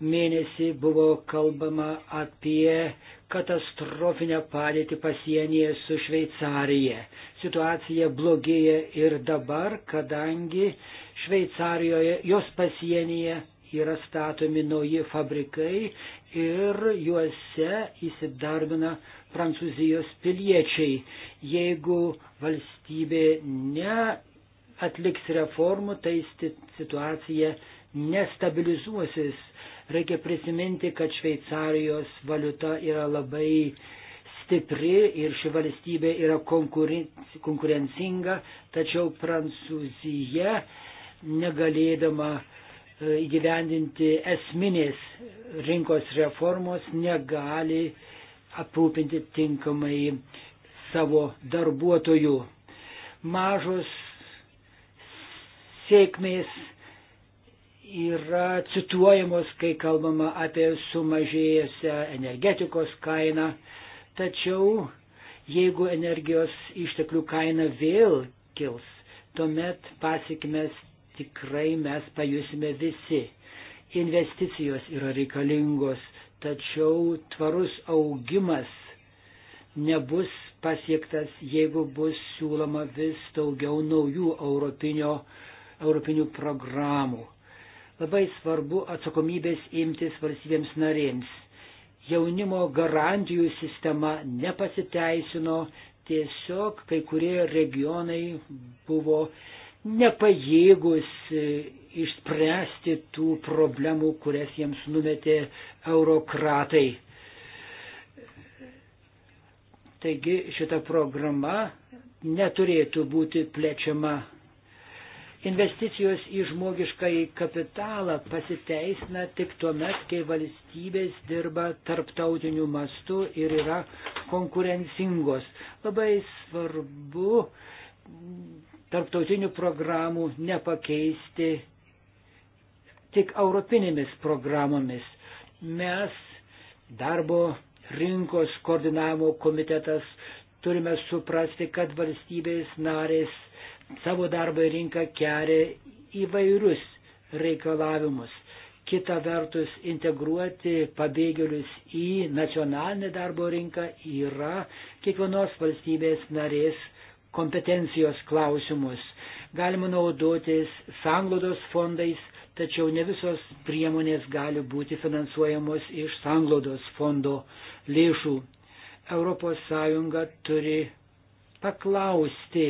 mėnesį buvo kalbama apie katastrofinę padėtį pasienyje su Šveicarija. Situacija blogėja ir dabar, kadangi Šveicarijoje jos pasienyje yra statomi nauji fabrikai ir juose įsidarbina Prancūzijos piliečiai. Jeigu valstybė neatliks reformų, tai situacija nestabilizuosis Reikia prisiminti, kad Šveicarijos valiuta yra labai stipri ir ši valstybė yra konkurencinga, tačiau Prancūzija negalėdama e, įgyvendinti esminės rinkos reformos negali aprūpinti tinkamai savo darbuotojų. Mažos sėkmės yra cituojamos, kai kalbama apie sumažėjusią energetikos kainą. Tačiau jeigu energijos išteklių kaina vėl kils, tuomet pasiekmes tikrai mes pajusime visi. Investicijos yra reikalingos, tačiau tvarus augimas nebus pasiektas, jeigu bus siūloma vis daugiau naujų europinio, europinių programų. Labai svarbu atsakomybės imtis valstybėms narėms. Jaunimo garantijų sistema nepasiteisino, tiesiog kai kurie regionai buvo nepajėgus e, išspręsti tų problemų, kurias jiems numetė eurokratai. Taigi šita programa neturėtų būti plečiama Investicijos į žmogiškąjį kapitalą pasiteisina tik tuo met, kai valstybės dirba tarptautiniu mastu ir yra konkurencingos. Labai svarbu tarptautinių programų nepakeisti tik europinėmis programomis. Mes darbo rinkos koordinavimo komitetas turime suprasti, kad valstybės narės savo darbo rinką keria įvairius reikalavimus. Kita vertus, integruoti pabėgėlius į nacionalinę darbo rinką yra kiekvienos valstybės narės kompetencijos klausimus. Galima naudotis sanglodos fondais, tačiau ne visos priemonės gali būti finansuojamos iš sanglodos fondo lėšų. ES turi paklausti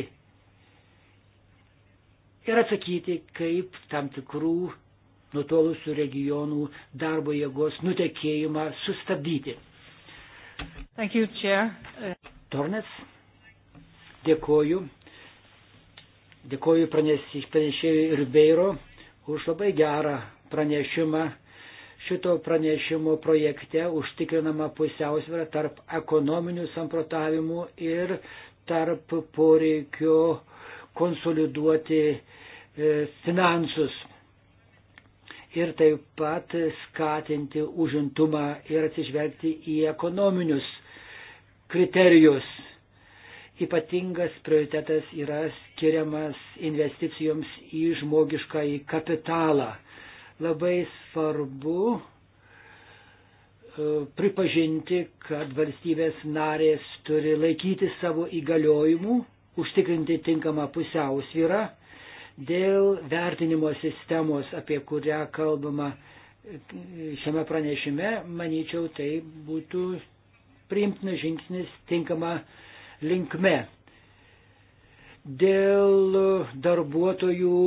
ir atsakyti, kaip tam tikrų nutolusių regionų darbo jėgos nutekėjimą sustabdyti. Thank you, Chair. Tornes, dėkoju. Dėkoju pranešėjui ir Beiro už labai gerą pranešimą. Šito pranešimo projekte užtikrinama pusiausvėra tarp ekonominių samprotavimų ir tarp poreikio konsoliduoti uh, E, finansus ir taip pat skatinti užimtumą ir atsižvelgti į ekonominius kriterijus. Ypatingas prioritetas yra skiriamas investicijoms į žmogišką į kapitalą. Labai svarbu e, pripažinti, kad valstybės narės turi laikyti savo įgaliojimų, užtikrinti tinkamą pusiausvyrą Dėl vertinimo sistemos, apie kurią kalbama šiame pranešime, manyčiau, tai būtų priimtinas žingsnis tinkama linkme. Dėl darbuotojų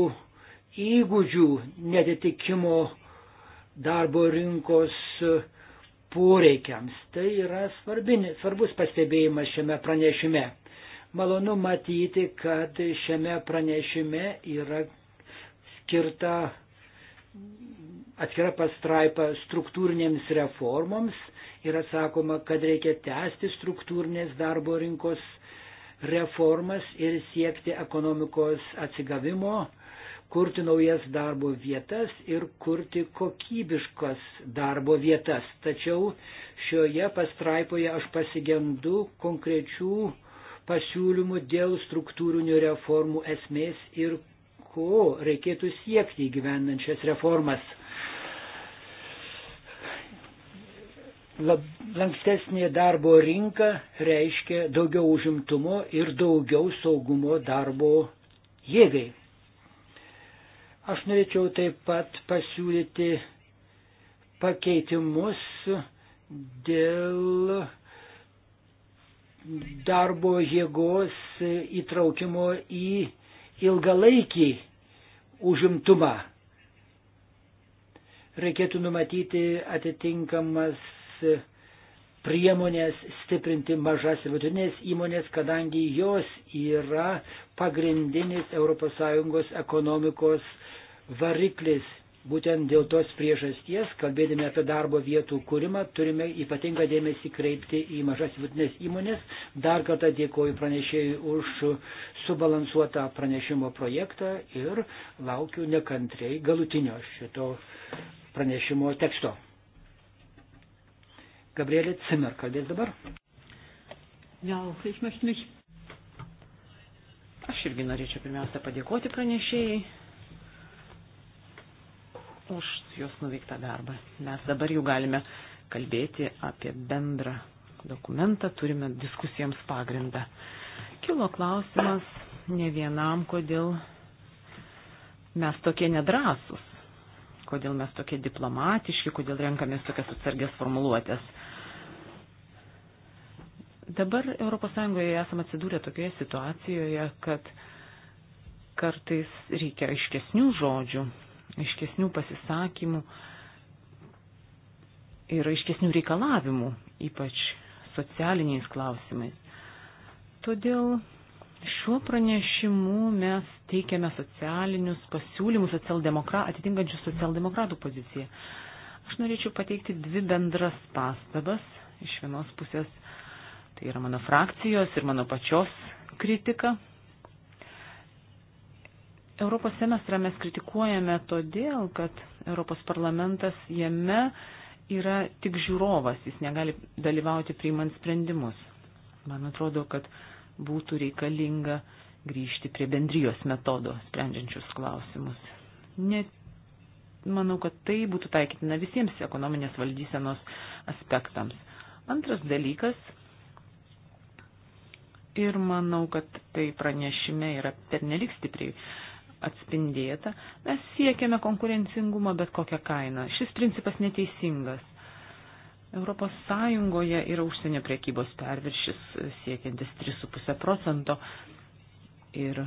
įgūdžių netitikimo darbo rinkos poreikiams. Tai yra svarbinis, svarbus pastebėjimas šiame pranešime. Malonu matyti, kad šiame pranešime yra skirta atskira pastraipa struktūrinėms reformoms ir atsakoma, kad reikia tęsti struktūrinės darbo rinkos reformas ir siekti ekonomikos atsigavimo, kurti naujas darbo vietas ir kurti kokybiškas darbo vietas. Tačiau šioje pastraipoje aš pasigendu konkrečių pasiūlymų dėl struktūrinių reformų esmės ir ko reikėtų siekti įgyvendant šias reformas. Lab, lankstesnė darbo rinka reiškia daugiau užimtumo ir daugiau saugumo darbo jėgai. Aš norėčiau taip pat pasiūlyti pakeitimus dėl darbo jėgos įtraukimo į ilgalaikį užimtumą. Reikėtų numatyti atitinkamas priemonės stiprinti mažas ir vidutinės įmonės, kadangi jos yra pagrindinis ES ekonomikos variklis. Būtent dėl tos priežasties, kalbėdami apie darbo vietų kūrimą, turime ypatingą dėmesį kreipti į mažas vidutinės įmonės. Dar kartą dėkoju pranešėjai už subalansuotą pranešimo projektą ir laukiu nekantriai galutinio šito pranešimo teksto. Gabrielė Cimer kalbės dabar. Ja, ich möchte mich. Aš irgi norėčiau pirmiausia padėkoti pranešėjai už jos nuveiktą darbą. Mes dabar jau galime kalbėti apie bendrą dokumentą, turime diskusijoms pagrindą. Kilo klausimas ne vienam, kodėl mes tokie nedrasus, kodėl mes tokie diplomatiški, kodėl renkamės tokias atsargės formuluotės. Dabar ES esame atsidūrę tokioje situacijoje, kad kartais reikia aiškesnių žodžių, aiškesnių pasisakymų ir aiškesnių reikalavimų, ypač socialiniais klausimais. Todėl šiuo pranešimu mes teikiame socialinius pasiūlymus socialdemokra, atitinkančius socialdemokratų poziciją. Aš norėčiau pateikti dvi bendras pastabas. Iš vienos pusės tai yra mano frakcijos ir mano pačios kritika Europos semestrą mes kritikuojame todėl, kad Europos parlamentas jame yra tik žiūrovas, jis negali dalyvauti priimant sprendimus. Man atrodo, kad būtų reikalinga grįžti prie bendrijos metodo sprendžiančius klausimus. Net manau, kad tai būtų taikytina visiems ekonominės valdysenos aspektams. Antras dalykas, ir manau, kad tai pranešime yra pernelik stipriai atspindėta, mes siekiame konkurencingumo bet kokią kainą. Šis principas neteisingas. Europos Sąjungoje yra užsienio priekybos perviršis siekiantis 3,5 procento ir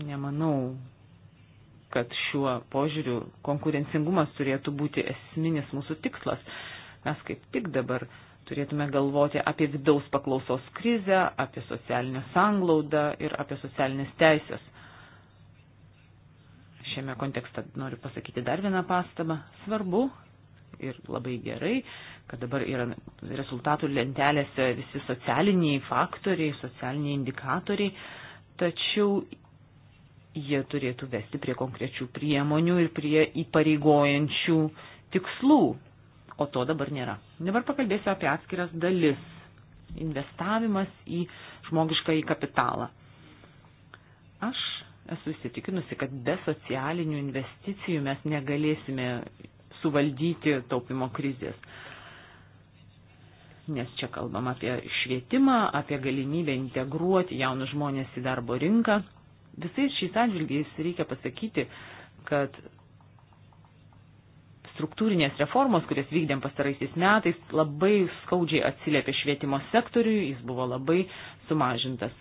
nemanau, kad šiuo požiūriu konkurencingumas turėtų būti esminis mūsų tikslas. Mes kaip tik dabar turėtume galvoti apie vidaus paklausos krizę, apie socialinę sanglaudą ir apie socialinės teisės šiame kontekste noriu pasakyti dar vieną pastabą. Svarbu ir labai gerai, kad dabar yra rezultatų lentelėse visi socialiniai faktoriai, socialiniai indikatoriai, tačiau jie turėtų vesti prie konkrečių priemonių ir prie įpareigojančių tikslų, o to dabar nėra. Dabar pakalbėsiu apie atskiras dalis - investavimas į žmogišką į kapitalą. Aš Esu įsitikinusi, kad be socialinių investicijų mes negalėsime suvaldyti taupimo krizės. Nes čia kalbam apie švietimą, apie galimybę integruoti jaunus žmonės į darbo rinką. Visais šiais atžvilgiais reikia pasakyti, kad struktūrinės reformos, kurias vykdėm pastaraisiais metais, labai skaudžiai atsiliepė švietimo sektoriui, jis buvo labai sumažintas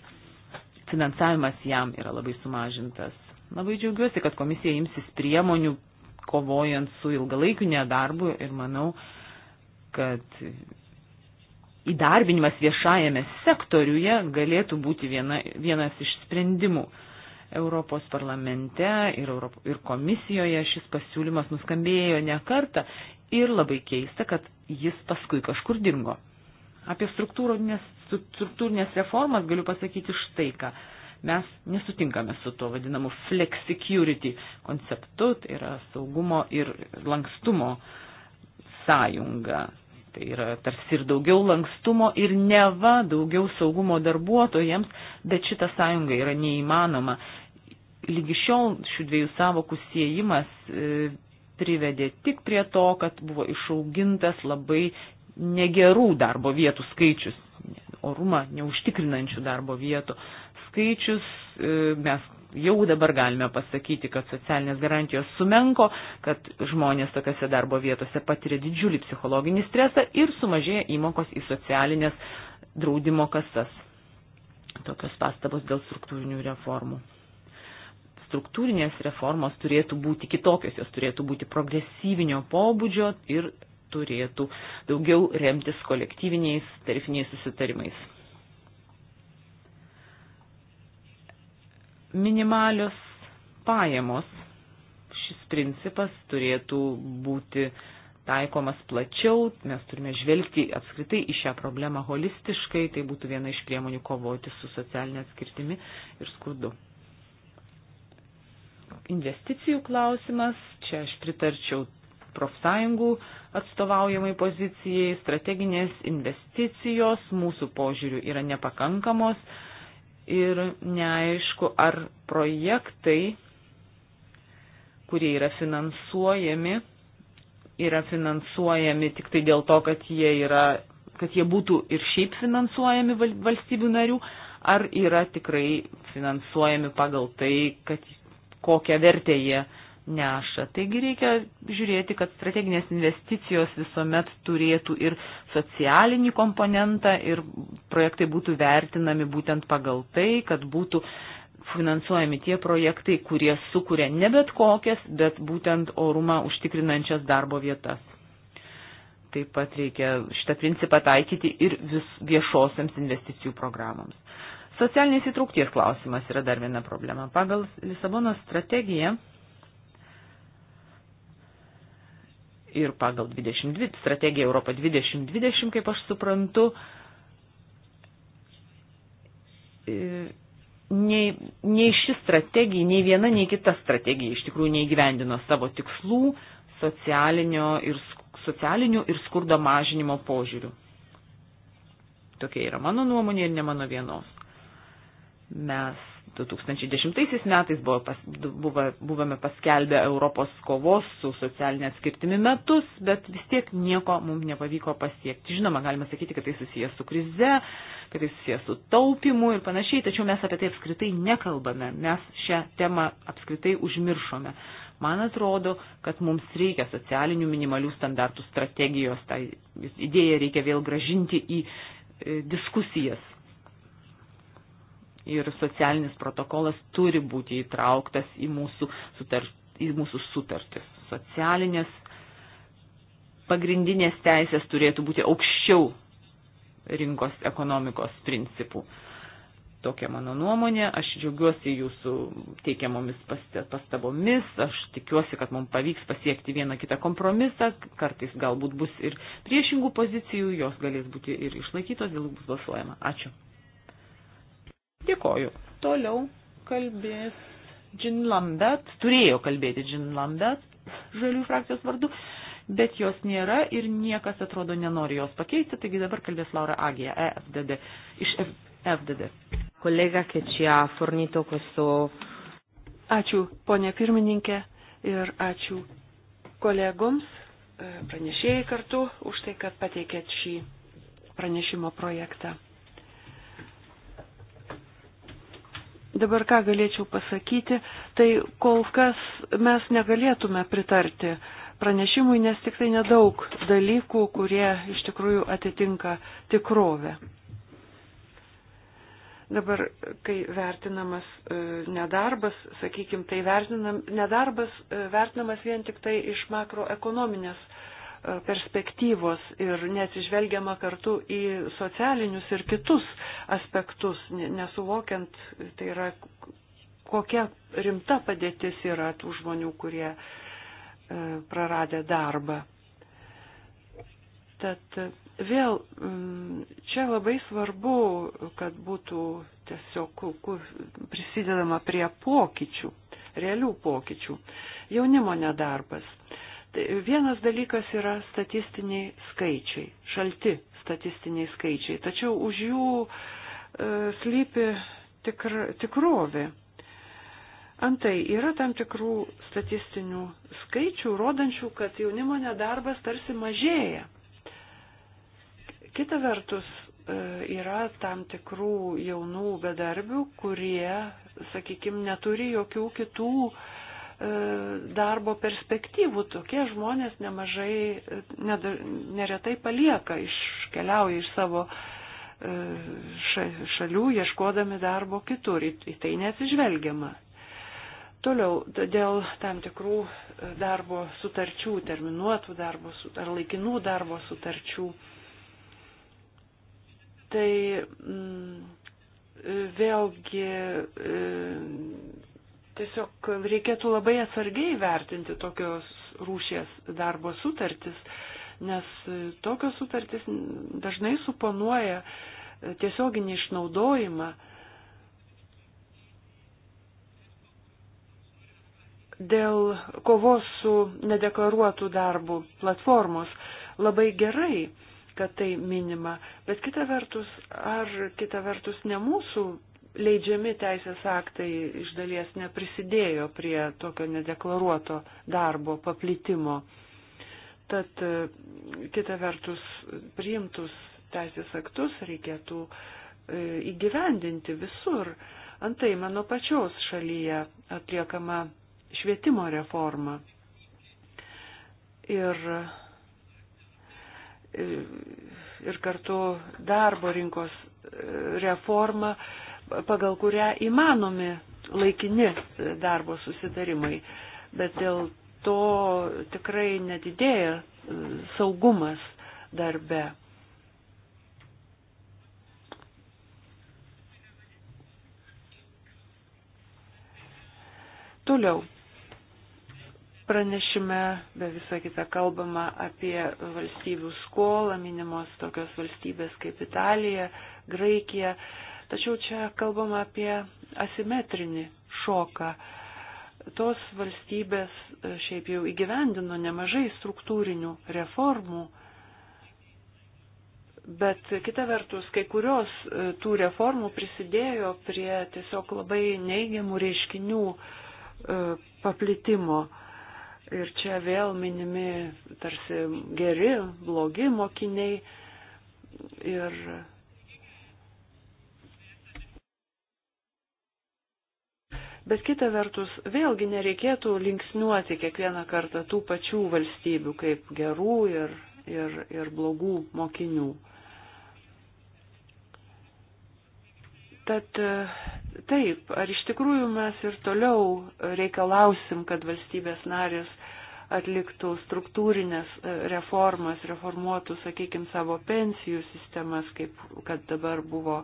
finansavimas jam yra labai sumažintas. Labai džiaugiuosi, kad komisija imsis priemonių kovojant su ilgalaikiu nedarbu ir manau, kad įdarbinimas viešajame sektoriuje galėtų būti viena, vienas iš sprendimų. Europos parlamente ir, Europ ir komisijoje šis pasiūlymas nuskambėjo ne kartą ir labai keista, kad jis paskui kažkur dingo. Apie struktūrinės struktūrinės reformas, galiu pasakyti štai ką. Mes nesutinkame su tuo vadinamu flexicurity konceptu, tai yra saugumo ir lankstumo sąjunga. Tai yra tarsi ir daugiau lankstumo ir neva daugiau saugumo darbuotojams, bet šita sąjunga yra neįmanoma. Lygi šiol šių dviejų savokų siejimas e, privedė tik prie to, kad buvo išaugintas labai negerų darbo vietų skaičius, orumą neužtikrinančių darbo vietų skaičius. E, mes jau dabar galime pasakyti, kad socialinės garantijos sumenko, kad žmonės tokiose darbo vietose patiria didžiulį psichologinį stresą ir sumažėja įmokos į socialinės draudimo kasas. Tokios pastabos dėl struktūrinių reformų struktūrinės reformos turėtų būti kitokios, jos turėtų būti progresyvinio pobūdžio ir turėtų daugiau remtis kolektyviniais tarifiniais susitarimais. Minimalios pajamos. Šis principas turėtų būti taikomas plačiau, mes turime žvelgti apskritai į šią problemą holistiškai, tai būtų viena iš priemonių kovoti su socialinė atskirtimi ir skurdu. Investicijų klausimas, čia aš pritarčiau profsąjungų atstovaujamai pozicijai, strateginės investicijos mūsų požiūrių yra nepakankamos ir neaišku, ar projektai, kurie yra finansuojami, yra finansuojami tik tai dėl to, kad jie, yra, kad jie būtų ir šiaip finansuojami valstybių narių, ar yra tikrai finansuojami pagal tai, kad kokią vertę jie neša. Taigi reikia žiūrėti, kad strateginės investicijos visuomet turėtų ir socialinį komponentą ir projektai būtų vertinami būtent pagal tai, kad būtų finansuojami tie projektai, kurie sukuria ne bet kokias, bet būtent orumą užtikrinančias darbo vietas. Taip pat reikia šitą principą taikyti ir vis viešosiams investicijų programams. Socialinės įtraukties klausimas yra dar viena problema. Pagal Lisabono strategiją ir pagal 22, strategiją Europą 2020, kaip aš suprantu, e, nei, nei ši strategija, nei viena, nei kita strategija iš tikrųjų neįgyvendino savo tikslų socialinio ir, socialinių ir skurdo mažinimo požiūrių. Tokia yra mano nuomonė ir ne mano vienos. Mes 2010 metais buvo pas, buvo, buvome paskelbę Europos kovos su socialinė atskirtimi metus, bet vis tiek nieko mums nepavyko pasiekti. Žinoma, galima sakyti, kad tai susijęs su krize, kad tai susijęs su taupimu ir panašiai, tačiau mes apie tai apskritai nekalbame, mes šią temą apskritai užmiršome. Man atrodo, kad mums reikia socialinių minimalių standartų strategijos, tai idėją reikia vėl gražinti į e, diskusijas ir socialinis protokolas turi būti įtrauktas į mūsų, sutart, į mūsų sutartis. Socialinės pagrindinės teisės turėtų būti aukščiau rinkos ekonomikos principų. Tokia mano nuomonė, aš džiaugiuosi jūsų teikiamomis pastabomis, aš tikiuosi, kad mums pavyks pasiekti vieną kitą kompromisą, kartais galbūt bus ir priešingų pozicijų, jos galės būti ir išlaikytos, dėl bus balsuojama. Ačiū. Dėkoju. Toliau kalbės Džin Lambert, turėjo kalbėti Džin Lambert žalių frakcijos vardu, bet jos nėra ir niekas atrodo nenori jos pakeisti, taigi dabar kalbės Laura Agija, EFDD, iš FDD. Kolega Kečia fornito questo. Ačiū, ponė pirmininkė, ir ačiū kolegoms, e, pranešėjai kartu už tai, kad pateikėt šį pranešimo projektą. Dabar ką galėčiau pasakyti, tai kol kas mes negalėtume pritarti pranešimui, nes tik tai nedaug dalykų, kurie iš tikrųjų atitinka tikrovę. Dabar, kai vertinamas e, nedarbas, sakykime, tai vertinam, nedarbas e, vertinamas vien tik tai iš makroekonominės perspektyvos ir neatsižvelgiama kartu į socialinius ir kitus aspektus, nesuvokiant, tai yra kokia rimta padėtis yra tų žmonių, kurie e, praradė darbą. Tad e, vėl mm, čia labai svarbu, kad būtų tiesiog prisidedama prie pokyčių, realių pokyčių. Jaunimo nedarbas. Vienas dalykas yra statistiniai skaičiai, šalti statistiniai skaičiai, tačiau už jų e, slypi tikr, tikrovė. Antai yra tam tikrų statistinių skaičių, rodančių, kad jaunimo nedarbas tarsi mažėja. Kita vertus, e, yra tam tikrų jaunų bedarbių, kurie, sakykime, neturi jokių kitų uh, E, darbo perspektyvų. Tokie žmonės nemažai, e, neretai palieka, iškeliauja iš savo e, šalių, ieškodami darbo kitur. Į tai neatsižvelgiama. Toliau, dėl tam tikrų darbo sutarčių, terminuotų darbo ar laikinų darbo sutarčių, tai m, mm, vėlgi m, tiesiog reikėtų labai atsargiai vertinti tokios rūšies darbo sutartis, nes tokios sutartis dažnai suponuoja tiesioginį išnaudojimą. Dėl kovos su nedeklaruotų darbų platformos labai gerai, kad tai minima, bet kita vertus, ar kita vertus ne mūsų leidžiami teisės aktai iš dalies neprisidėjo prie tokio nedeklaruoto darbo paplitimo. Tad e, kita vertus, priimtus teisės aktus reikėtų e, įgyvendinti visur. Antai mano pačios šalyje atliekama švietimo reforma. Ir e, ir kartu darbo rinkos reforma pagal kurią įmanomi laikini darbo susitarimai, bet dėl to tikrai netidėja e, saugumas darbe. Toliau. Pranešime be visą kitą kalbama apie valstybių skolą, minimos tokios valstybės kaip Italija, Graikija. Tačiau čia kalbama apie asimetrinį šoką. Tos valstybės e, šiaip jau įgyvendino nemažai struktūrinių reformų, Bet kita vertus, kai kurios e, tų reformų prisidėjo prie tiesiog labai neigiamų reiškinių e, paplitimo. Ir čia vėl minimi tarsi geri, blogi mokiniai. Ir Bet kita vertus, vėlgi nereikėtų linksniuoti kiekvieną kartą tų pačių valstybių kaip gerų ir, ir, ir blogų mokinių. Tad e, taip, ar iš tikrųjų mes ir toliau reikalausim, kad valstybės narės atliktų struktūrinės e, reformas, reformuotų, sakykime, savo pensijų sistemas, kaip kad dabar buvo,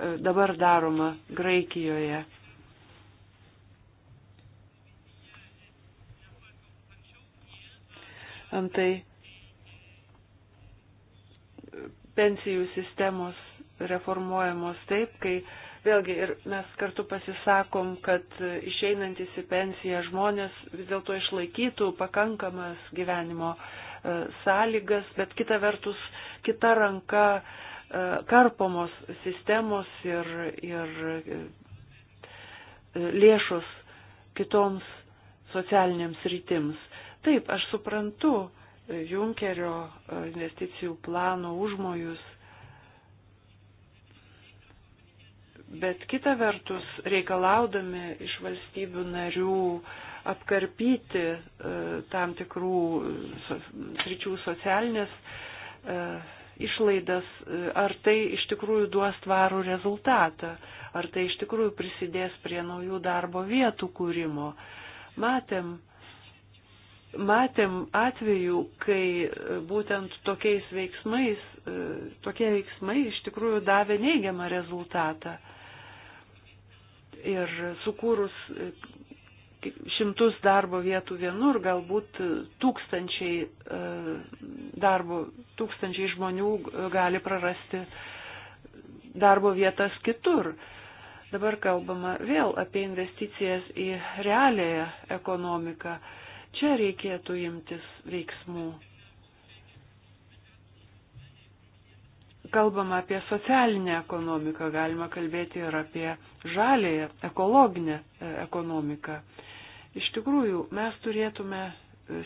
e, dabar daroma Graikijoje Antai pensijų sistemos reformuojamos taip, kai vėlgi ir mes kartu pasisakom, kad išeinantis į pensiją žmonės vis dėlto išlaikytų pakankamas gyvenimo e, sąlygas, bet kita vertus, kita ranka e, karpomos sistemos ir, ir e, lėšos kitoms socialinėms rytims. Taip, aš suprantu Junkerio investicijų plano užmojus, bet kita vertus, reikalaudami iš valstybių narių apkarpyti e, tam tikrų sričių socialinės e, išlaidas, e, ar tai iš tikrųjų duos tvarų rezultatą, ar tai iš tikrųjų prisidės prie naujų darbo vietų kūrimo. Matėm, matėm atvejų, kai e, būtent tokiais veiksmais, e, tokie veiksmai iš tikrųjų davė neigiamą rezultatą. Ir sukūrus e, šimtus darbo vietų vienur, galbūt tūkstančiai, darbo, tūkstančiai žmonių gali prarasti darbo vietas kitur. Dabar kalbama vėl apie investicijas į realiąją ekonomiką Čia reikėtų imtis veiksmų. Kalbama apie socialinę ekonomiką, galima kalbėti ir apie žalėją, ekologinę e, ekonomiką. Iš tikrųjų, mes turėtume e,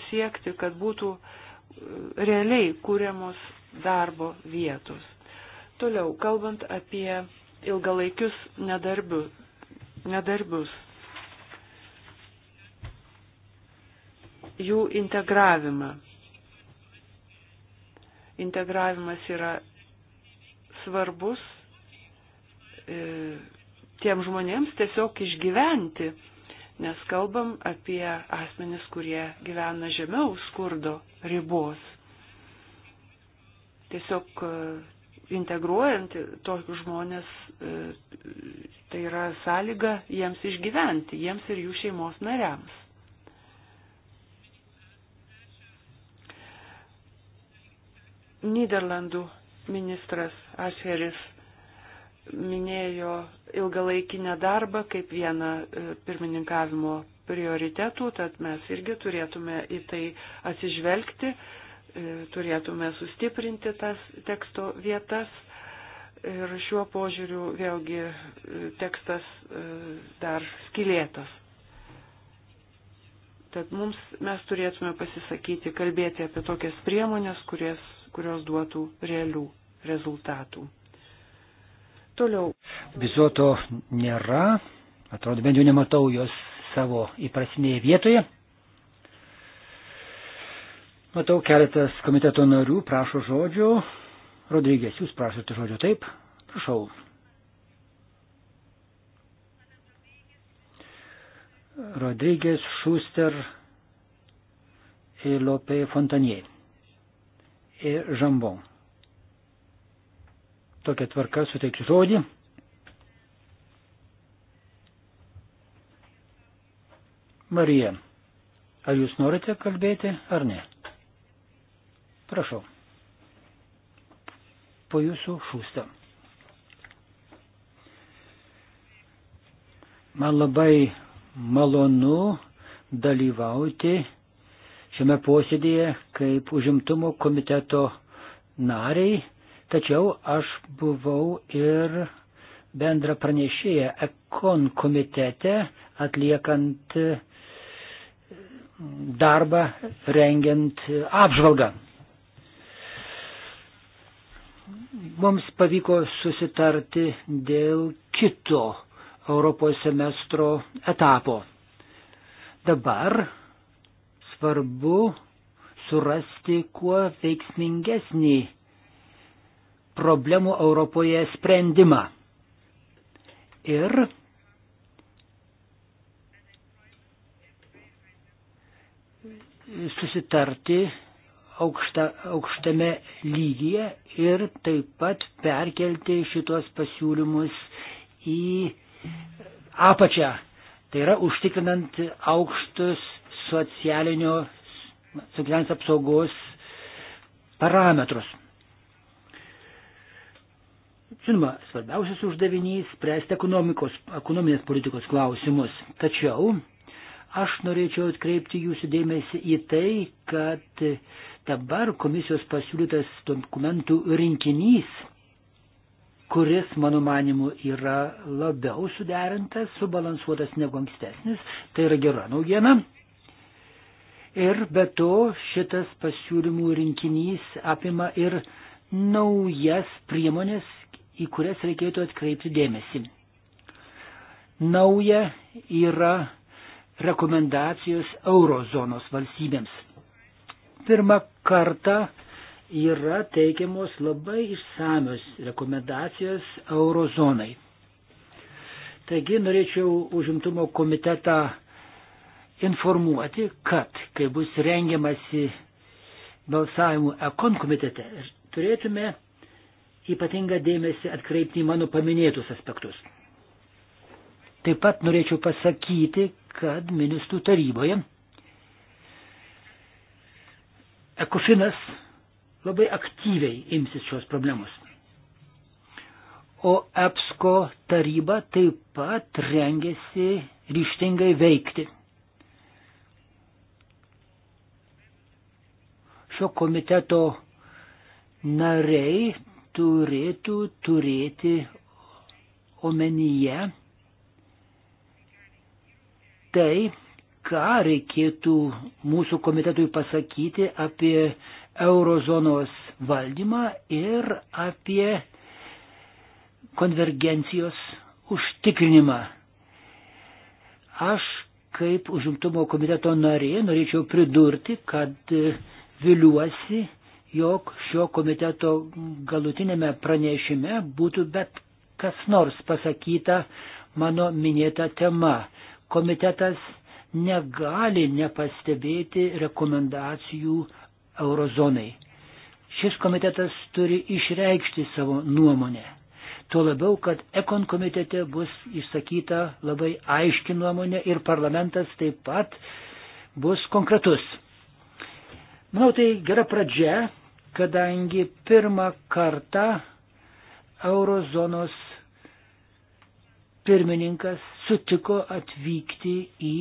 siekti, kad būtų e, realiai kūriamos darbo vietos. Toliau, kalbant apie ilgalaikius nedarbius, nedarbius jų integravimą. Integravimas yra svarbus e, tiem žmonėms tiesiog išgyventi, nes kalbam apie asmenis, kurie gyvena žemiau skurdo ribos. Tiesiog e, integruojant tokius žmonės, e, tai yra sąlyga jiems išgyventi, jiems ir jų šeimos nariams. Niderlandų ministras Ašeris minėjo ilgalaikinę darbą kaip vieną e, pirmininkavimo prioritetų, tad mes irgi turėtume į tai atsižvelgti, e, turėtume sustiprinti tas teksto vietas. Ir šiuo požiūriu vėlgi e, tekstas dar skilėtas. Tad mums, mes turėtume pasisakyti, kalbėti apie tokias priemonės, kurias kurios duotų realių rezultatų. Toliau. Viso to nėra, atrodo, bent jau nematau jos savo įprasinėje vietoje. Matau, keletas komiteto narių prašo žodžio. Rodrygės, jūs prašote žodžio taip? Prašau. Rodrygės, Šuster ir Lopė Fontanier ir žambon. Tokia tvarka suteiksiu žodį. Marija, ar jūs norite kalbėti ar ne? Prašau. Po jūsų šūstą. Man labai malonu dalyvauti šiame posėdėje kaip užimtumo komiteto nariai, tačiau aš buvau ir bendra pranešėja Ekon komitete atliekant e, darbą rengiant apžvalgą. Mums pavyko susitarti dėl kito Europos semestro etapo. Dabar svarbu surasti kuo veiksmingesnį problemų Europoje sprendimą. Ir susitarti aukšta, aukštame lygyje ir taip pat perkelti šitos pasiūlymus į apačią. Tai yra užtikrinant aukštus socialinio, socialinės apsaugos parametrus. Žinoma, svarbiausias uždavinys - spręsti ekonominės politikos klausimus. Tačiau aš norėčiau atkreipti jūsų dėmesį į tai, kad dabar komisijos pasiūlytas dokumentų rinkinys, kuris, mano manimu, yra labiau suderintas, subalansuotas negu ankstesnis, tai yra gera naujiena. Ir be to šitas pasiūlymų rinkinys apima ir naujas priemonės, į kurias reikėtų atkreipti dėmesį. Nauja yra rekomendacijos eurozonos valstybėms. Pirmą kartą yra teikiamos labai išsamios rekomendacijos eurozonai. Taigi norėčiau užimtumo komitetą informuoti, kad kai bus rengiamasi balsavimu ekon komitete, turėtume ypatingą dėmesį atkreipti į mano paminėtus aspektus. Taip pat norėčiau pasakyti, kad ministrų taryboje Ekofinas labai aktyviai imsis šios problemos. O EPSCO taryba taip pat rengėsi ryštingai veikti. šio komiteto nariai turėtų turėti omenyje tai, ką reikėtų mūsų komitetui pasakyti apie eurozonos valdymą ir apie konvergencijos užtikrinimą. Aš kaip užimtumo komiteto narė norėčiau pridurti, kad viliuosi, jog šio komiteto galutinėme pranešime būtų bet kas nors pasakyta mano minėta tema. Komitetas negali nepastebėti rekomendacijų eurozonai. Šis komitetas turi išreikšti savo nuomonę. Tuo labiau, kad Ekon komitete bus išsakyta labai aiški nuomonė ir parlamentas taip pat bus konkretus. Manau, tai gera pradžia, kadangi pirmą kartą eurozonos pirmininkas sutiko atvykti į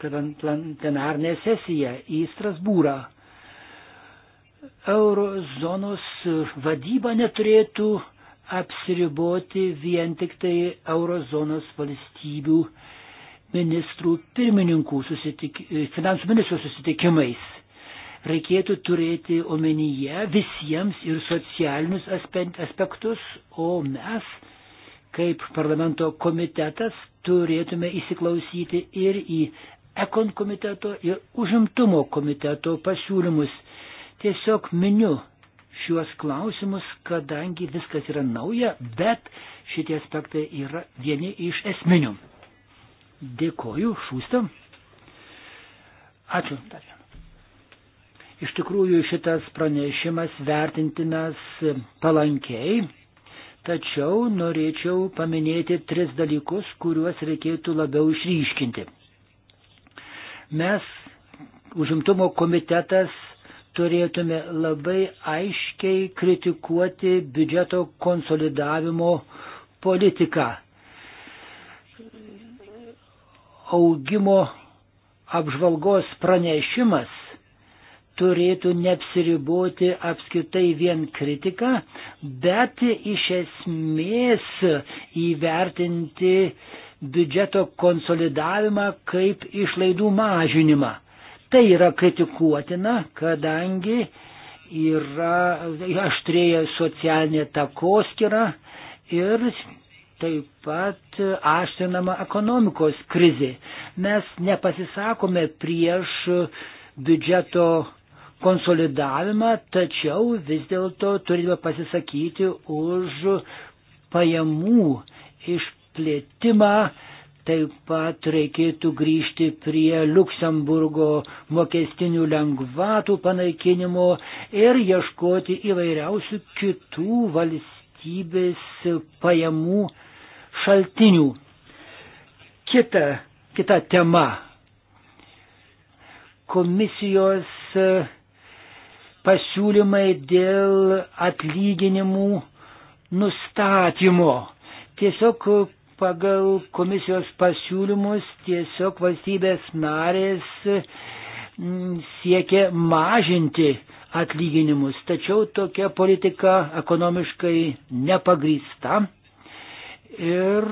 plenarnę sesiją į Strasbūrą. Eurozonos vadyba neturėtų apsiriboti vien tik tai eurozonos valstybių ministrų pirmininkų susitik, finansų ministrų susitikimais reikėtų turėti omenyje visiems ir socialinius aspektus, o mes, kaip parlamento komitetas, turėtume įsiklausyti ir į ekon komiteto ir užimtumo komiteto pasiūlymus. Tiesiog miniu šiuos klausimus, kadangi viskas yra nauja, bet šitie aspektai yra vieni iš esminių. Dėkoju, šūstam. Ačiū. Dar. Iš tikrųjų šitas pranešimas vertintinas palankiai, tačiau norėčiau paminėti tris dalykus, kuriuos reikėtų labiau išryškinti. Mes, užimtumo komitetas, turėtume labai aiškiai kritikuoti biudžeto konsolidavimo politiką. Augimo apžvalgos pranešimas turėtų neapsiriboti apskritai vien kritiką, bet iš esmės įvertinti biudžeto konsolidavimą kaip išlaidų mažinimą. Tai yra kritikuotina, kadangi yra aštrėja socialinė takoskira ir taip pat aštrinama ekonomikos krizė. Mes nepasisakome prieš biudžeto konsolidavimą, tačiau vis dėlto turime pasisakyti už pajamų išplėtimą. Taip pat reikėtų grįžti prie Luksemburgo mokestinių lengvatų panaikinimo ir ieškoti įvairiausių kitų valstybės pajamų šaltinių. Kita, kita tema komisijos pasiūlymai dėl atlyginimų nustatymo. Tiesiog pagal komisijos pasiūlymus tiesiog valstybės narės mm, siekia mažinti atlyginimus. Tačiau tokia politika ekonomiškai nepagrysta ir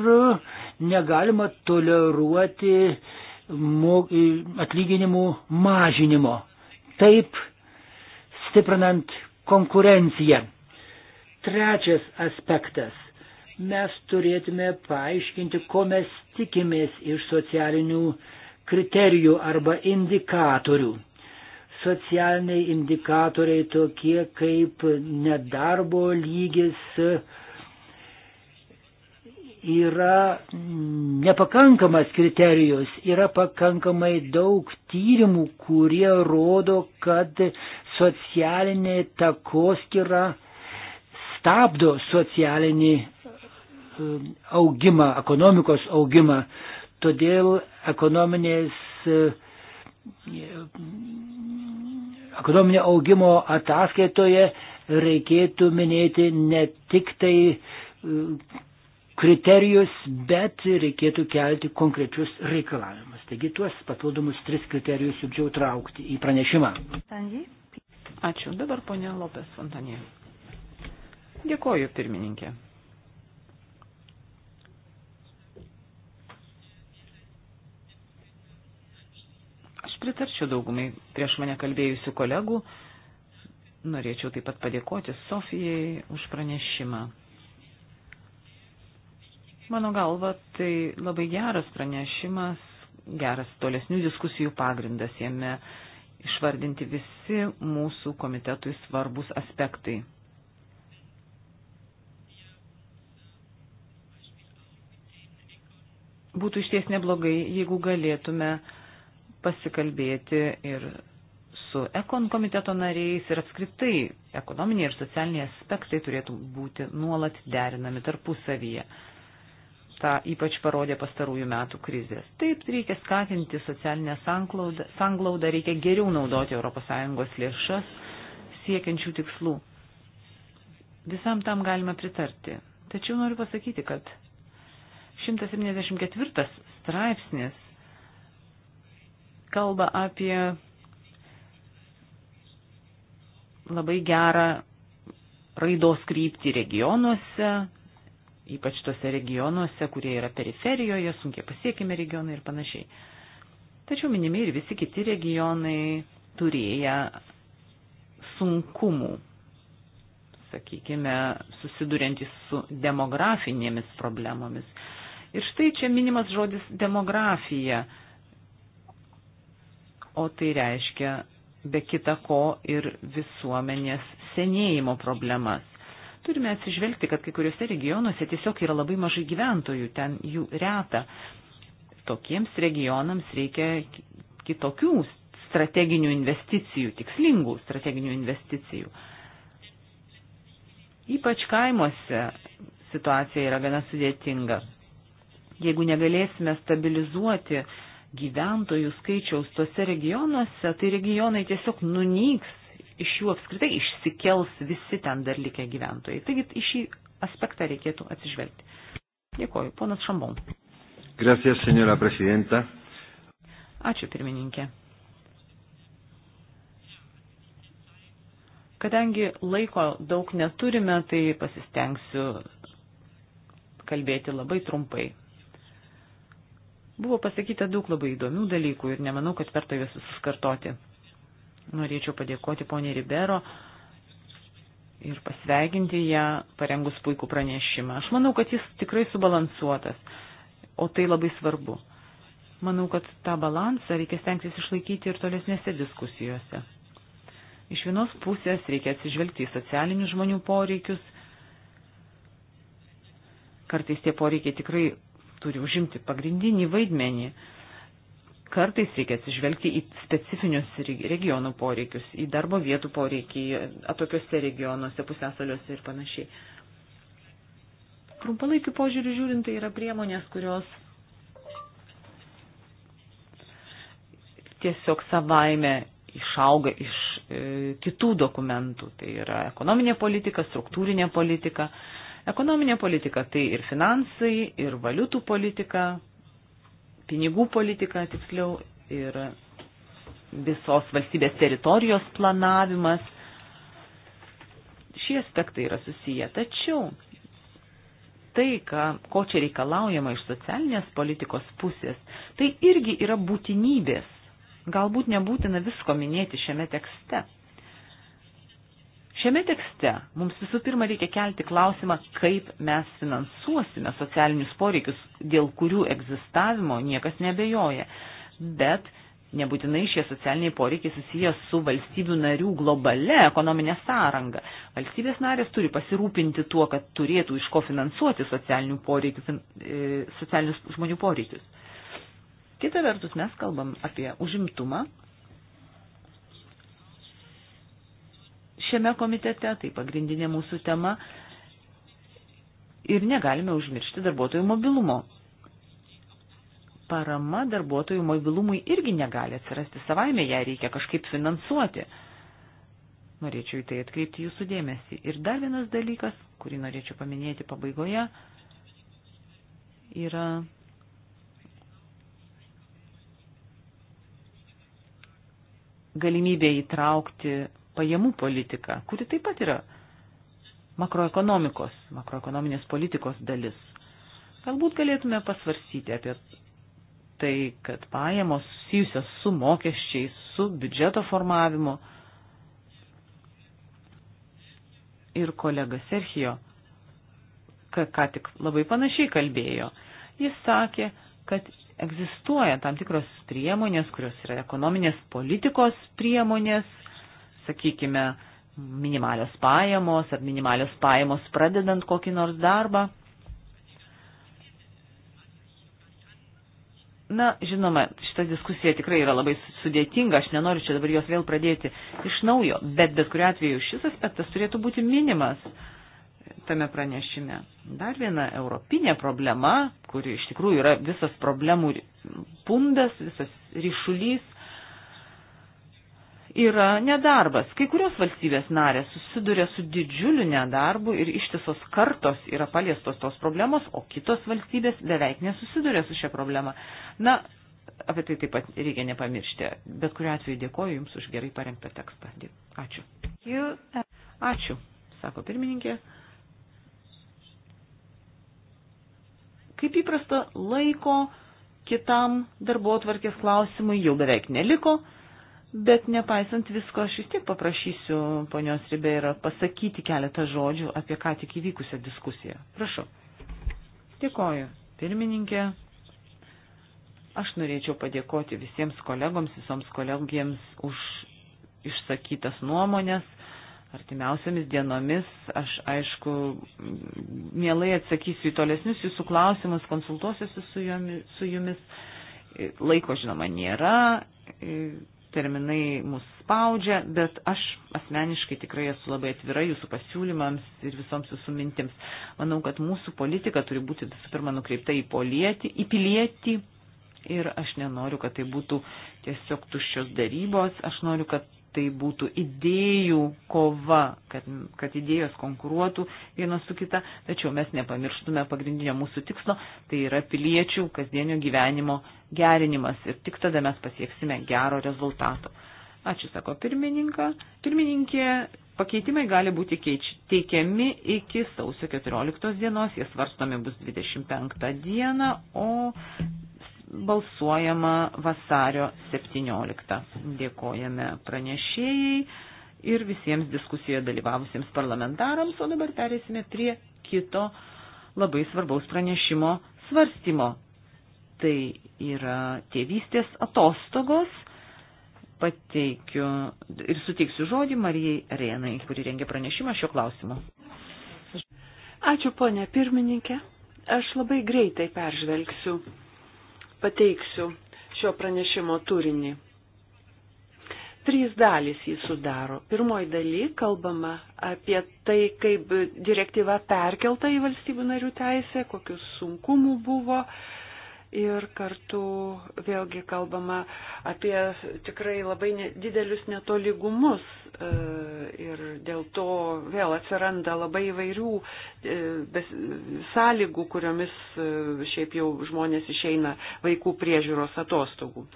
negalima toleruoti atlyginimų mažinimo. Taip stiprinant konkurenciją. Trečias aspektas. Mes turėtume paaiškinti, ko mes tikimės iš socialinių kriterijų arba indikatorių. Socialiniai indikatoriai tokie kaip nedarbo lygis, yra nepakankamas kriterijus, yra pakankamai daug tyrimų, kurie rodo, kad socialinė takoskira stabdo socialinį um, augimą, ekonomikos augimą. Todėl ekonominės, um, ekonominio augimo ataskaitoje reikėtų minėti ne tik tai um, kriterijus, bet reikėtų kelti konkrečius reikalavimus. Taigi tuos papildomus tris kriterijus jau traukti į pranešimą. Sandy. Ačiū. Dabar ponė Lopės Fontanė. Dėkoju, pirmininkė. Aš pritarčiau daugumai prieš mane kalbėjusių kolegų. Norėčiau taip pat padėkoti Sofijai už pranešimą. Mano galva, tai labai geras pranešimas, geras tolesnių diskusijų pagrindas jame. Uh, išvardinti visi mūsų komitetui svarbus aspektai. Būtų išties neblogai, jeigu galėtume pasikalbėti ir su ekon komiteto nariais ir apskritai ekonominiai ir socialiniai aspektai turėtų būti nuolat derinami tarpusavyje. Ta ypač parodė pastarųjų metų krizės. Taip, reikia skatinti socialinę sanglaudą, sanglaudą reikia geriau naudoti ES lėšas siekiančių tikslų. Visam tam galime pritarti. Tačiau noriu pasakyti, kad 174 straipsnis kalba apie labai gerą raidos kryptį regionuose, ypač tose regionuose, kurie yra periferijoje, sunkiai pasiekime regionai ir panašiai. Tačiau minimi ir visi kiti regionai turėję sunkumų, sakykime, susiduriantys su demografinėmis problemomis. Ir štai čia minimas žodis demografija, o tai reiškia be kita ko ir visuomenės senėjimo problemas Turime atsižvelgti, kad kai kuriuose regionuose tiesiog yra labai mažai gyventojų, ten jų reta. Tokiems regionams reikia kitokių strateginių investicijų, tikslingų strateginių investicijų. Ypač kaimuose situacija yra gana sudėtinga. Jeigu negalėsime stabilizuoti gyventojų skaičiaus tose regionuose, tai regionai tiesiog nunyks iš jų apskritai išsikels visi ten dar likę gyventojai. Taigi į šį aspektą reikėtų atsižvelgti. Dėkoju, ponas Šambon. Gracias, senora prezidenta. Ačiū, pirmininkė. Kadangi laiko daug neturime, tai pasistengsiu kalbėti labai trumpai. Buvo pasakyta daug labai įdomių dalykų ir nemanau, kad verta juos suskartoti. Norėčiau padėkoti ponė Ribero ir pasveikinti ją parengus puikų pranešimą. Aš manau, kad jis tikrai subalansuotas, o tai labai svarbu. Manau, kad tą balansą reikia stengtis išlaikyti ir tolesnėse diskusijose. Iš vienos pusės reikia atsižvelgti į socialinius žmonių poreikius. Kartais tie poreikiai tikrai turi užimti pagrindinį vaidmenį. Kartais reikia atsižvelgti į specifinius regionų poreikius, į darbo vietų poreikį, atokiuose regionuose, pusėsaliuose ir panašiai. Trumpalaikiu požiūriu žiūrint, tai yra priemonės, kurios tiesiog savaime išauga iš e, kitų dokumentų. Tai yra ekonominė politika, struktūrinė politika. Ekonominė politika tai ir finansai, ir valiutų politika, pinigų politika tiksliau ir visos valstybės teritorijos planavimas. Šie aspektai yra susiję, tačiau tai, ką, ko čia reikalaujama iš socialinės politikos pusės, tai irgi yra būtinybės. Galbūt nebūtina visko minėti šiame tekste. Šiame tekste mums visų pirma reikia kelti klausimą, kaip mes finansuosime socialinius poreikius, dėl kurių egzistavimo niekas nebejoja. Bet Nebūtinai šie socialiniai poreikiai susiję su valstybių narių globale ekonominė sąranga. Valstybės narės turi pasirūpinti tuo, kad turėtų iš ko finansuoti e, socialinius žmonių poreikius. Kita vertus, mes kalbam apie užimtumą, šiame komitete, tai pagrindinė mūsų tema. Ir negalime užmiršti darbuotojų mobilumo. Parama darbuotojų mobilumui irgi negali atsirasti savaime, ją reikia kažkaip finansuoti. Norėčiau į tai atkreipti jūsų dėmesį. Ir dar vienas dalykas, kurį norėčiau paminėti pabaigoje, yra galimybė įtraukti pajamų politika, kuri taip pat yra makroekonomikos, makroekonominės politikos dalis. Galbūt galėtume pasvarsyti apie tai, kad pajamos susijusios su mokesčiais, su biudžeto formavimu ir kolega Serhijo, ką tik labai panašiai kalbėjo, jis sakė, kad egzistuoja tam tikros priemonės, kurios yra ekonominės politikos priemonės, sakykime, minimalios pajamos ar minimalios pajamos pradedant kokį nors darbą. Na, žinoma, šita diskusija tikrai yra labai sudėtinga, aš nenoriu čia dabar jos vėl pradėti iš naujo, bet bet kuriu atveju šis aspektas turėtų būti minimas tame pranešime. Dar viena europinė problema, kuri iš tikrųjų yra visas problemų pundas, visas ryšulys, yra nedarbas. Kai kurios valstybės narės susiduria su didžiuliu nedarbu ir ištisos kartos yra paliestos tos problemos, o kitos valstybės beveik nesusiduria su šia problema. Na, apie tai taip pat reikia nepamiršti. Bet kuriu atveju dėkoju Jums už gerai parengtą tekstą. Ačiū. Ačiū, sako pirmininkė. Kaip įprasta, laiko kitam darbo atvarkės klausimui jau beveik neliko. Bet nepaisant visko, aš vis tiek paprašysiu ponios Ribeira pasakyti keletą žodžių apie ką tik įvykusią diskusiją. Prašau. Dėkoju, pirmininkė. Aš norėčiau padėkoti visiems kolegoms, visoms kolegijams už išsakytas nuomonės. Artimiausiamis dienomis aš, aišku, mielai atsakysiu į tolesnius jūsų klausimus, konsultuosiuosi su jumis. Laiko, žinoma, nėra terminai mus spaudžia, bet aš asmeniškai tikrai esu labai atvira jūsų pasiūlymams ir visoms jūsų mintims. Manau, kad mūsų politika turi būti visų pirma nukreipta į, polietį, į pilietį ir aš nenoriu, kad tai būtų tiesiog tuščios darybos, aš noriu, kad tai būtų idėjų kova, kad, kad idėjos konkuruotų vienos su kita, tačiau mes nepamirštume pagrindinio mūsų tikslo, tai yra piliečių kasdienio gyvenimo gerinimas ir tik tada mes pasieksime gero rezultato. Ačiū, sako pirmininkė. Pakeitimai gali būti keič, teikiami iki sausio 14 dienos, jie svarstomi bus 25 dieną, o balsuojama vasario 17. Dėkojame pranešėjai ir visiems diskusijoje dalyvavusiems parlamentarams, o dabar perėsime prie kito labai svarbaus pranešimo svarstymo. Tai yra tėvystės atostogos. Pateikiu ir suteiksiu žodį Marijai Renai, kuri rengia pranešimą šio klausimu. Ačiū, ponė pirmininkė. Aš labai greitai peržvelgsiu pateiksiu šio pranešimo turinį. Trys dalys jį sudaro. Pirmoji daly kalbama apie tai, kaip direktyva perkelta į valstybių narių teisę, kokius sunkumų buvo, uh, ir kartu vėlgi kalbama apie tikrai labai didelius netolygumus e, ir dėl to vėl atsiranda labai įvairių e, sąlygų, kuriomis e, šiaip jau žmonės išeina vaikų priežiūros atostogų.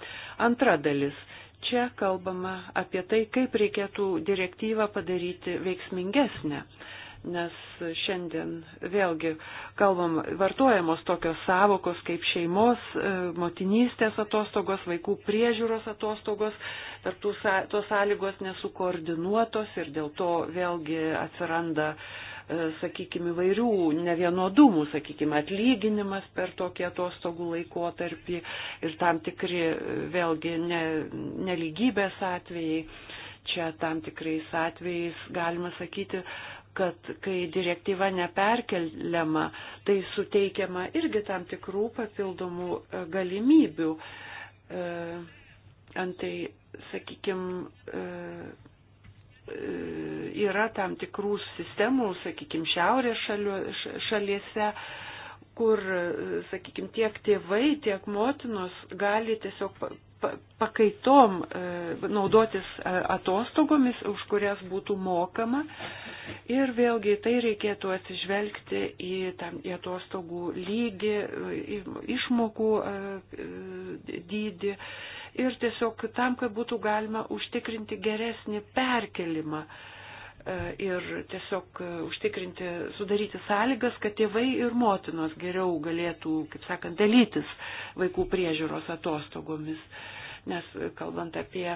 Antra dalis. Čia kalbama apie tai, kaip reikėtų direktyvą padaryti veiksmingesnę. Uh, nes šiandien vėlgi kalbam, vartojamos tokios savokos kaip šeimos, e, motinystės atostogos, vaikų priežiūros atostogos, tarp tų, tos sąlygos nesukoordinuotos ir dėl to vėlgi atsiranda e, sakykime, įvairių nevienodumų, sakykime, atlyginimas per tokį atostogų laikotarpį ir tam tikri e, vėlgi ne, nelygybės atvejai. Čia tam tikrais atvejais, galima sakyti, kad kai direktyva neperkeliama, tai suteikiama irgi tam tikrų papildomų e, galimybių. E, antai, sakykime, e, yra tam tikrų sistemų, sakykime, šiaurės šaliu, šalyse, kur, sakykime, tiek tėvai, tiek motinos gali tiesiog pakaitom e, naudotis e, atostogomis, už kurias būtų mokama. Ir vėlgi tai reikėtų atsižvelgti į, tam, į atostogų lygį, išmokų e, dydį. Ir tiesiog tam, kad būtų galima užtikrinti geresnį perkelimą. Uh, E, ir tiesiog e, užtikrinti, sudaryti sąlygas, kad tėvai ir motinos geriau galėtų, kaip sakant, dalytis vaikų priežiūros atostogomis. Nes e, kalbant apie,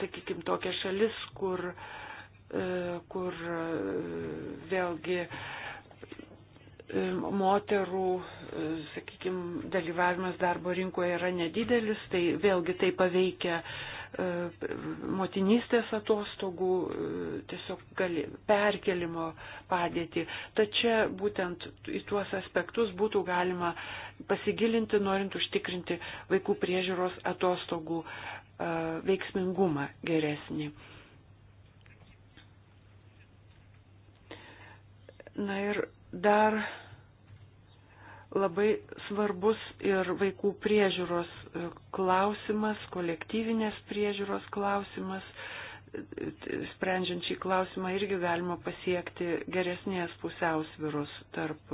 sakykime, tokias šalis, kur, kur vėlgi moterų, sakykime, dalyvavimas darbo rinkoje yra nedidelis, tai vėlgi tai paveikia E, motinystės atostogų, e, tiesiog gali, perkelimo padėtį. Tačiau būtent į tuos aspektus būtų galima pasigilinti, norint užtikrinti vaikų priežiūros atostogų e, veiksmingumą geresnį. Na ir dar labai svarbus ir vaikų priežiūros klausimas, kolektyvinės priežiūros klausimas, sprendžiant šį klausimą irgi galima pasiekti geresnės pusiausvirus tarp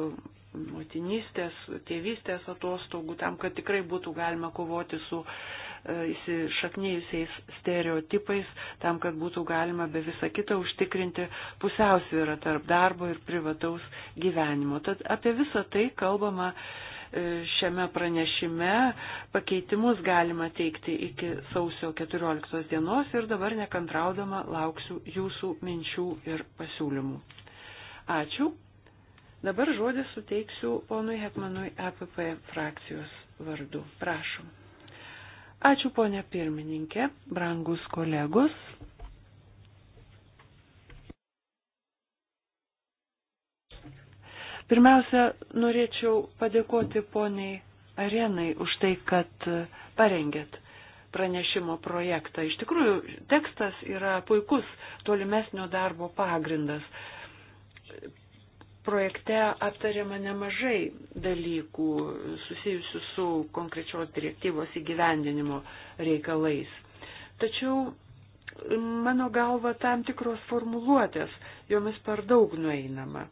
motinystės, tėvystės atostogų, tam, kad tikrai būtų galima kovoti su e, įsišaknyjusiais stereotipais, tam, kad būtų galima be visą kitą užtikrinti pusiausvyrą tarp darbo ir privataus gyvenimo. Tad apie visą tai kalbama E, šiame pranešime pakeitimus galima teikti iki sausio 14 dienos ir dabar nekantraudama lauksiu jūsų minčių ir pasiūlymų. Ačiū. Dabar žodį suteiksiu ponui Hekmanui APP e frakcijos vardu. Prašom. Ačiū ponė pirmininkė, brangus kolegos. Pirmiausia, norėčiau padėkoti poniai Arenai už tai, kad parengėt pranešimo projektą. Iš tikrųjų, tekstas yra puikus tolimesnio darbo pagrindas. Projekte aptariama nemažai dalykų susijusių su konkrečios direktyvos įgyvendinimo reikalais. Tačiau mano galva tam tikros formuluotės, jomis per daug nueinama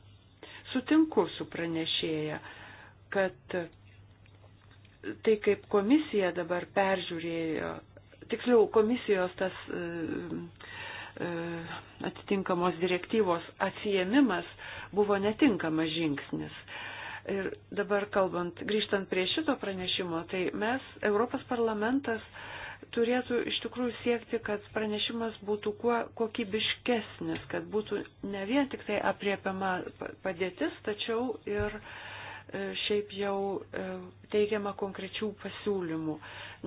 sutinku su pranešėja, kad tai kaip komisija dabar peržiūrėjo, tiksliau komisijos tas e, e, atitinkamos direktyvos atsijėmimas buvo netinkamas žingsnis. Ir dabar kalbant, grįžtant prie šito pranešimo, tai mes, Europos parlamentas, uh, turėtų iš tikrųjų siekti, kad pranešimas būtų kuo kokybiškesnis, kad būtų ne vien tik tai apriepiama padėtis, tačiau ir e, šiaip jau e, teigiama konkrečių pasiūlymų,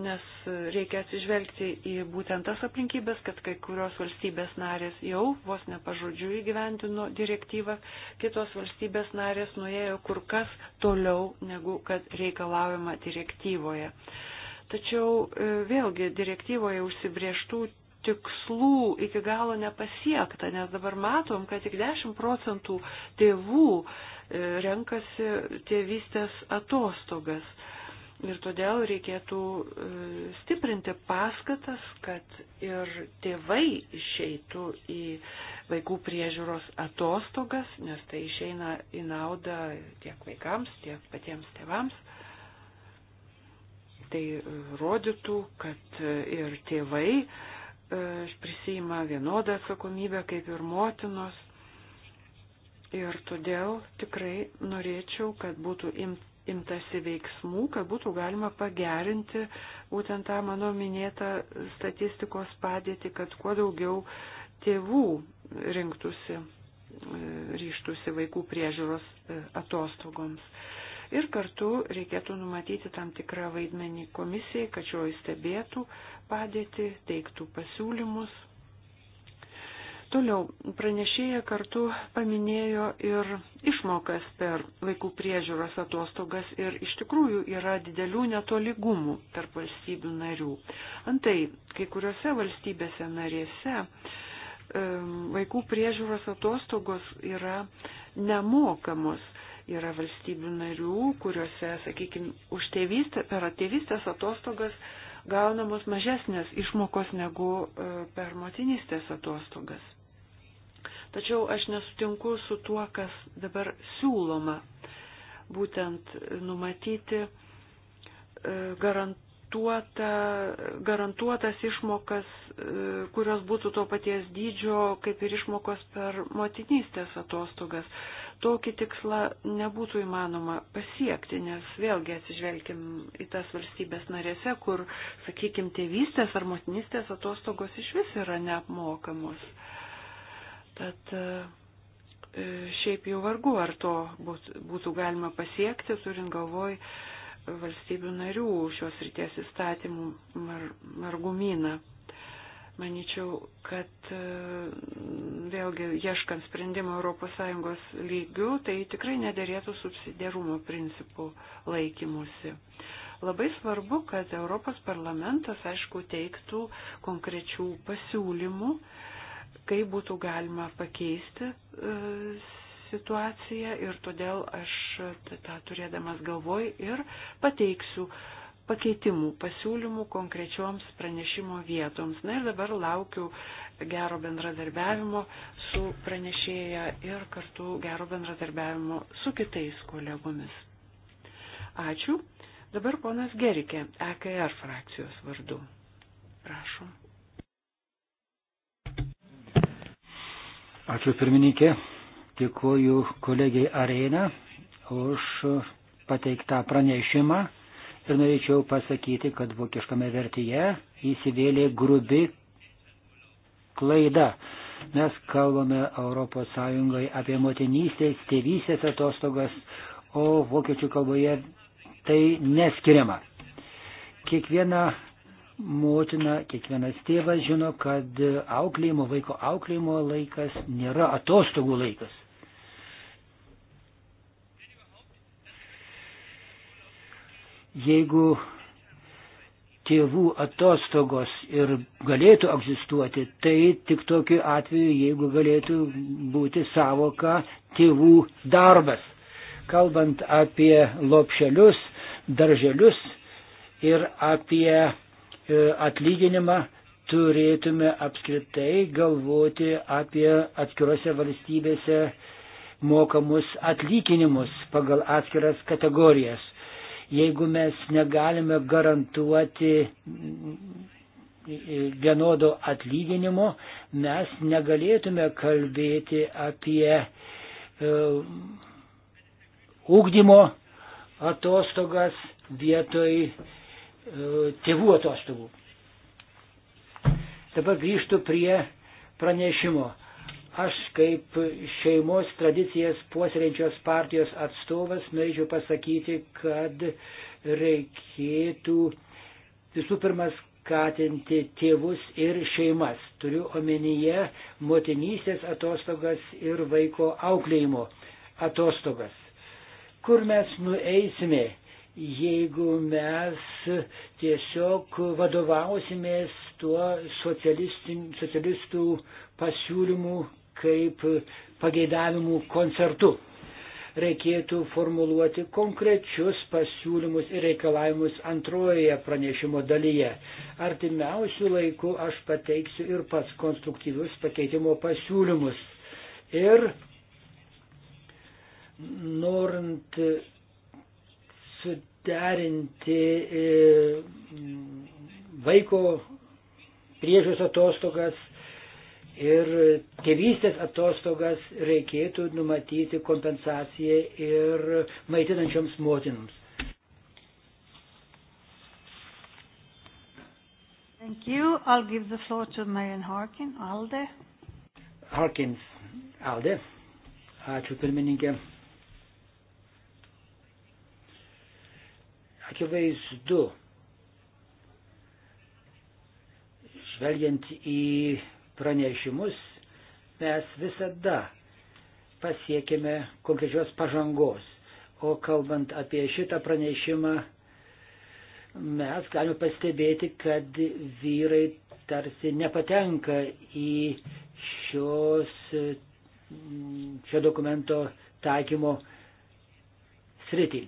nes e, reikia atsižvelgti į būtent tas aplinkybės, kad kai kurios valstybės narės jau vos nepažodžiu įgyvendino direktyvą, kitos valstybės narės nuėjo kur kas toliau negu kad reikalaujama direktyvoje. Tačiau e, vėlgi direktyvoje užsibrieštų tikslų iki galo nepasiekta, nes dabar matom, kad tik 10 procentų tėvų e, renkasi tėvystės atostogas. Ir todėl reikėtų e, stiprinti paskatas, kad ir tėvai išeitų į vaikų priežiūros atostogas, nes tai išeina į naudą tiek vaikams, tiek patiems tėvams. Tai rodytų, kad ir tėvai e, prisima vienodą atsakomybę kaip ir motinos. Ir todėl tikrai norėčiau, kad būtų imtasi veiksmų, kad būtų galima pagerinti būtent tą mano minėtą statistikos padėtį, kad kuo daugiau tėvų rinktųsi e, ryštųsi vaikų priežiūros e, atostogoms. Ir kartu reikėtų numatyti tam tikrą vaidmenį komisijai, kad šioji stebėtų padėti, teiktų pasiūlymus. Toliau pranešėja kartu paminėjo ir išmokas per vaikų priežiūros atostogas ir iš tikrųjų yra didelių netolygumų tarp valstybių narių. Antai, kai kuriuose valstybėse narėse vaikų priežiūros atostogos yra nemokamos Yra valstybių narių, kuriuose, sakykime, už tėvystę, per tėvystės atostogas gaunamos mažesnės išmokos negu e, per motinystės atostogas. Tačiau aš nesutinku su tuo, kas dabar siūloma, būtent numatyti e, garantuota, garantuotas išmokas, e, kurios būtų to paties dydžio, kaip ir išmokos per motinystės atostogas tokį tikslą nebūtų įmanoma pasiekti, nes vėlgi atsižvelgim į tas valstybės narėse, kur, sakykime, tėvystės ar motinystės atostogos iš vis yra neapmokamos. Tad e, šiaip jau vargu, ar to būtų galima pasiekti, turint galvoj valstybių narių šios ryties įstatymų mar, margumyną. Mar Maničiau, kad e, vėlgi ieškant sprendimo ES lygių, tai tikrai nedėrėtų subsidiarumo principų laikymusi. Labai svarbu, kad Europos parlamentas, aišku, teiktų konkrečių pasiūlymų, kaip būtų galima pakeisti e, situaciją ir todėl aš tą turėdamas galvoj ir pateiksiu pakeitimų, pasiūlymų konkrečioms pranešimo vietoms. Na ir dabar laukiu gero bendradarbiavimo su pranešėja ir kartu gero bendradarbiavimo su kitais kolegomis. Ačiū. Dabar ponas Gerikė, EKR frakcijos vardu. Prašom. Ačiū pirmininkė. Dėkuoju kolegiai Arena už pateiktą pranešimą ir norėčiau pasakyti, kad vokiškame vertyje įsivėlė grubi klaida. Mes kalbame ES apie motinystės, tėvysės atostogas, o vokiečių kalboje tai neskiriama. Kiekviena motina, kiekvienas tėvas žino, kad auklėjimo, vaiko auklėjimo laikas nėra atostogų laikas. jeigu tėvų atostogos ir galėtų egzistuoti, tai tik tokiu atveju, jeigu galėtų būti savoka tėvų darbas. Kalbant apie lopšelius, darželius ir apie e, atlyginimą, turėtume apskritai galvoti apie atskirose valstybėse mokamus atlyginimus pagal atskiras kategorijas. Jeigu mes negalime garantuoti vienodo atlyginimo, mes negalėtume kalbėti apie ūkdymo e, atostogas vietoj e, tėvų atostogų. Dabar grįžtu prie pranešimo. Aš kaip šeimos tradicijas puoselinčios partijos atstovas norėčiau pasakyti, kad reikėtų visų pirma skatinti tėvus ir šeimas. Turiu omenyje motinystės atostogas ir vaiko auklėjimo atostogas. Kur mes nueisime, jeigu mes tiesiog vadovausimės tuo socialistų pasiūlymų kaip pageidavimų koncertu. Reikėtų formuluoti konkrečius pasiūlymus ir reikalavimus antrojoje pranešimo dalyje. Artimiausių laikų aš pateiksiu ir pats konstruktyvius pakeitimo pasiūlymus. Ir norint suderinti e, vaiko priežiūros atostogas ir tėvystės atostogas reikėtų numatyti kompensaciją ir maitinančioms motinoms. Thank you. I'll give the floor to Marian Harkin, Alde. Harkins, Alde. Ačiū pirmininkė. Akivaizdu, žvelgiant į pranešimus mes visada pasiekime konkrečios pažangos. O kalbant apie šitą pranešimą, mes galime pastebėti, kad vyrai tarsi nepatenka į šios, šio dokumento taikymo sritį.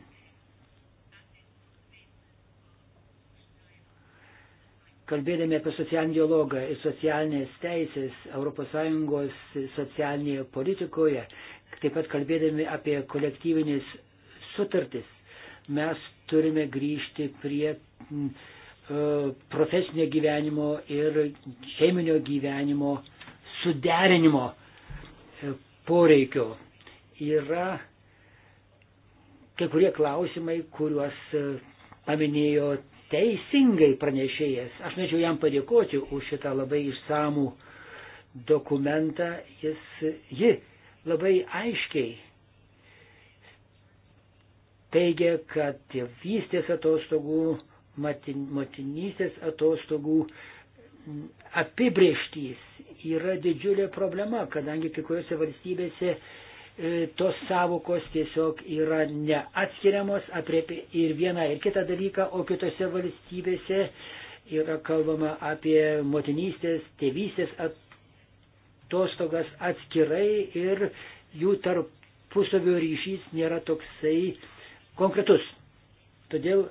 Kalbėdami apie socialinį dialogą ir socialinės teisės ES socialinėje politikoje, taip pat kalbėdami apie kolektyvinės sutartis, mes turime grįžti prie e, profesinio gyvenimo ir šeiminio gyvenimo suderinimo e, poreikio. Yra kai kurie klausimai, kuriuos e, paminėjo teisingai pranešėjas. Aš norėčiau jam padėkoti už šitą labai išsamų dokumentą. Jis, ji labai aiškiai teigia, kad tėvystės atostogų, motinystės atostogų apibrieštys yra didžiulė problema, kadangi kai kuriuose valstybėse E, tos savokos tiesiog yra neatskiriamos, apriepia ir vieną, ir kitą dalyką, o kitose valstybėse yra kalbama apie motinystės, tėvystės atostogas atskirai ir jų tarpusavio ryšys nėra toksai konkretus. Todėl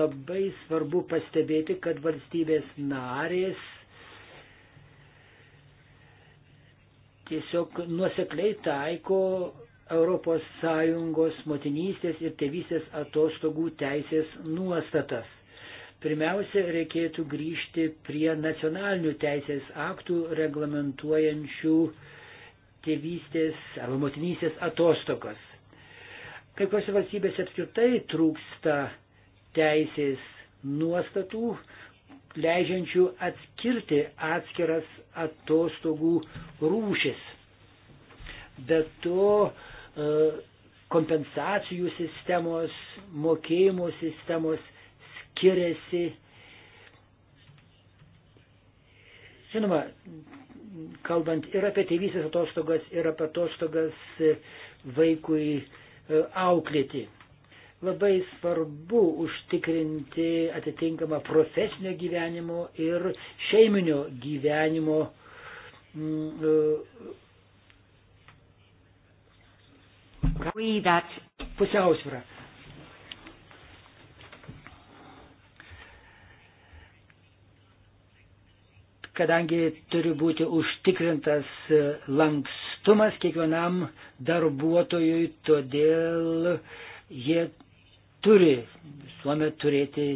labai svarbu pastebėti, kad valstybės narės tiesiog nuosekliai taiko ES motinystės ir tėvystės atostogų teisės nuostatas. Pirmiausia, reikėtų grįžti prie nacionalinių teisės aktų reglamentuojančių tėvystės arba motinystės atostogas. Kai kuriuose valstybėse apskritai trūksta teisės nuostatų, leidžiančių atskirti atskiras atostogų rūšis. Be to e, kompensacijų sistemos, mokėjimo sistemos skiriasi. Žinoma, kalbant ir apie tėvysės atostogas, ir apie atostogas vaikui e, auklėti. Labai svarbu užtikrinti atitinkamą profesinio gyvenimo ir šeiminio gyvenimo mm, pusiausvyrą. Kadangi turi būti užtikrintas lankstumas kiekvienam darbuotojui, todėl jie turi visuomet turėti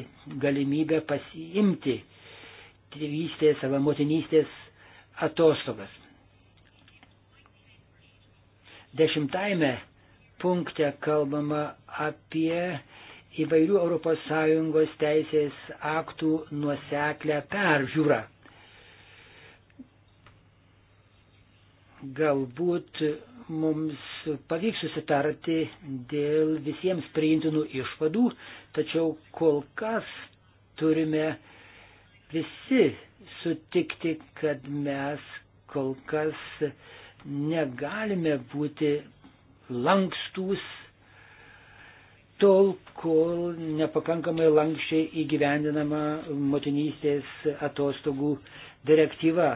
galimybę pasiimti tėvystės arba motinystės atostogas. Dešimtajame punkte kalbama apie įvairių ES teisės aktų nuoseklę peržiūrą. galbūt mums pavyks susitarti dėl visiems priimtinų išvadų, tačiau kol kas turime visi sutikti, kad mes kol kas negalime būti lankstus tol, kol nepakankamai lankščiai įgyvendinama motinystės atostogų direktyva.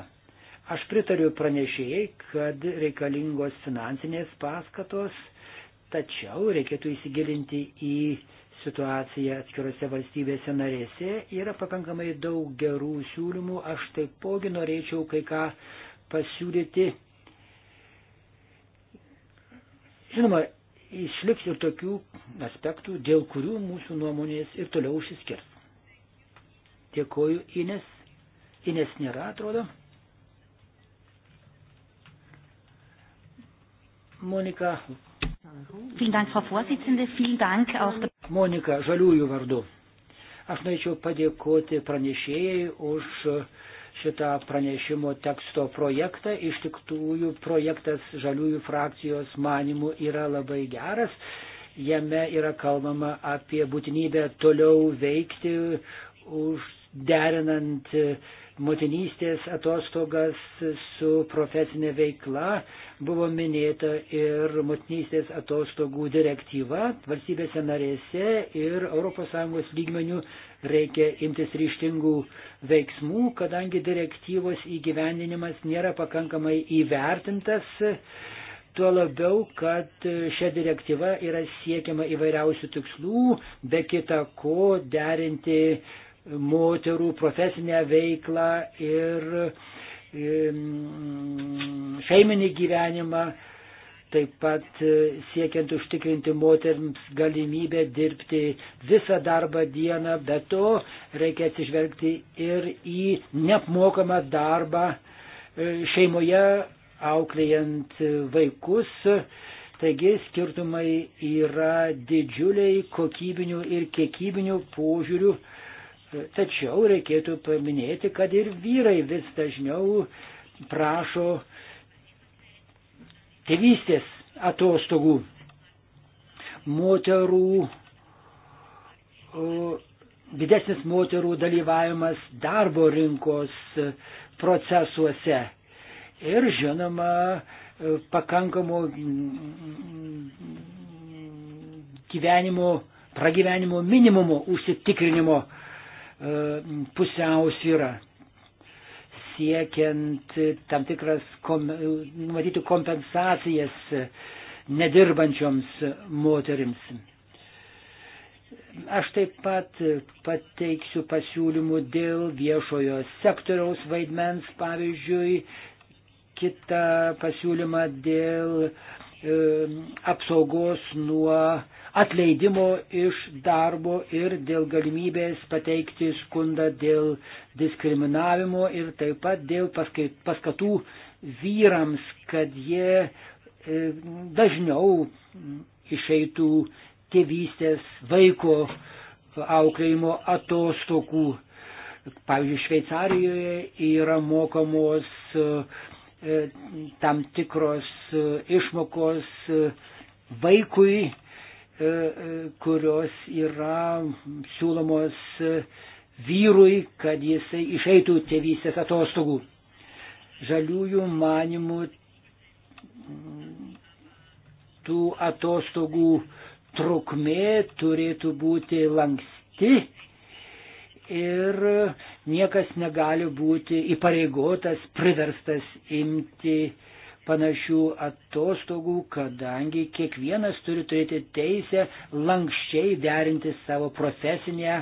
Aš pritariu pranešėjai, kad reikalingos finansinės paskatos, tačiau reikėtų įsigilinti į situacija atskirose valstybėse narėse yra pakankamai daug gerų siūlymų. Aš taipogi norėčiau kai ką pasiūlyti. Žinoma, išliks ir tokių aspektų, dėl kurių mūsų nuomonės ir toliau užsiskirs. Dėkoju Ines. Ines nėra, atrodo. Monika. Monika, žaliųjų vardu. Aš norėčiau padėkoti pranešėjai už šitą pranešimo teksto projektą. Iš tikrųjų, projektas žaliųjų frakcijos manimų yra labai geras. Jame yra kalbama apie būtinybę toliau veikti, užderinant motinystės atostogas su profesinė veikla, Buvo minėta ir motinystės atostogų direktyva valstybėse narėse ir ES lygmenių reikia imtis ryštingų veiksmų, kadangi direktyvos įgyvendinimas nėra pakankamai įvertintas. Tuo labiau, kad šią direktyvą yra siekiama įvairiausių tikslų, be kita ko derinti moterų profesinę veiklą ir šeiminį gyvenimą, taip pat e, siekiant užtikrinti moteriams galimybę dirbti visą darbą dieną, bet to reikia atsižvelgti ir į neapmokamą darbą e, šeimoje auklėjant vaikus. Taigi skirtumai yra didžiuliai kokybinių ir kiekybinių požiūrių Tačiau reikėtų paminėti, kad ir vyrai vis dažniau prašo tėvystės atostogų. Moterų, didesnis moterų dalyvavimas darbo rinkos procesuose. Ir žinoma, pakankamo gyvenimo, pragyvenimo minimumo užsitikrinimo E, pusiausvyrą, siekiant tam tikras, kom, numatyti kompensacijas nedirbančioms moterims. Aš taip pat pateiksiu pasiūlymų dėl viešojo sektoriaus vaidmens, pavyzdžiui, kitą pasiūlymą dėl e, apsaugos nuo atleidimo iš darbo ir dėl galimybės pateikti skundą dėl diskriminavimo ir taip pat dėl paskatų vyrams, kad jie e, dažniau išeitų tėvystės vaiko auklėjimo atostokų. Pavyzdžiui, Šveicarijoje yra mokamos e, tam tikros e, išmokos vaikui E, kurios yra siūlomos vyrui, kad jisai išeitų tėvystės atostogų. Žaliųjų manimų tų atostogų trukmė turėtų būti lanksti ir niekas negali būti įpareigotas, priverstas imti uh, panašių atostogų, kadangi kiekvienas turi turėti teisę lankščiai derinti savo profesinę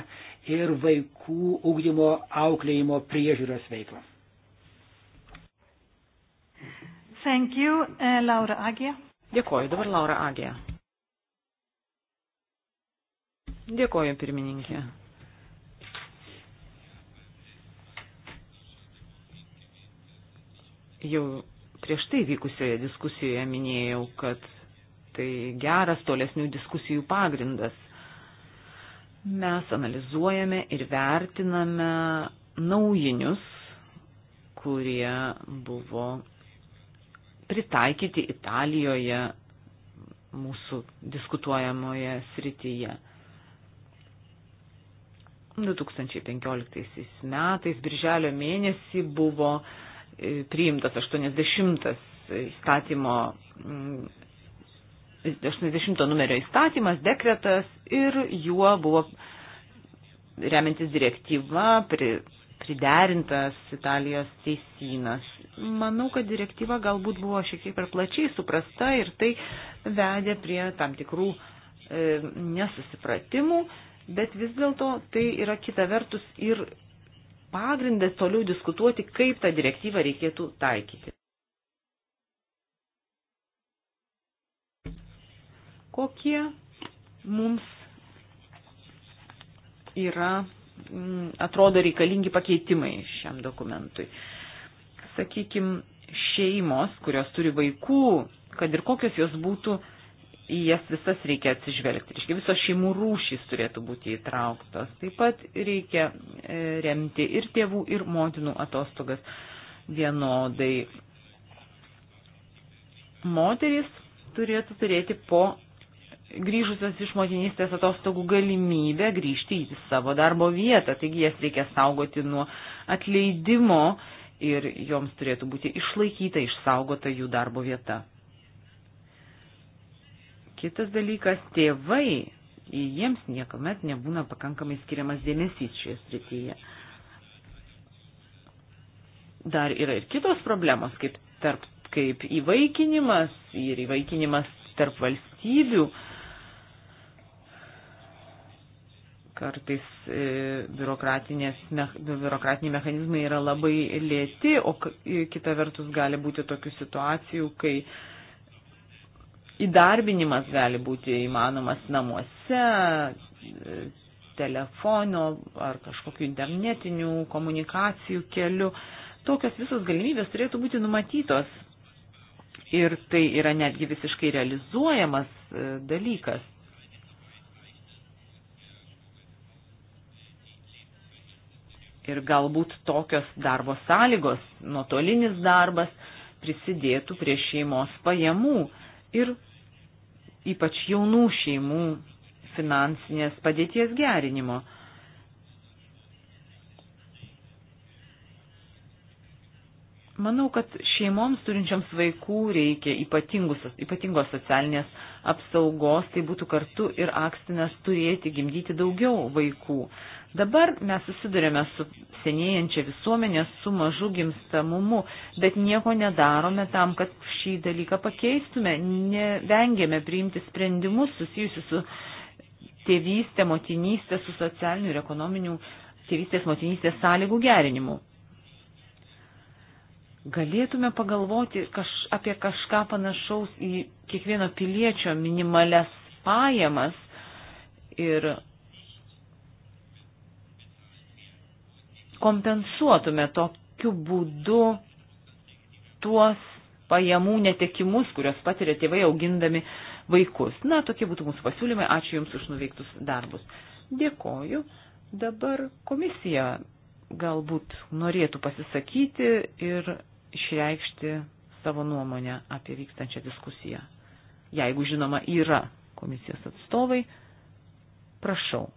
ir vaikų ugdymo auklėjimo priežiūros veiklą. Thank you, eh, Laura Agija. Dėkoju, dabar Laura Agija. Dėkoju, pirmininkė. Jau prieš tai vykusioje diskusijoje minėjau, kad tai geras tolesnių diskusijų pagrindas. Mes analizuojame ir vertiname naujinius, kurie buvo pritaikyti Italijoje mūsų diskutuojamoje srityje. 2015 metais, birželio mėnesį, buvo uh, priimtas 80 įstatymo 80 mm, numerio įstatymas, dekretas ir juo buvo remiantis direktyva pri, priderintas Italijos teisynas. Manau, kad direktyva galbūt buvo šiek tiek per plačiai suprasta ir tai vedė prie tam tikrų e, nesusipratimų, bet vis dėlto tai yra kita vertus ir pagrindas toliau diskutuoti, kaip tą direktyvą reikėtų taikyti. Kokie mums yra, mm, atrodo, reikalingi pakeitimai šiam dokumentui. Sakykime, šeimos, kurios turi vaikų, kad ir kokios jos būtų, į jas visas reikia atsižvelgti. Reiškia, visos šeimų rūšys turėtų būti įtrauktos. Taip pat reikia e, remti ir tėvų, ir motinų atostogas vienodai. Moteris turėtų turėti po grįžusios iš motinystės atostogų galimybę grįžti į savo darbo vietą. Taigi jas reikia saugoti nuo atleidimo ir joms turėtų būti išlaikyta, išsaugota jų darbo vieta. Kitas dalykas, tėvai, jiems niekuomet nebūna pakankamai skiriamas dėmesys šioje srityje. Dar yra ir kitos problemos, kaip, tarp, kaip įvaikinimas ir įvaikinimas tarp valstybių. Kartais e, biurokratiniai mechanizmai yra labai lėti, o kita vertus gali būti tokių situacijų, kai e, įdarbinimas gali būti įmanomas namuose, telefono ar kažkokiu internetiniu komunikacijų keliu. Tokios visos galimybės turėtų būti numatytos. Ir tai yra netgi visiškai realizuojamas e, dalykas. Ir galbūt tokios darbo sąlygos, nuotolinis darbas prisidėtų prie šeimos pajamų ir ypač jaunų šeimų finansinės padėties gerinimo. Manau, kad šeimoms turinčiams vaikų reikia ypatingos, ypatingos socialinės apsaugos, tai būtų kartu ir akstinas turėti gimdyti daugiau vaikų. Dabar mes susidurėme su senėjančia visuomenė, su mažu gimstamumu, bet nieko nedarome tam, kad šį dalyką pakeistume, nevengėme priimti sprendimus susijusius su tėvystė, motinystė, su socialiniu ir ekonominiu tėvystės, motinystės sąlygų gerinimu. Galėtume pagalvoti kaž, apie kažką panašaus į kiekvieno piliečio minimales pajamas ir kompensuotume tokiu būdu tuos pajamų netekimus, kurios patiria tėvai augindami vaikus. Na, tokie būtų mūsų pasiūlymai. Ačiū Jums už nuveiktus darbus. Dėkoju. Dabar komisija galbūt norėtų pasisakyti ir išreikšti savo nuomonę apie vykstančią diskusiją. Jeigu žinoma yra komisijos atstovai, prašau.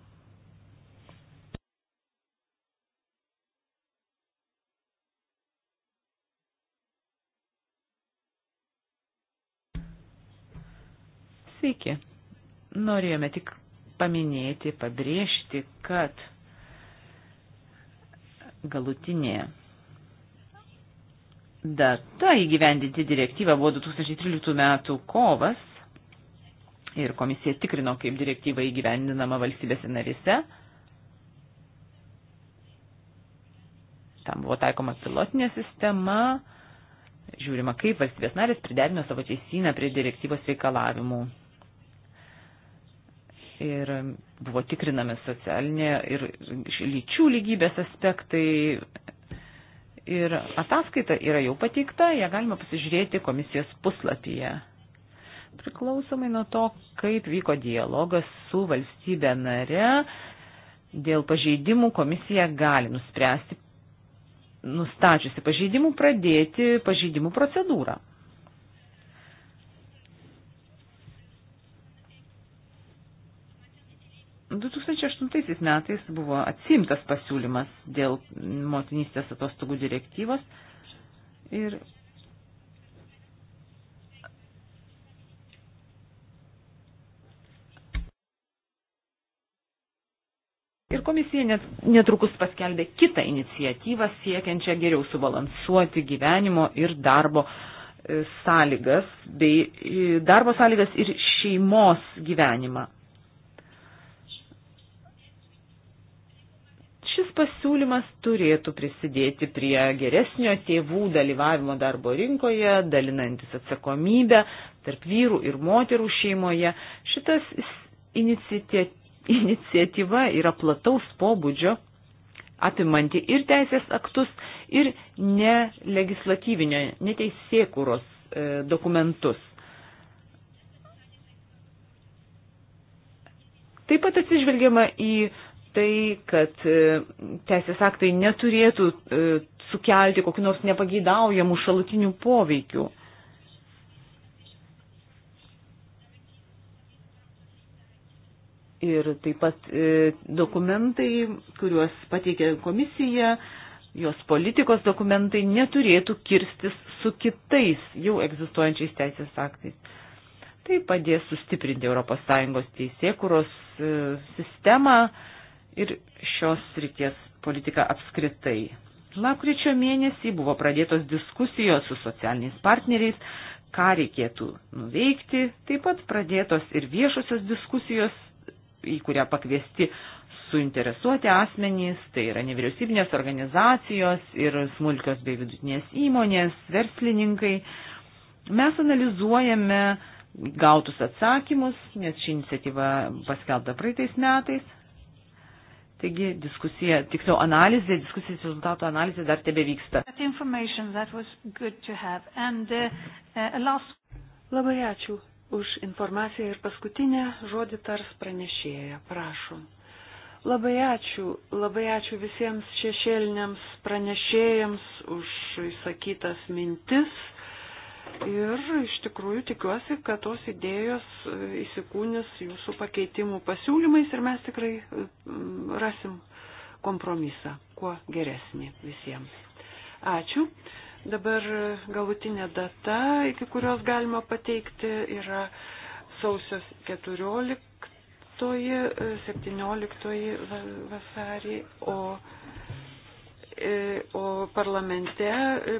Sveiki. Norėjome tik paminėti, pabrėžti, kad galutinė data įgyvendinti direktyvą buvo 2013 metų kovas ir komisija tikrino, kaip direktyva įgyvendinama valstybėse narise. Tam buvo taikoma pilotinė sistema, žiūrima, kaip valstybės narės priderino savo teisyną prie direktyvos reikalavimų ir buvo tikrinami socialinė ir lyčių lygybės aspektai. Ir ataskaita yra jau pateikta, ją galima pasižiūrėti komisijos puslapyje. Priklausomai nuo to, kaip vyko dialogas su valstybė nare, dėl pažeidimų komisija gali nuspręsti, nustačiusi pažeidimų, pradėti pažeidimų procedūrą. 2008 metais buvo atsimtas pasiūlymas dėl motinystės atostogų direktyvos ir Ir komisija net, netrukus paskelbė kitą iniciatyvą siekiančią geriau subalansuoti gyvenimo ir darbo e, sąlygas, bei e, darbo sąlygas ir šeimos gyvenimą. pasiūlymas turėtų prisidėti prie geresnio tėvų dalyvavimo darbo rinkoje, dalinantis atsakomybę tarp vyrų ir moterų šeimoje. Šitas iniciatyva yra plataus pobūdžio apimanti ir teisės aktus, ir nelegislatyvinio, neteisėkūros e, dokumentus. Taip pat atsižvelgiama į tai, kad e, teisės aktai neturėtų e, sukelti kokiu nors nepageidaujamų šalutinių poveikių. Ir taip pat e, dokumentai, kuriuos pateikė komisija, jos politikos dokumentai neturėtų kirstis su kitais jau egzistuojančiais teisės aktais. Tai padės sustiprinti ES teisėkuros sistemą, ir šios srities politiką apskritai. Lapkričio mėnesį buvo pradėtos diskusijos su socialiniais partneriais, ką reikėtų nuveikti, taip pat pradėtos ir viešosios diskusijos, į kurią pakviesti suinteresuoti asmenys, tai yra nevyriausybinės organizacijos ir smulkios bei vidutinės įmonės, verslininkai. Mes analizuojame gautus atsakymus, nes ši iniciatyva paskelbta praeitais metais, Taigi diskusija, tiksliau analizė, diskusijos rezultato analizė dar tebe vyksta. And, uh, uh last... Labai ačiū už informaciją ir paskutinę žodį tars pranešėja. Prašom. Labai ačiū, labai ačiū visiems šešėliniams pranešėjams už išsakytas mintis Ir iš tikrųjų tikiuosi, kad tos idėjos e, įsikūnis jūsų pakeitimų pasiūlymais ir mes tikrai e, rasim kompromisą, kuo geresnį visiems. Ačiū. Dabar galutinė data, iki kurios galima pateikti, yra sausio 14, 17 e, vasarį, o E, o parlamente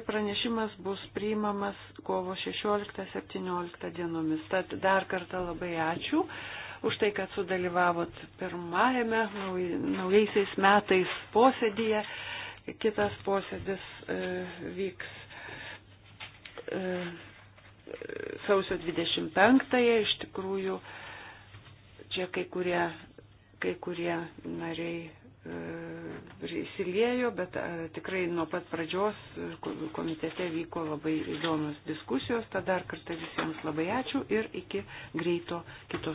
pranešimas bus priimamas kovo 16-17 dienomis. Tad dar kartą labai ačiū už tai, kad sudalyvavot pirmajame naujaisiais metais posėdyje. Kitas posėdis e, vyks e, sausio 25-ąją. Iš tikrųjų, čia kai kurie, kai kurie nariai E, įsiliejo, bet e, tikrai nuo pat pradžios e, komitete vyko labai įdomios diskusijos. Tad dar kartą visiems labai ačiū ir iki greito kitos